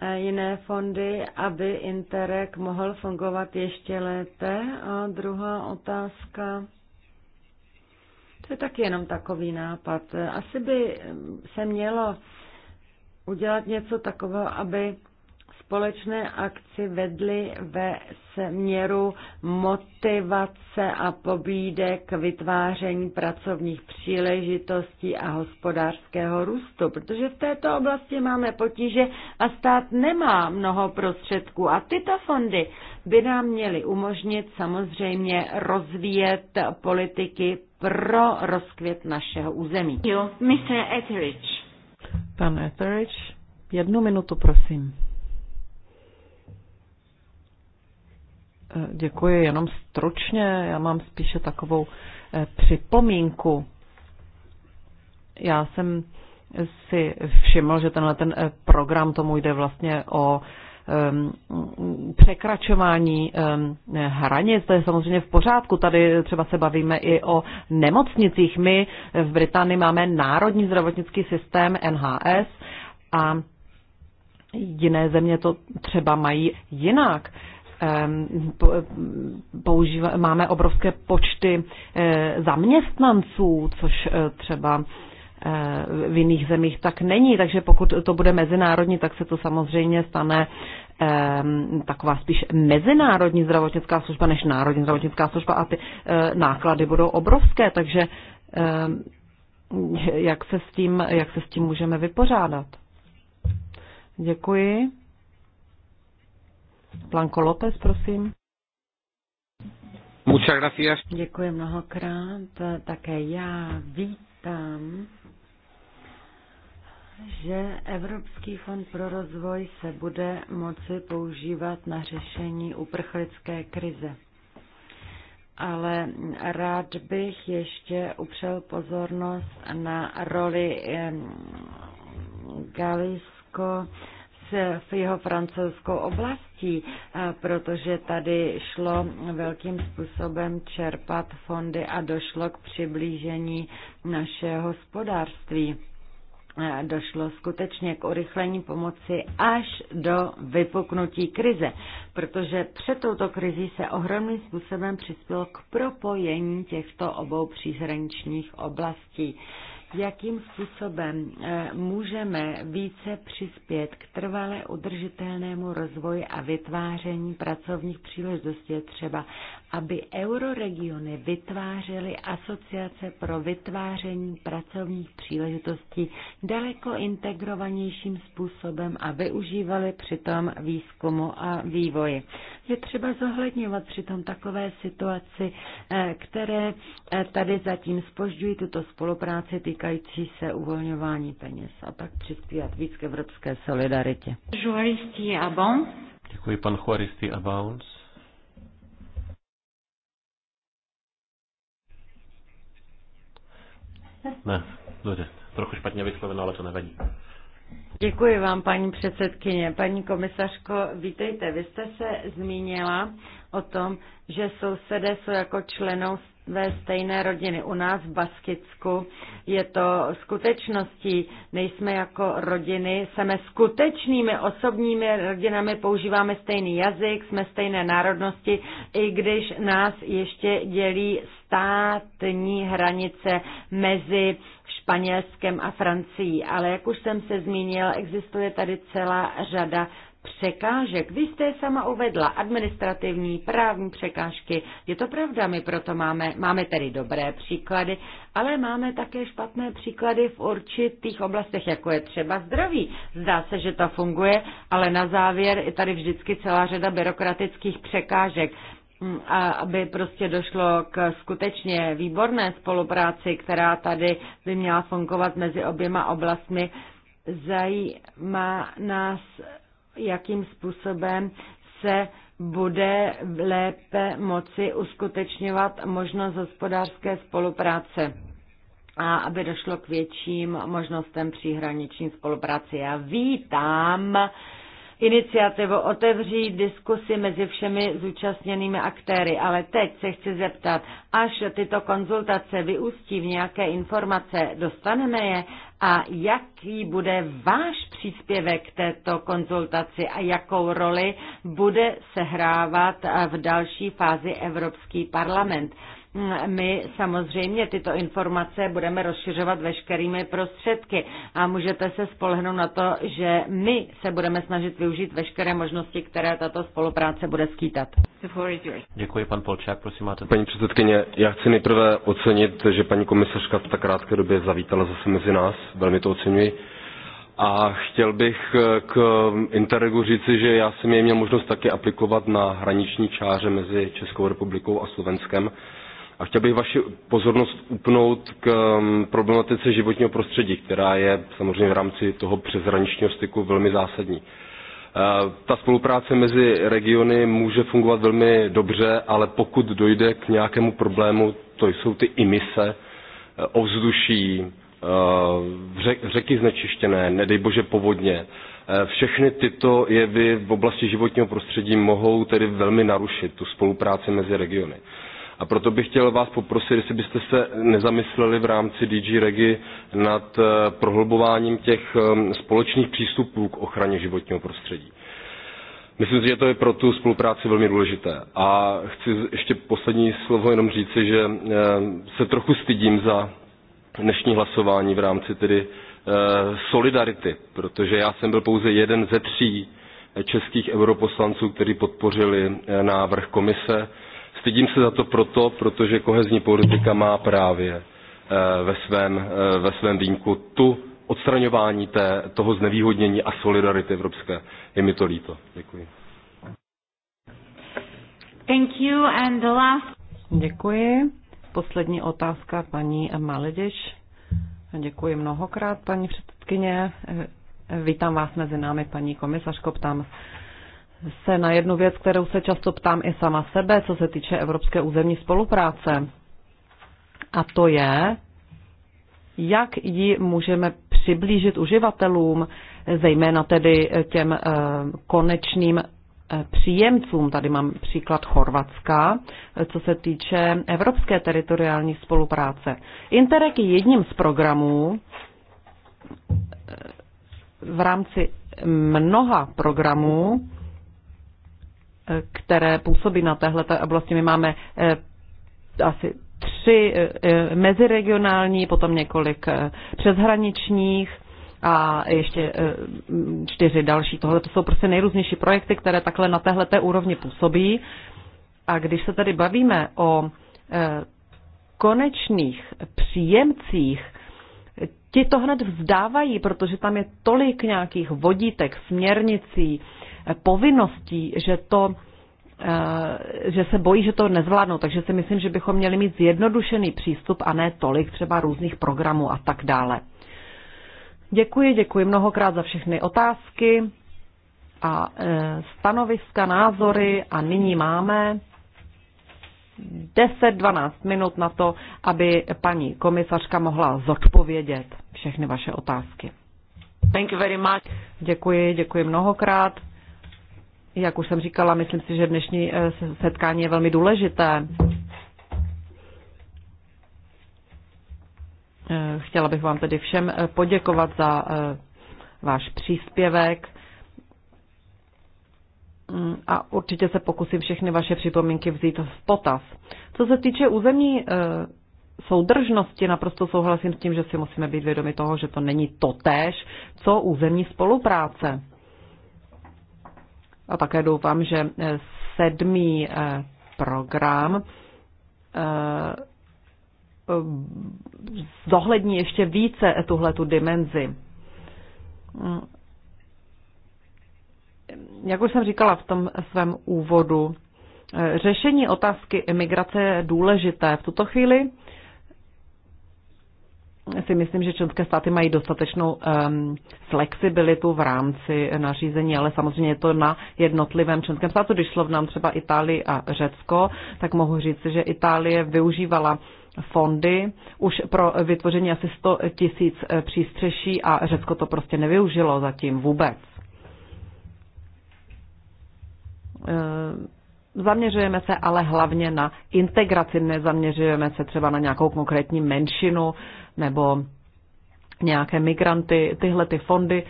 eh, jiné fondy, aby Interreg mohl fungovat ještě lépe? A druhá otázka to je taky jenom takový nápad. Asi by se mělo udělat něco takového, aby společné akci vedly ve směru motivace a pobídek k vytváření pracovních příležitostí a hospodářského růstu, protože v této oblasti máme potíže a stát nemá mnoho prostředků a tyto fondy by nám měly umožnit samozřejmě rozvíjet politiky pro rozkvět našeho území. Jo, Mr. Etheridge. Pan Etheridge, jednu minutu, prosím. Eh, děkuji, jenom stručně. Já mám spíše takovou eh, připomínku. Já jsem si všiml, že tenhle ten eh, program tomu jde vlastně o um, překračování um, hranic, to je samozřejmě v pořádku. Tady třeba se bavíme i o nemocnicích. My v Británii máme národní zdravotnický systém NHS a jiné země to třeba mají jinak. Ehm, používá, máme obrovské počty eh, zaměstnanců, což eh, třeba eh, v jiných zemích tak není, takže pokud to bude mezinárodní, tak se to samozřejmě stane ehm, taková spíš mezinárodní zdravotnická služba než národní zdravotnická služba a ty náklady budou obrovské, takže ehm, jak se s tím, jak se s tím můžeme vypořádat? Děkuji. Blanco López, prosím. Muchas gracias. Děkuji mnohokrát. Také já vítám, že Evropský fond pro rozvoj se bude moci používat na řešení uprchlické krize. Ale rád bych ještě upřel pozornost na roli eh, Galisko v jeho francouzskou oblastí, eh, protože tady šlo velkým způsobem čerpat fondy a došlo k přiblížení našeho hospodářství eh, došlo skutečně k urychlení pomoci až do vypuknutí krize, protože před touto krizí se ohromným způsobem přispělo k propojení těchto obou příhraničních oblastí jakým způsobem eh, můžeme více přispět k trvale udržitelnému rozvoji a vytváření pracovních příležitostí. Třeba, aby euroregiony vytvářely asociace pro vytváření pracovních příležitostí daleko integrovanějším způsobem a využívaly přitom výzkumu a vývoji. Je třeba zohledňovat přitom takové situaci, eh, které eh, tady zatím spožďují tuto spolupráci týká týkající se uvolňování peněz a tak přispívat víc k evropské solidaritě. Juaristi Abons. Děkuji, pan Juaristi Abons. Ne, dobře, trochu špatně vysloveno, ale to nevadí. Děkuji vám, paní předsedkyně. Paní komisařko, vítejte. Vy jste se zmínila o tom, že sousedé jsou jako členou ve stejné rodiny. U nás v Baskicku je to skutečností. Nejsme jako rodiny, jsme skutečnými osobními rodinami, používáme stejný jazyk, jsme stejné národnosti, i když nás ještě dělí státní hranice mezi Španělskem a Francií. Ale jak už jsem se zmínil, existuje tady celá řada překážek. Vy jste je sama uvedla, administrativní, právní překážky. Je to pravda, my proto máme, máme tedy dobré příklady, ale máme také špatné příklady v určitých oblastech, jako je třeba zdraví. Zdá se, že to funguje, ale na závěr je tady vždycky celá řada byrokratických překážek a aby prostě došlo k skutečně výborné spolupráci, která tady by měla fungovat mezi oběma oblastmi, zajímá nás, jakým způsobem se bude lépe moci uskutečňovat možnost hospodářské spolupráce a aby došlo k větším možnostem příhraniční spolupráce. Já vítám uh, iniciativu otevřít diskusy mezi všemi zúčastněnými aktéry. Ale teď se chci zeptat, až tyto konzultace vyústí v nějaké informace, dostaneme je a jaký bude váš příspěvek k této konzultaci a jakou roli bude sehrávat v další fázi Evropský parlament my samozřejmě tyto informace budeme rozšiřovat veškerými prostředky a můžete se spolehnout na to, že my se budeme snažit využít veškeré možnosti, které tato spolupráce bude skýtat. Děkuji, pan Polčák, prosím máte. Paní předsedkyně, já chci nejprve ocenit, že paní komisařka v tak krátké době zavítala zase mezi nás, velmi to oceňuji. A chtěl bych eh, k Interregu říci, že já jsem jej měl možnost taky aplikovat na hraniční čáře mezi Českou republikou a Slovenskem a chtěl bych vaši pozornost upnout k mm, problematice životního prostředí, která je samozřejmě v rámci toho přeshraničního styku velmi zásadní. E, ta spolupráce mezi regiony může fungovat velmi dobře, ale pokud dojde k nějakému problému, to jsou ty imise, e, ovzduší, e, řeky znečištěné, nedej bože povodně. Všechny tyto jevy v oblasti životního prostředí mohou tedy velmi narušit tu spolupráci mezi regiony. A proto bych chtěl vás poprosit, jestli byste se nezamysleli v rámci DG Regi nad eh, prohlubováním těch ehm, společných přístupů k ochraně životního prostředí. Myslím si, že to je pro tu spolupráci velmi důležité. A chci ještě poslední slovo jenom říci, že eh, se trochu stydím za dnešní hlasování v rámci tedy eh, solidarity, protože já jsem byl pouze jeden ze tří českých europoslanců, kteří podpořili návrh komise Stydím se za to proto, protože kohezní politika má právě eh, ve svém, eh, ve svém výjimku tu odstraňování té, toho znevýhodnění a solidarity evropské. Je mi to líto. Děkuji. Thank you. And the last... Děkuji. Poslední otázka paní Maledeš. Děkuji mnohokrát, paní předsedkyně. Eh, vítám vás mezi námi, paní komisařko. Ptám se na jednu věc, kterou se často ptám i sama sebe, co se týče evropské územní spolupráce. A to je, jak ji můžeme přiblížit uživatelům, zejména tedy těm eh, konečným eh, příjemcům. Tady mám příklad Chorvatska, eh, co se týče evropské teritoriální spolupráce. Interreg je jedním z programů v rámci mnoha programů, které působí na téhle oblasti. My máme eh, asi tři eh, eh, meziregionální, potom několik přeshraničních a ještě čtyři další. Tohle to jsou prostě nejrůznější projekty, které takhle na téhle úrovni působí. A když se tady bavíme o konečných příjemcích, ti to hned vzdávají, protože tam je tolik nějakých vodítek, směrnicí, povinností, že to eh, že se bojí, že to nezvládnou. Takže si myslím, že bychom měli mít zjednodušený přístup a ne tolik třeba různých programů a tak dále. Děkuji, děkuji mnohokrát za všechny otázky a eh, stanoviska, názory a nyní máme 10-12 minut na to, aby paní komisařka mohla zodpovědět všechny vaše otázky. Thank you very much. Děkuji, děkuji mnohokrát. Jak už jsem říkala, myslím si, že dnešní eh, setkání je velmi důležité. Eh, chtěla bych vám tedy všem eh, poděkovat za váš příspěvek mm, a určitě se pokusím všechny vaše připomínky vzít v potaz. Co se týče územní soudržnosti, naprosto souhlasím s tím, že si musíme být vědomi toho, že to není totéž, co územní spolupráce a také doufám, že eh, sedmý eh, program eh, zohlední ještě více tuhle tu dimenzi. Mm. Jak už jsem říkala v tom svém úvodu, řešení otázky imigrace je důležité. V tuto chvíli si myslím, že členské státy mají dostatečnou um, flexibilitu v rámci nařízení, ale samozřejmě je to na jednotlivém členském státu. Když slovnám třeba Itálii a Řecko, tak mohu říct, že Itálie využívala fondy už pro vytvoření asi 100 tisíc eh, přístřeší a Řecko to prostě nevyužilo zatím vůbec. Eh, zaměřujeme se ale hlavně na integraci, nezaměřujeme se třeba na nějakou konkrétní menšinu, nebo nějaké migranty, tyhle ty fondy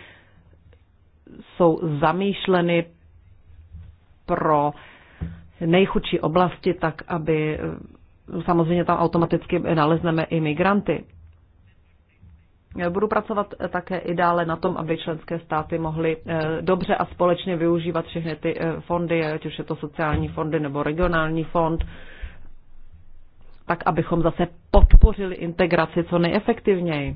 jsou zamýšleny pro nejchudší oblasti, tak aby eh, samozřejmě tam automaticky nalezneme i migranty. Budu pracovat eh, také i dále na tom, aby členské státy mohly eh, dobře a společně využívat všechny ty fondy, ať už je to sociální fondy nebo regionální fond, tak abychom zase podpořili integraci co nejefektivněji.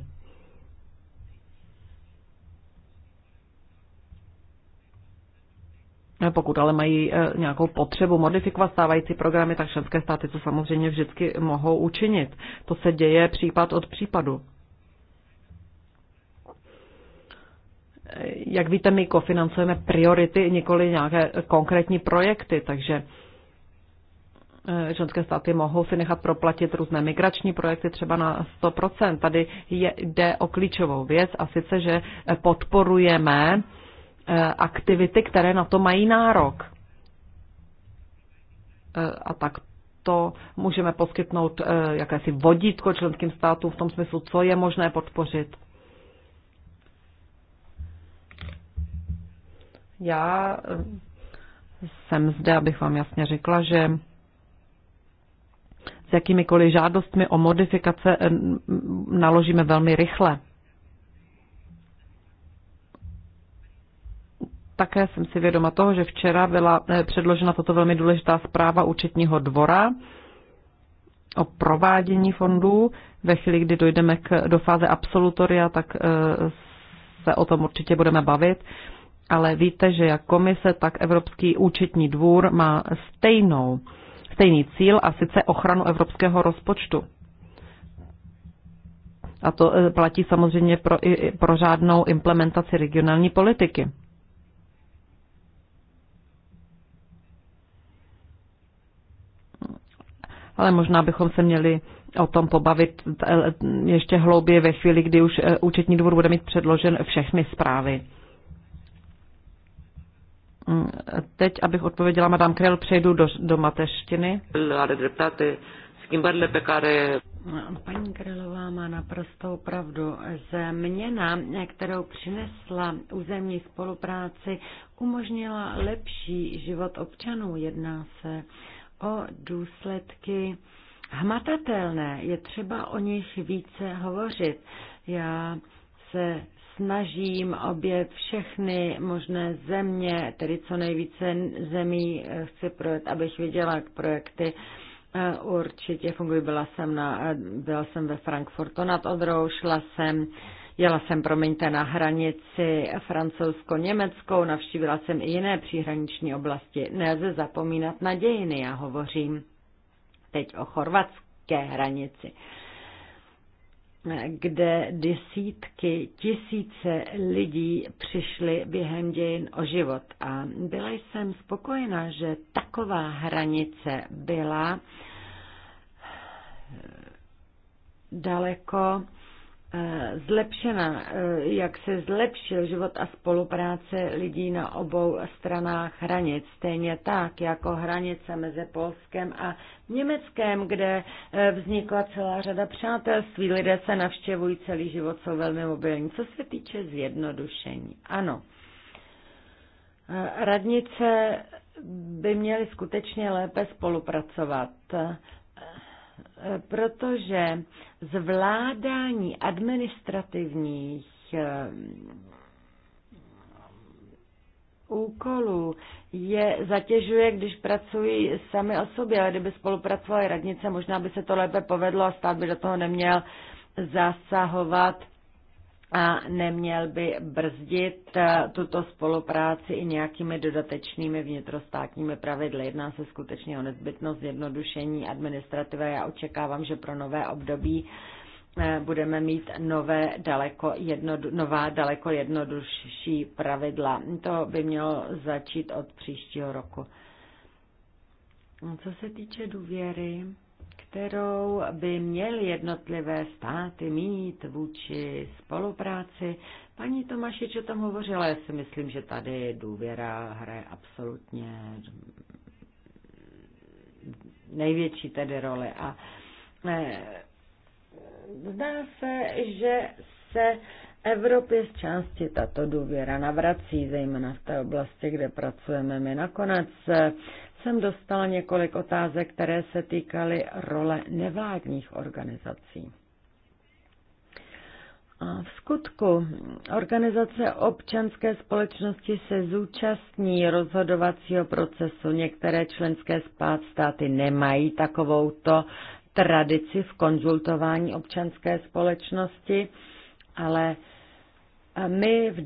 Pokud ale mají e, nějakou potřebu modifikovat stávající programy, tak členské státy to samozřejmě vždycky mohou učinit. To se děje případ od případu. E, jak víte, my kofinancujeme priority, nikoli nějaké konkrétní projekty, takže Eh, členské státy mohou si nechat proplatit různé migrační projekty třeba na 100%. Tady je, jde o klíčovou věc a sice, že eh, podporujeme eh, aktivity, které na to mají nárok. A tak to můžeme poskytnout jakési vodítko členským státům v tom smyslu, co je možné podpořit. Já jsem zde, abych vám jasně řekla, že s jakýmikoliv žádostmi o modifikace eh, naložíme velmi rychle. Také jsem si vědoma toho, že včera byla eh, předložena toto velmi důležitá zpráva účetního dvora o provádění fondů. Ve chvíli, kdy dojdeme k, do fáze absolutoria, tak eh, se o tom určitě budeme bavit. Ale víte, že jak komise, tak Evropský účetní dvůr má stejnou stejný cíl a sice ochranu evropského rozpočtu. A to eh, platí samozřejmě pro, i pro řádnou implementaci regionální politiky. Ale možná bychom se měli o tom pobavit eh, ještě hlouběji ve chvíli, kdy už eh, účetní dvůr bude mít předložen všechny zprávy. Mm, teď, abych odpověděla Madame Krell, přejdu do, do mateštiny. Paní Krellová má naprostou pravdu. Změna, kterou přinesla územní spolupráci, umožnila lepší život občanů. Jedná se o důsledky hmatatelné. Je třeba o nich více hovořit. Já se snažím objet všechny možné země, tedy co nejvíce zemí eh, chci projet, abych viděla, jak projekty eh, určitě fungují. Byla jsem, na, eh, byla jsem ve Frankfurtu nad Odrou, šla jsem Jela jsem, promiňte, na hranici francouzsko-německou, navštívila jsem i jiné příhraniční oblasti. Nelze zapomínat na dějiny, já hovořím teď o chorvatské hranici. Uh, kde desítky, tisíce lidí přišly během dějin o život. A byla jsem spokojena, že taková hranice byla daleko Eh, zlepšena, eh, jak se zlepšil život a spolupráce lidí na obou stranách hranic. Stejně tak jako hranice mezi Polskem a Německem, kde eh, vznikla celá řada přátelství. Lidé se navštěvují celý život, jsou velmi mobilní. Co se týče zjednodušení, ano. Radnice by měly skutečně lépe spolupracovat. Eh, protože zvládání administrativních eh, úkolů je zatěžuje, když pracují sami o sobě, ale kdyby spolupracovali radnice, možná by se to lépe povedlo a stát by do toho neměl zasahovat a neměl by brzdit eh, tuto spolupráci i nějakými dodatečnými vnitrostátními pravidly. Jedná se skutečně o nezbytnost zjednodušení administrativy. Já očekávám, že pro nové období eh, budeme mít nové daleko jednodu, nová daleko jednodušší pravidla. To by mělo začít od příštího roku. Co se týče důvěry, kterou by měly jednotlivé státy mít vůči spolupráci. Paní Tomašič o tom hovořila, já si myslím, že tady důvěra hraje absolutně největší tedy roli. A e, zdá se, že se Evropě z části tato důvěra navrací, zejména v té oblasti, kde pracujeme my. Nakonec jsem dostala několik otázek, které se týkaly role nevládních organizací. A v skutku organizace občanské společnosti se zúčastní rozhodovacího procesu. Některé členské státy nemají takovouto tradici v konzultování občanské společnosti, ale my v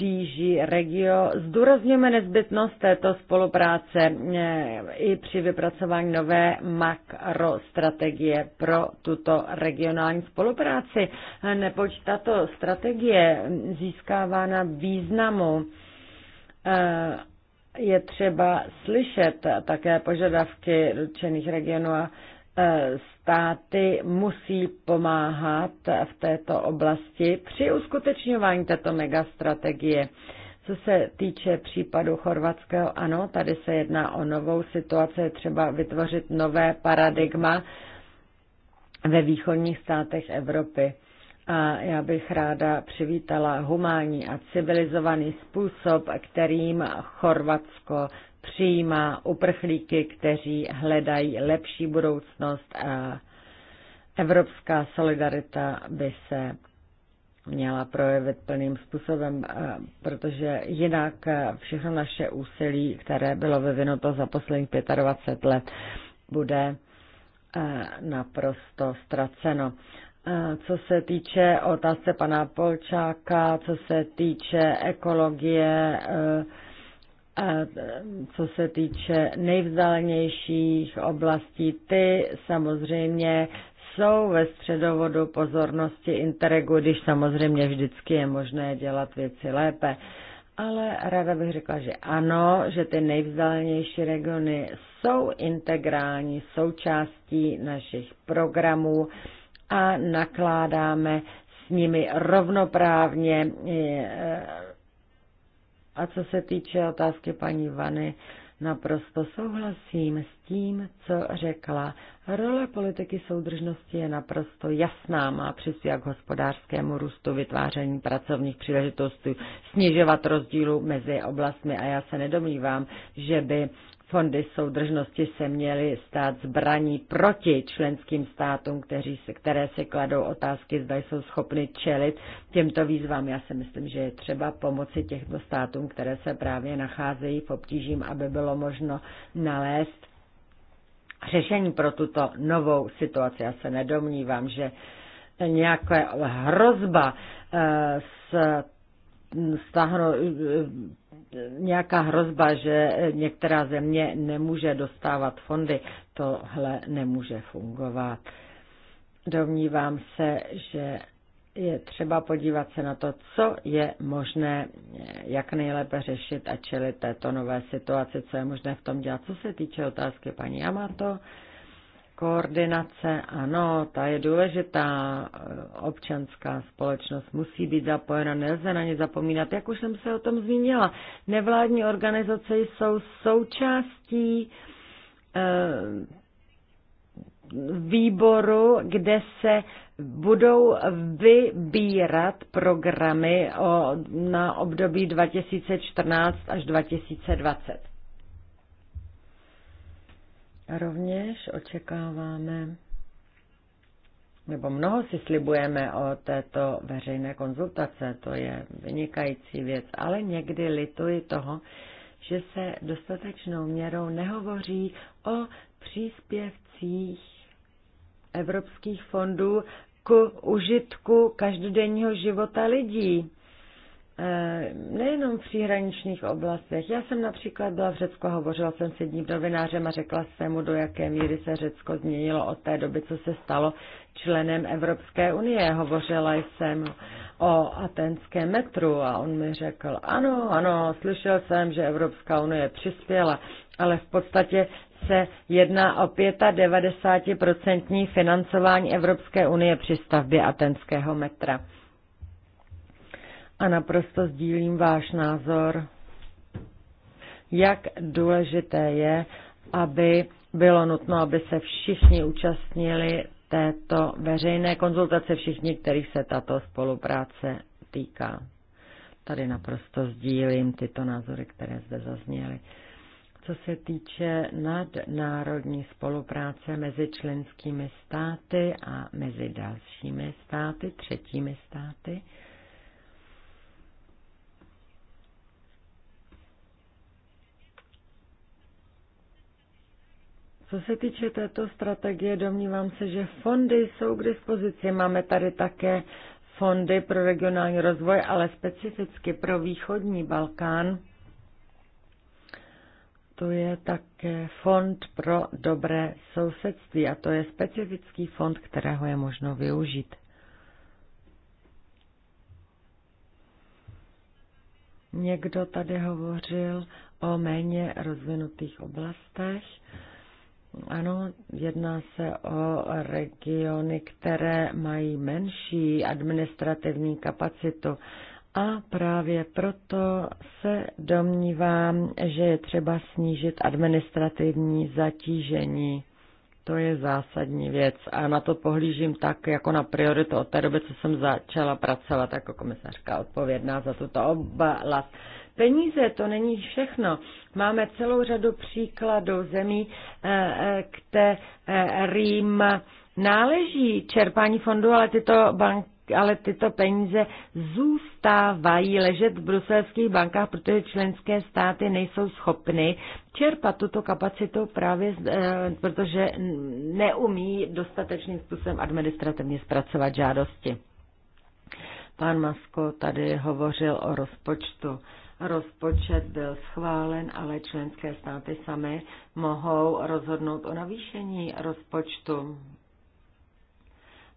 DG Regio zdůrazňujeme nezbytnost této spolupráce eh, i při vypracování nové makrostrategie pro tuto regionální spolupráci, eh, neboť tato strategie získává na významu eh, je třeba slyšet také požadavky dotčených regionů a E, státy musí pomáhat v této oblasti při uskutečňování této megastrategie. Co se týče případu chorvatského, ano, tady se jedná o novou situaci, třeba vytvořit nové paradigma ve východních státech Evropy. A já bych ráda přivítala humánní a civilizovaný způsob, kterým Chorvatsko přijímá uprchlíky, kteří hledají lepší budoucnost a evropská solidarita by se měla projevit plným způsobem, protože jinak všechno naše úsilí, které bylo vyvinuto za posledních 25 let, bude naprosto ztraceno. Co se týče otázce pana Polčáka, co se týče ekologie, co se týče nejvzdálenějších oblastí, ty samozřejmě jsou ve středovodu pozornosti Interregu, když samozřejmě vždycky je možné dělat věci lépe. Ale ráda bych řekla, že ano, že ty nejvzdálenější regiony jsou integrální součástí našich programů a nakládáme s nimi rovnoprávně eh, a co se týče otázky paní Vany, naprosto souhlasím s tím, co řekla. Role politiky soudržnosti je naprosto jasná, má přispívat k hospodářskému růstu, vytváření pracovních příležitostí, snižovat rozdílu mezi oblastmi a já se nedomývám, že by fondy soudržnosti se měly stát zbraní proti členským státům, kteří se, které se kladou otázky, zda jsou schopny čelit těmto výzvám. Já si myslím, že je třeba pomoci těchto státům, které se právě nacházejí v obtížím, aby bylo možno nalézt řešení pro tuto novou situaci. Já se nedomnívám, že nějaká hrozba eh, s stáhnu, nějaká hrozba, že některá země nemůže dostávat fondy, tohle nemůže fungovat. Domnívám se, že je třeba podívat se na to, co je možné, jak nejlépe řešit a čelit této nové situaci, co je možné v tom dělat. Co se týče otázky paní Amato, Koordinace, ano, ta je důležitá. Občanská společnost musí být zapojena, nelze na ně zapomínat. Jak už jsem se o tom zmínila, nevládní organizace jsou součástí eh, výboru, kde se budou vybírat programy o, na období 2014 až 2020. Rovněž očekáváme, nebo mnoho si slibujeme o této veřejné konzultace, to je vynikající věc, ale někdy lituji toho, že se dostatečnou měrou nehovoří o příspěvcích evropských fondů k užitku každodenního života lidí. Eh, nejenom v příhraničních oblastech. Já jsem například byla v Řecku, hovořila jsem s jedním novinářem a řekla jsem mu, do jaké míry se Řecko změnilo od té doby, co se stalo členem Evropské unie. Hovořila jsem o atenském metru a on mi řekl, ano, ano, slyšel jsem, že Evropská unie přispěla, ale v podstatě se jedná o 95% financování Evropské unie při stavbě atenského metra a naprosto sdílím váš názor, jak důležité je, aby bylo nutno, aby se všichni účastnili této veřejné konzultace, všichni, kterých se tato spolupráce týká. Tady naprosto sdílím tyto názory, které zde zazněly. Co se týče nadnárodní spolupráce mezi členskými státy a mezi dalšími státy, třetími státy, Co se týče této strategie, domnívám se, že fondy jsou k dispozici. Máme tady také fondy pro regionální rozvoj, ale specificky pro východní Balkán. To je také fond pro dobré sousedství a to je specifický fond, kterého je možno využít. Někdo tady hovořil o méně rozvinutých oblastech. Ano, jedná se o regiony, které mají menší administrativní kapacitu. A právě proto se domnívám, že je třeba snížit administrativní zatížení. To je zásadní věc a na to pohlížím tak, jako na prioritu od té doby, co jsem začala pracovat jako komisařka odpovědná za tuto oblast. Peníze to není všechno. Máme celou řadu příkladů zemí, eh, eh, kterým eh, náleží čerpání fondů, ale tyto banky ale tyto peníze zůstávají ležet v bruselských bankách, protože členské státy nejsou schopny čerpat tuto kapacitu právě, eh, protože neumí dostatečným způsobem administrativně zpracovat žádosti. Pan Masko tady hovořil o rozpočtu. Rozpočet byl schválen, ale členské státy samy mohou rozhodnout o navýšení rozpočtu.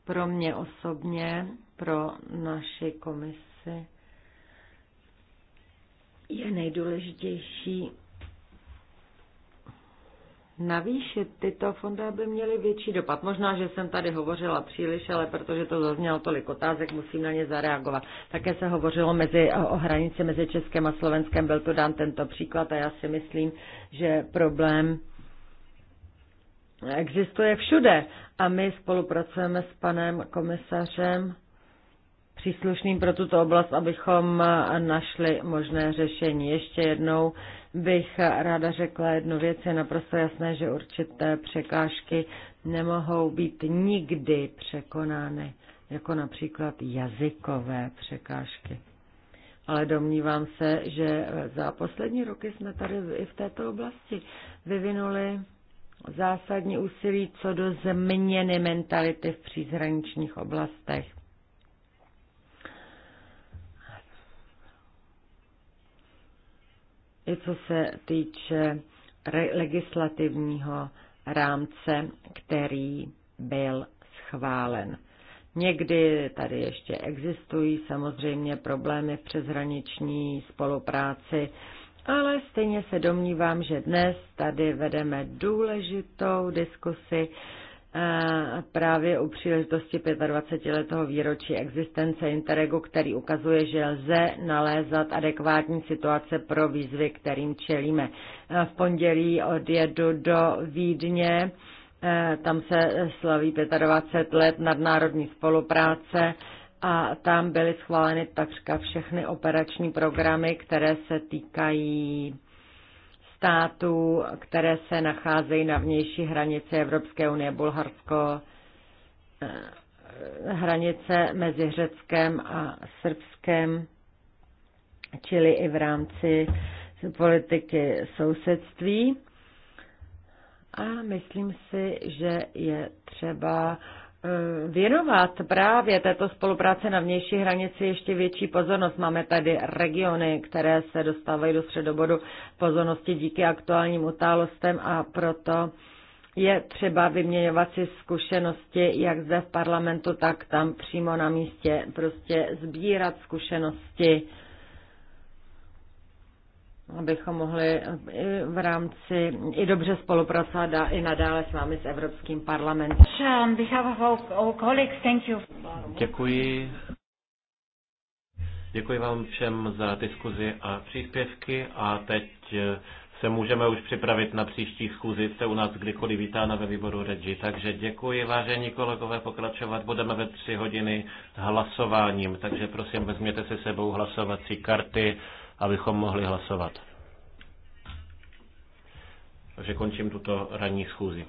Pro mě osobně pro naši komisi je nejdůležitější navýšit tyto fondy, aby měly větší dopad. Možná, že jsem tady hovořila příliš, ale protože to zaznělo tolik otázek, musím na ně zareagovat. Také se hovořilo mezi, o hranici mezi Českem a Slovenskem, byl to dán tento příklad a já si myslím, že problém existuje všude a my spolupracujeme s panem komisařem příslušným pro tuto oblast, abychom našli možné řešení. Ještě jednou bych ráda řekla jednu věc. Je naprosto jasné, že určité překážky nemohou být nikdy překonány, jako například jazykové překážky. Ale domnívám se, že za poslední roky jsme tady i v této oblasti vyvinuli zásadní úsilí co do změny mentality v přízhraničních oblastech. i co se týče legislativního rámce, který byl schválen. Někdy tady ještě existují samozřejmě problémy v přeshraniční spolupráci, ale stejně se domnívám, že dnes tady vedeme důležitou diskusi, právě u příležitosti 25 letého výročí existence Interregu, který ukazuje, že lze nalézat adekvátní situace pro výzvy, kterým čelíme. V pondělí odjedu do Vídně, tam se slaví 25 let nadnárodní spolupráce a tam byly schváleny takřka všechny operační programy, které se týkají států, které se nacházejí na vnější hranici Evropské unie, Bulharsko, eh, hranice mezi Řeckem a Srbskem, čili i v rámci politiky sousedství. A myslím si, že je třeba věnovat právě této spolupráce na vnější hranici ještě větší pozornost. Máme tady regiony, které se dostávají do středobodu pozornosti díky aktuálním utálostem a proto je třeba vyměňovat si zkušenosti, jak zde v parlamentu, tak tam přímo na místě, prostě sbírat zkušenosti abychom mohli i v rámci i dobře spolupracovat a i nadále s vámi s Evropským parlamentem. Děkuji. Děkuji vám všem za diskuzi a příspěvky a teď eh, se můžeme už připravit na příští schůzi. Jste u nás kdykoliv vítána ve výboru Regi. Takže děkuji, vážení kolegové, pokračovat. Budeme ve tři hodiny hlasováním, takže prosím, vezměte si sebou hlasovací karty abychom mohli hlasovat. Takže končím tuto ranní schůzi.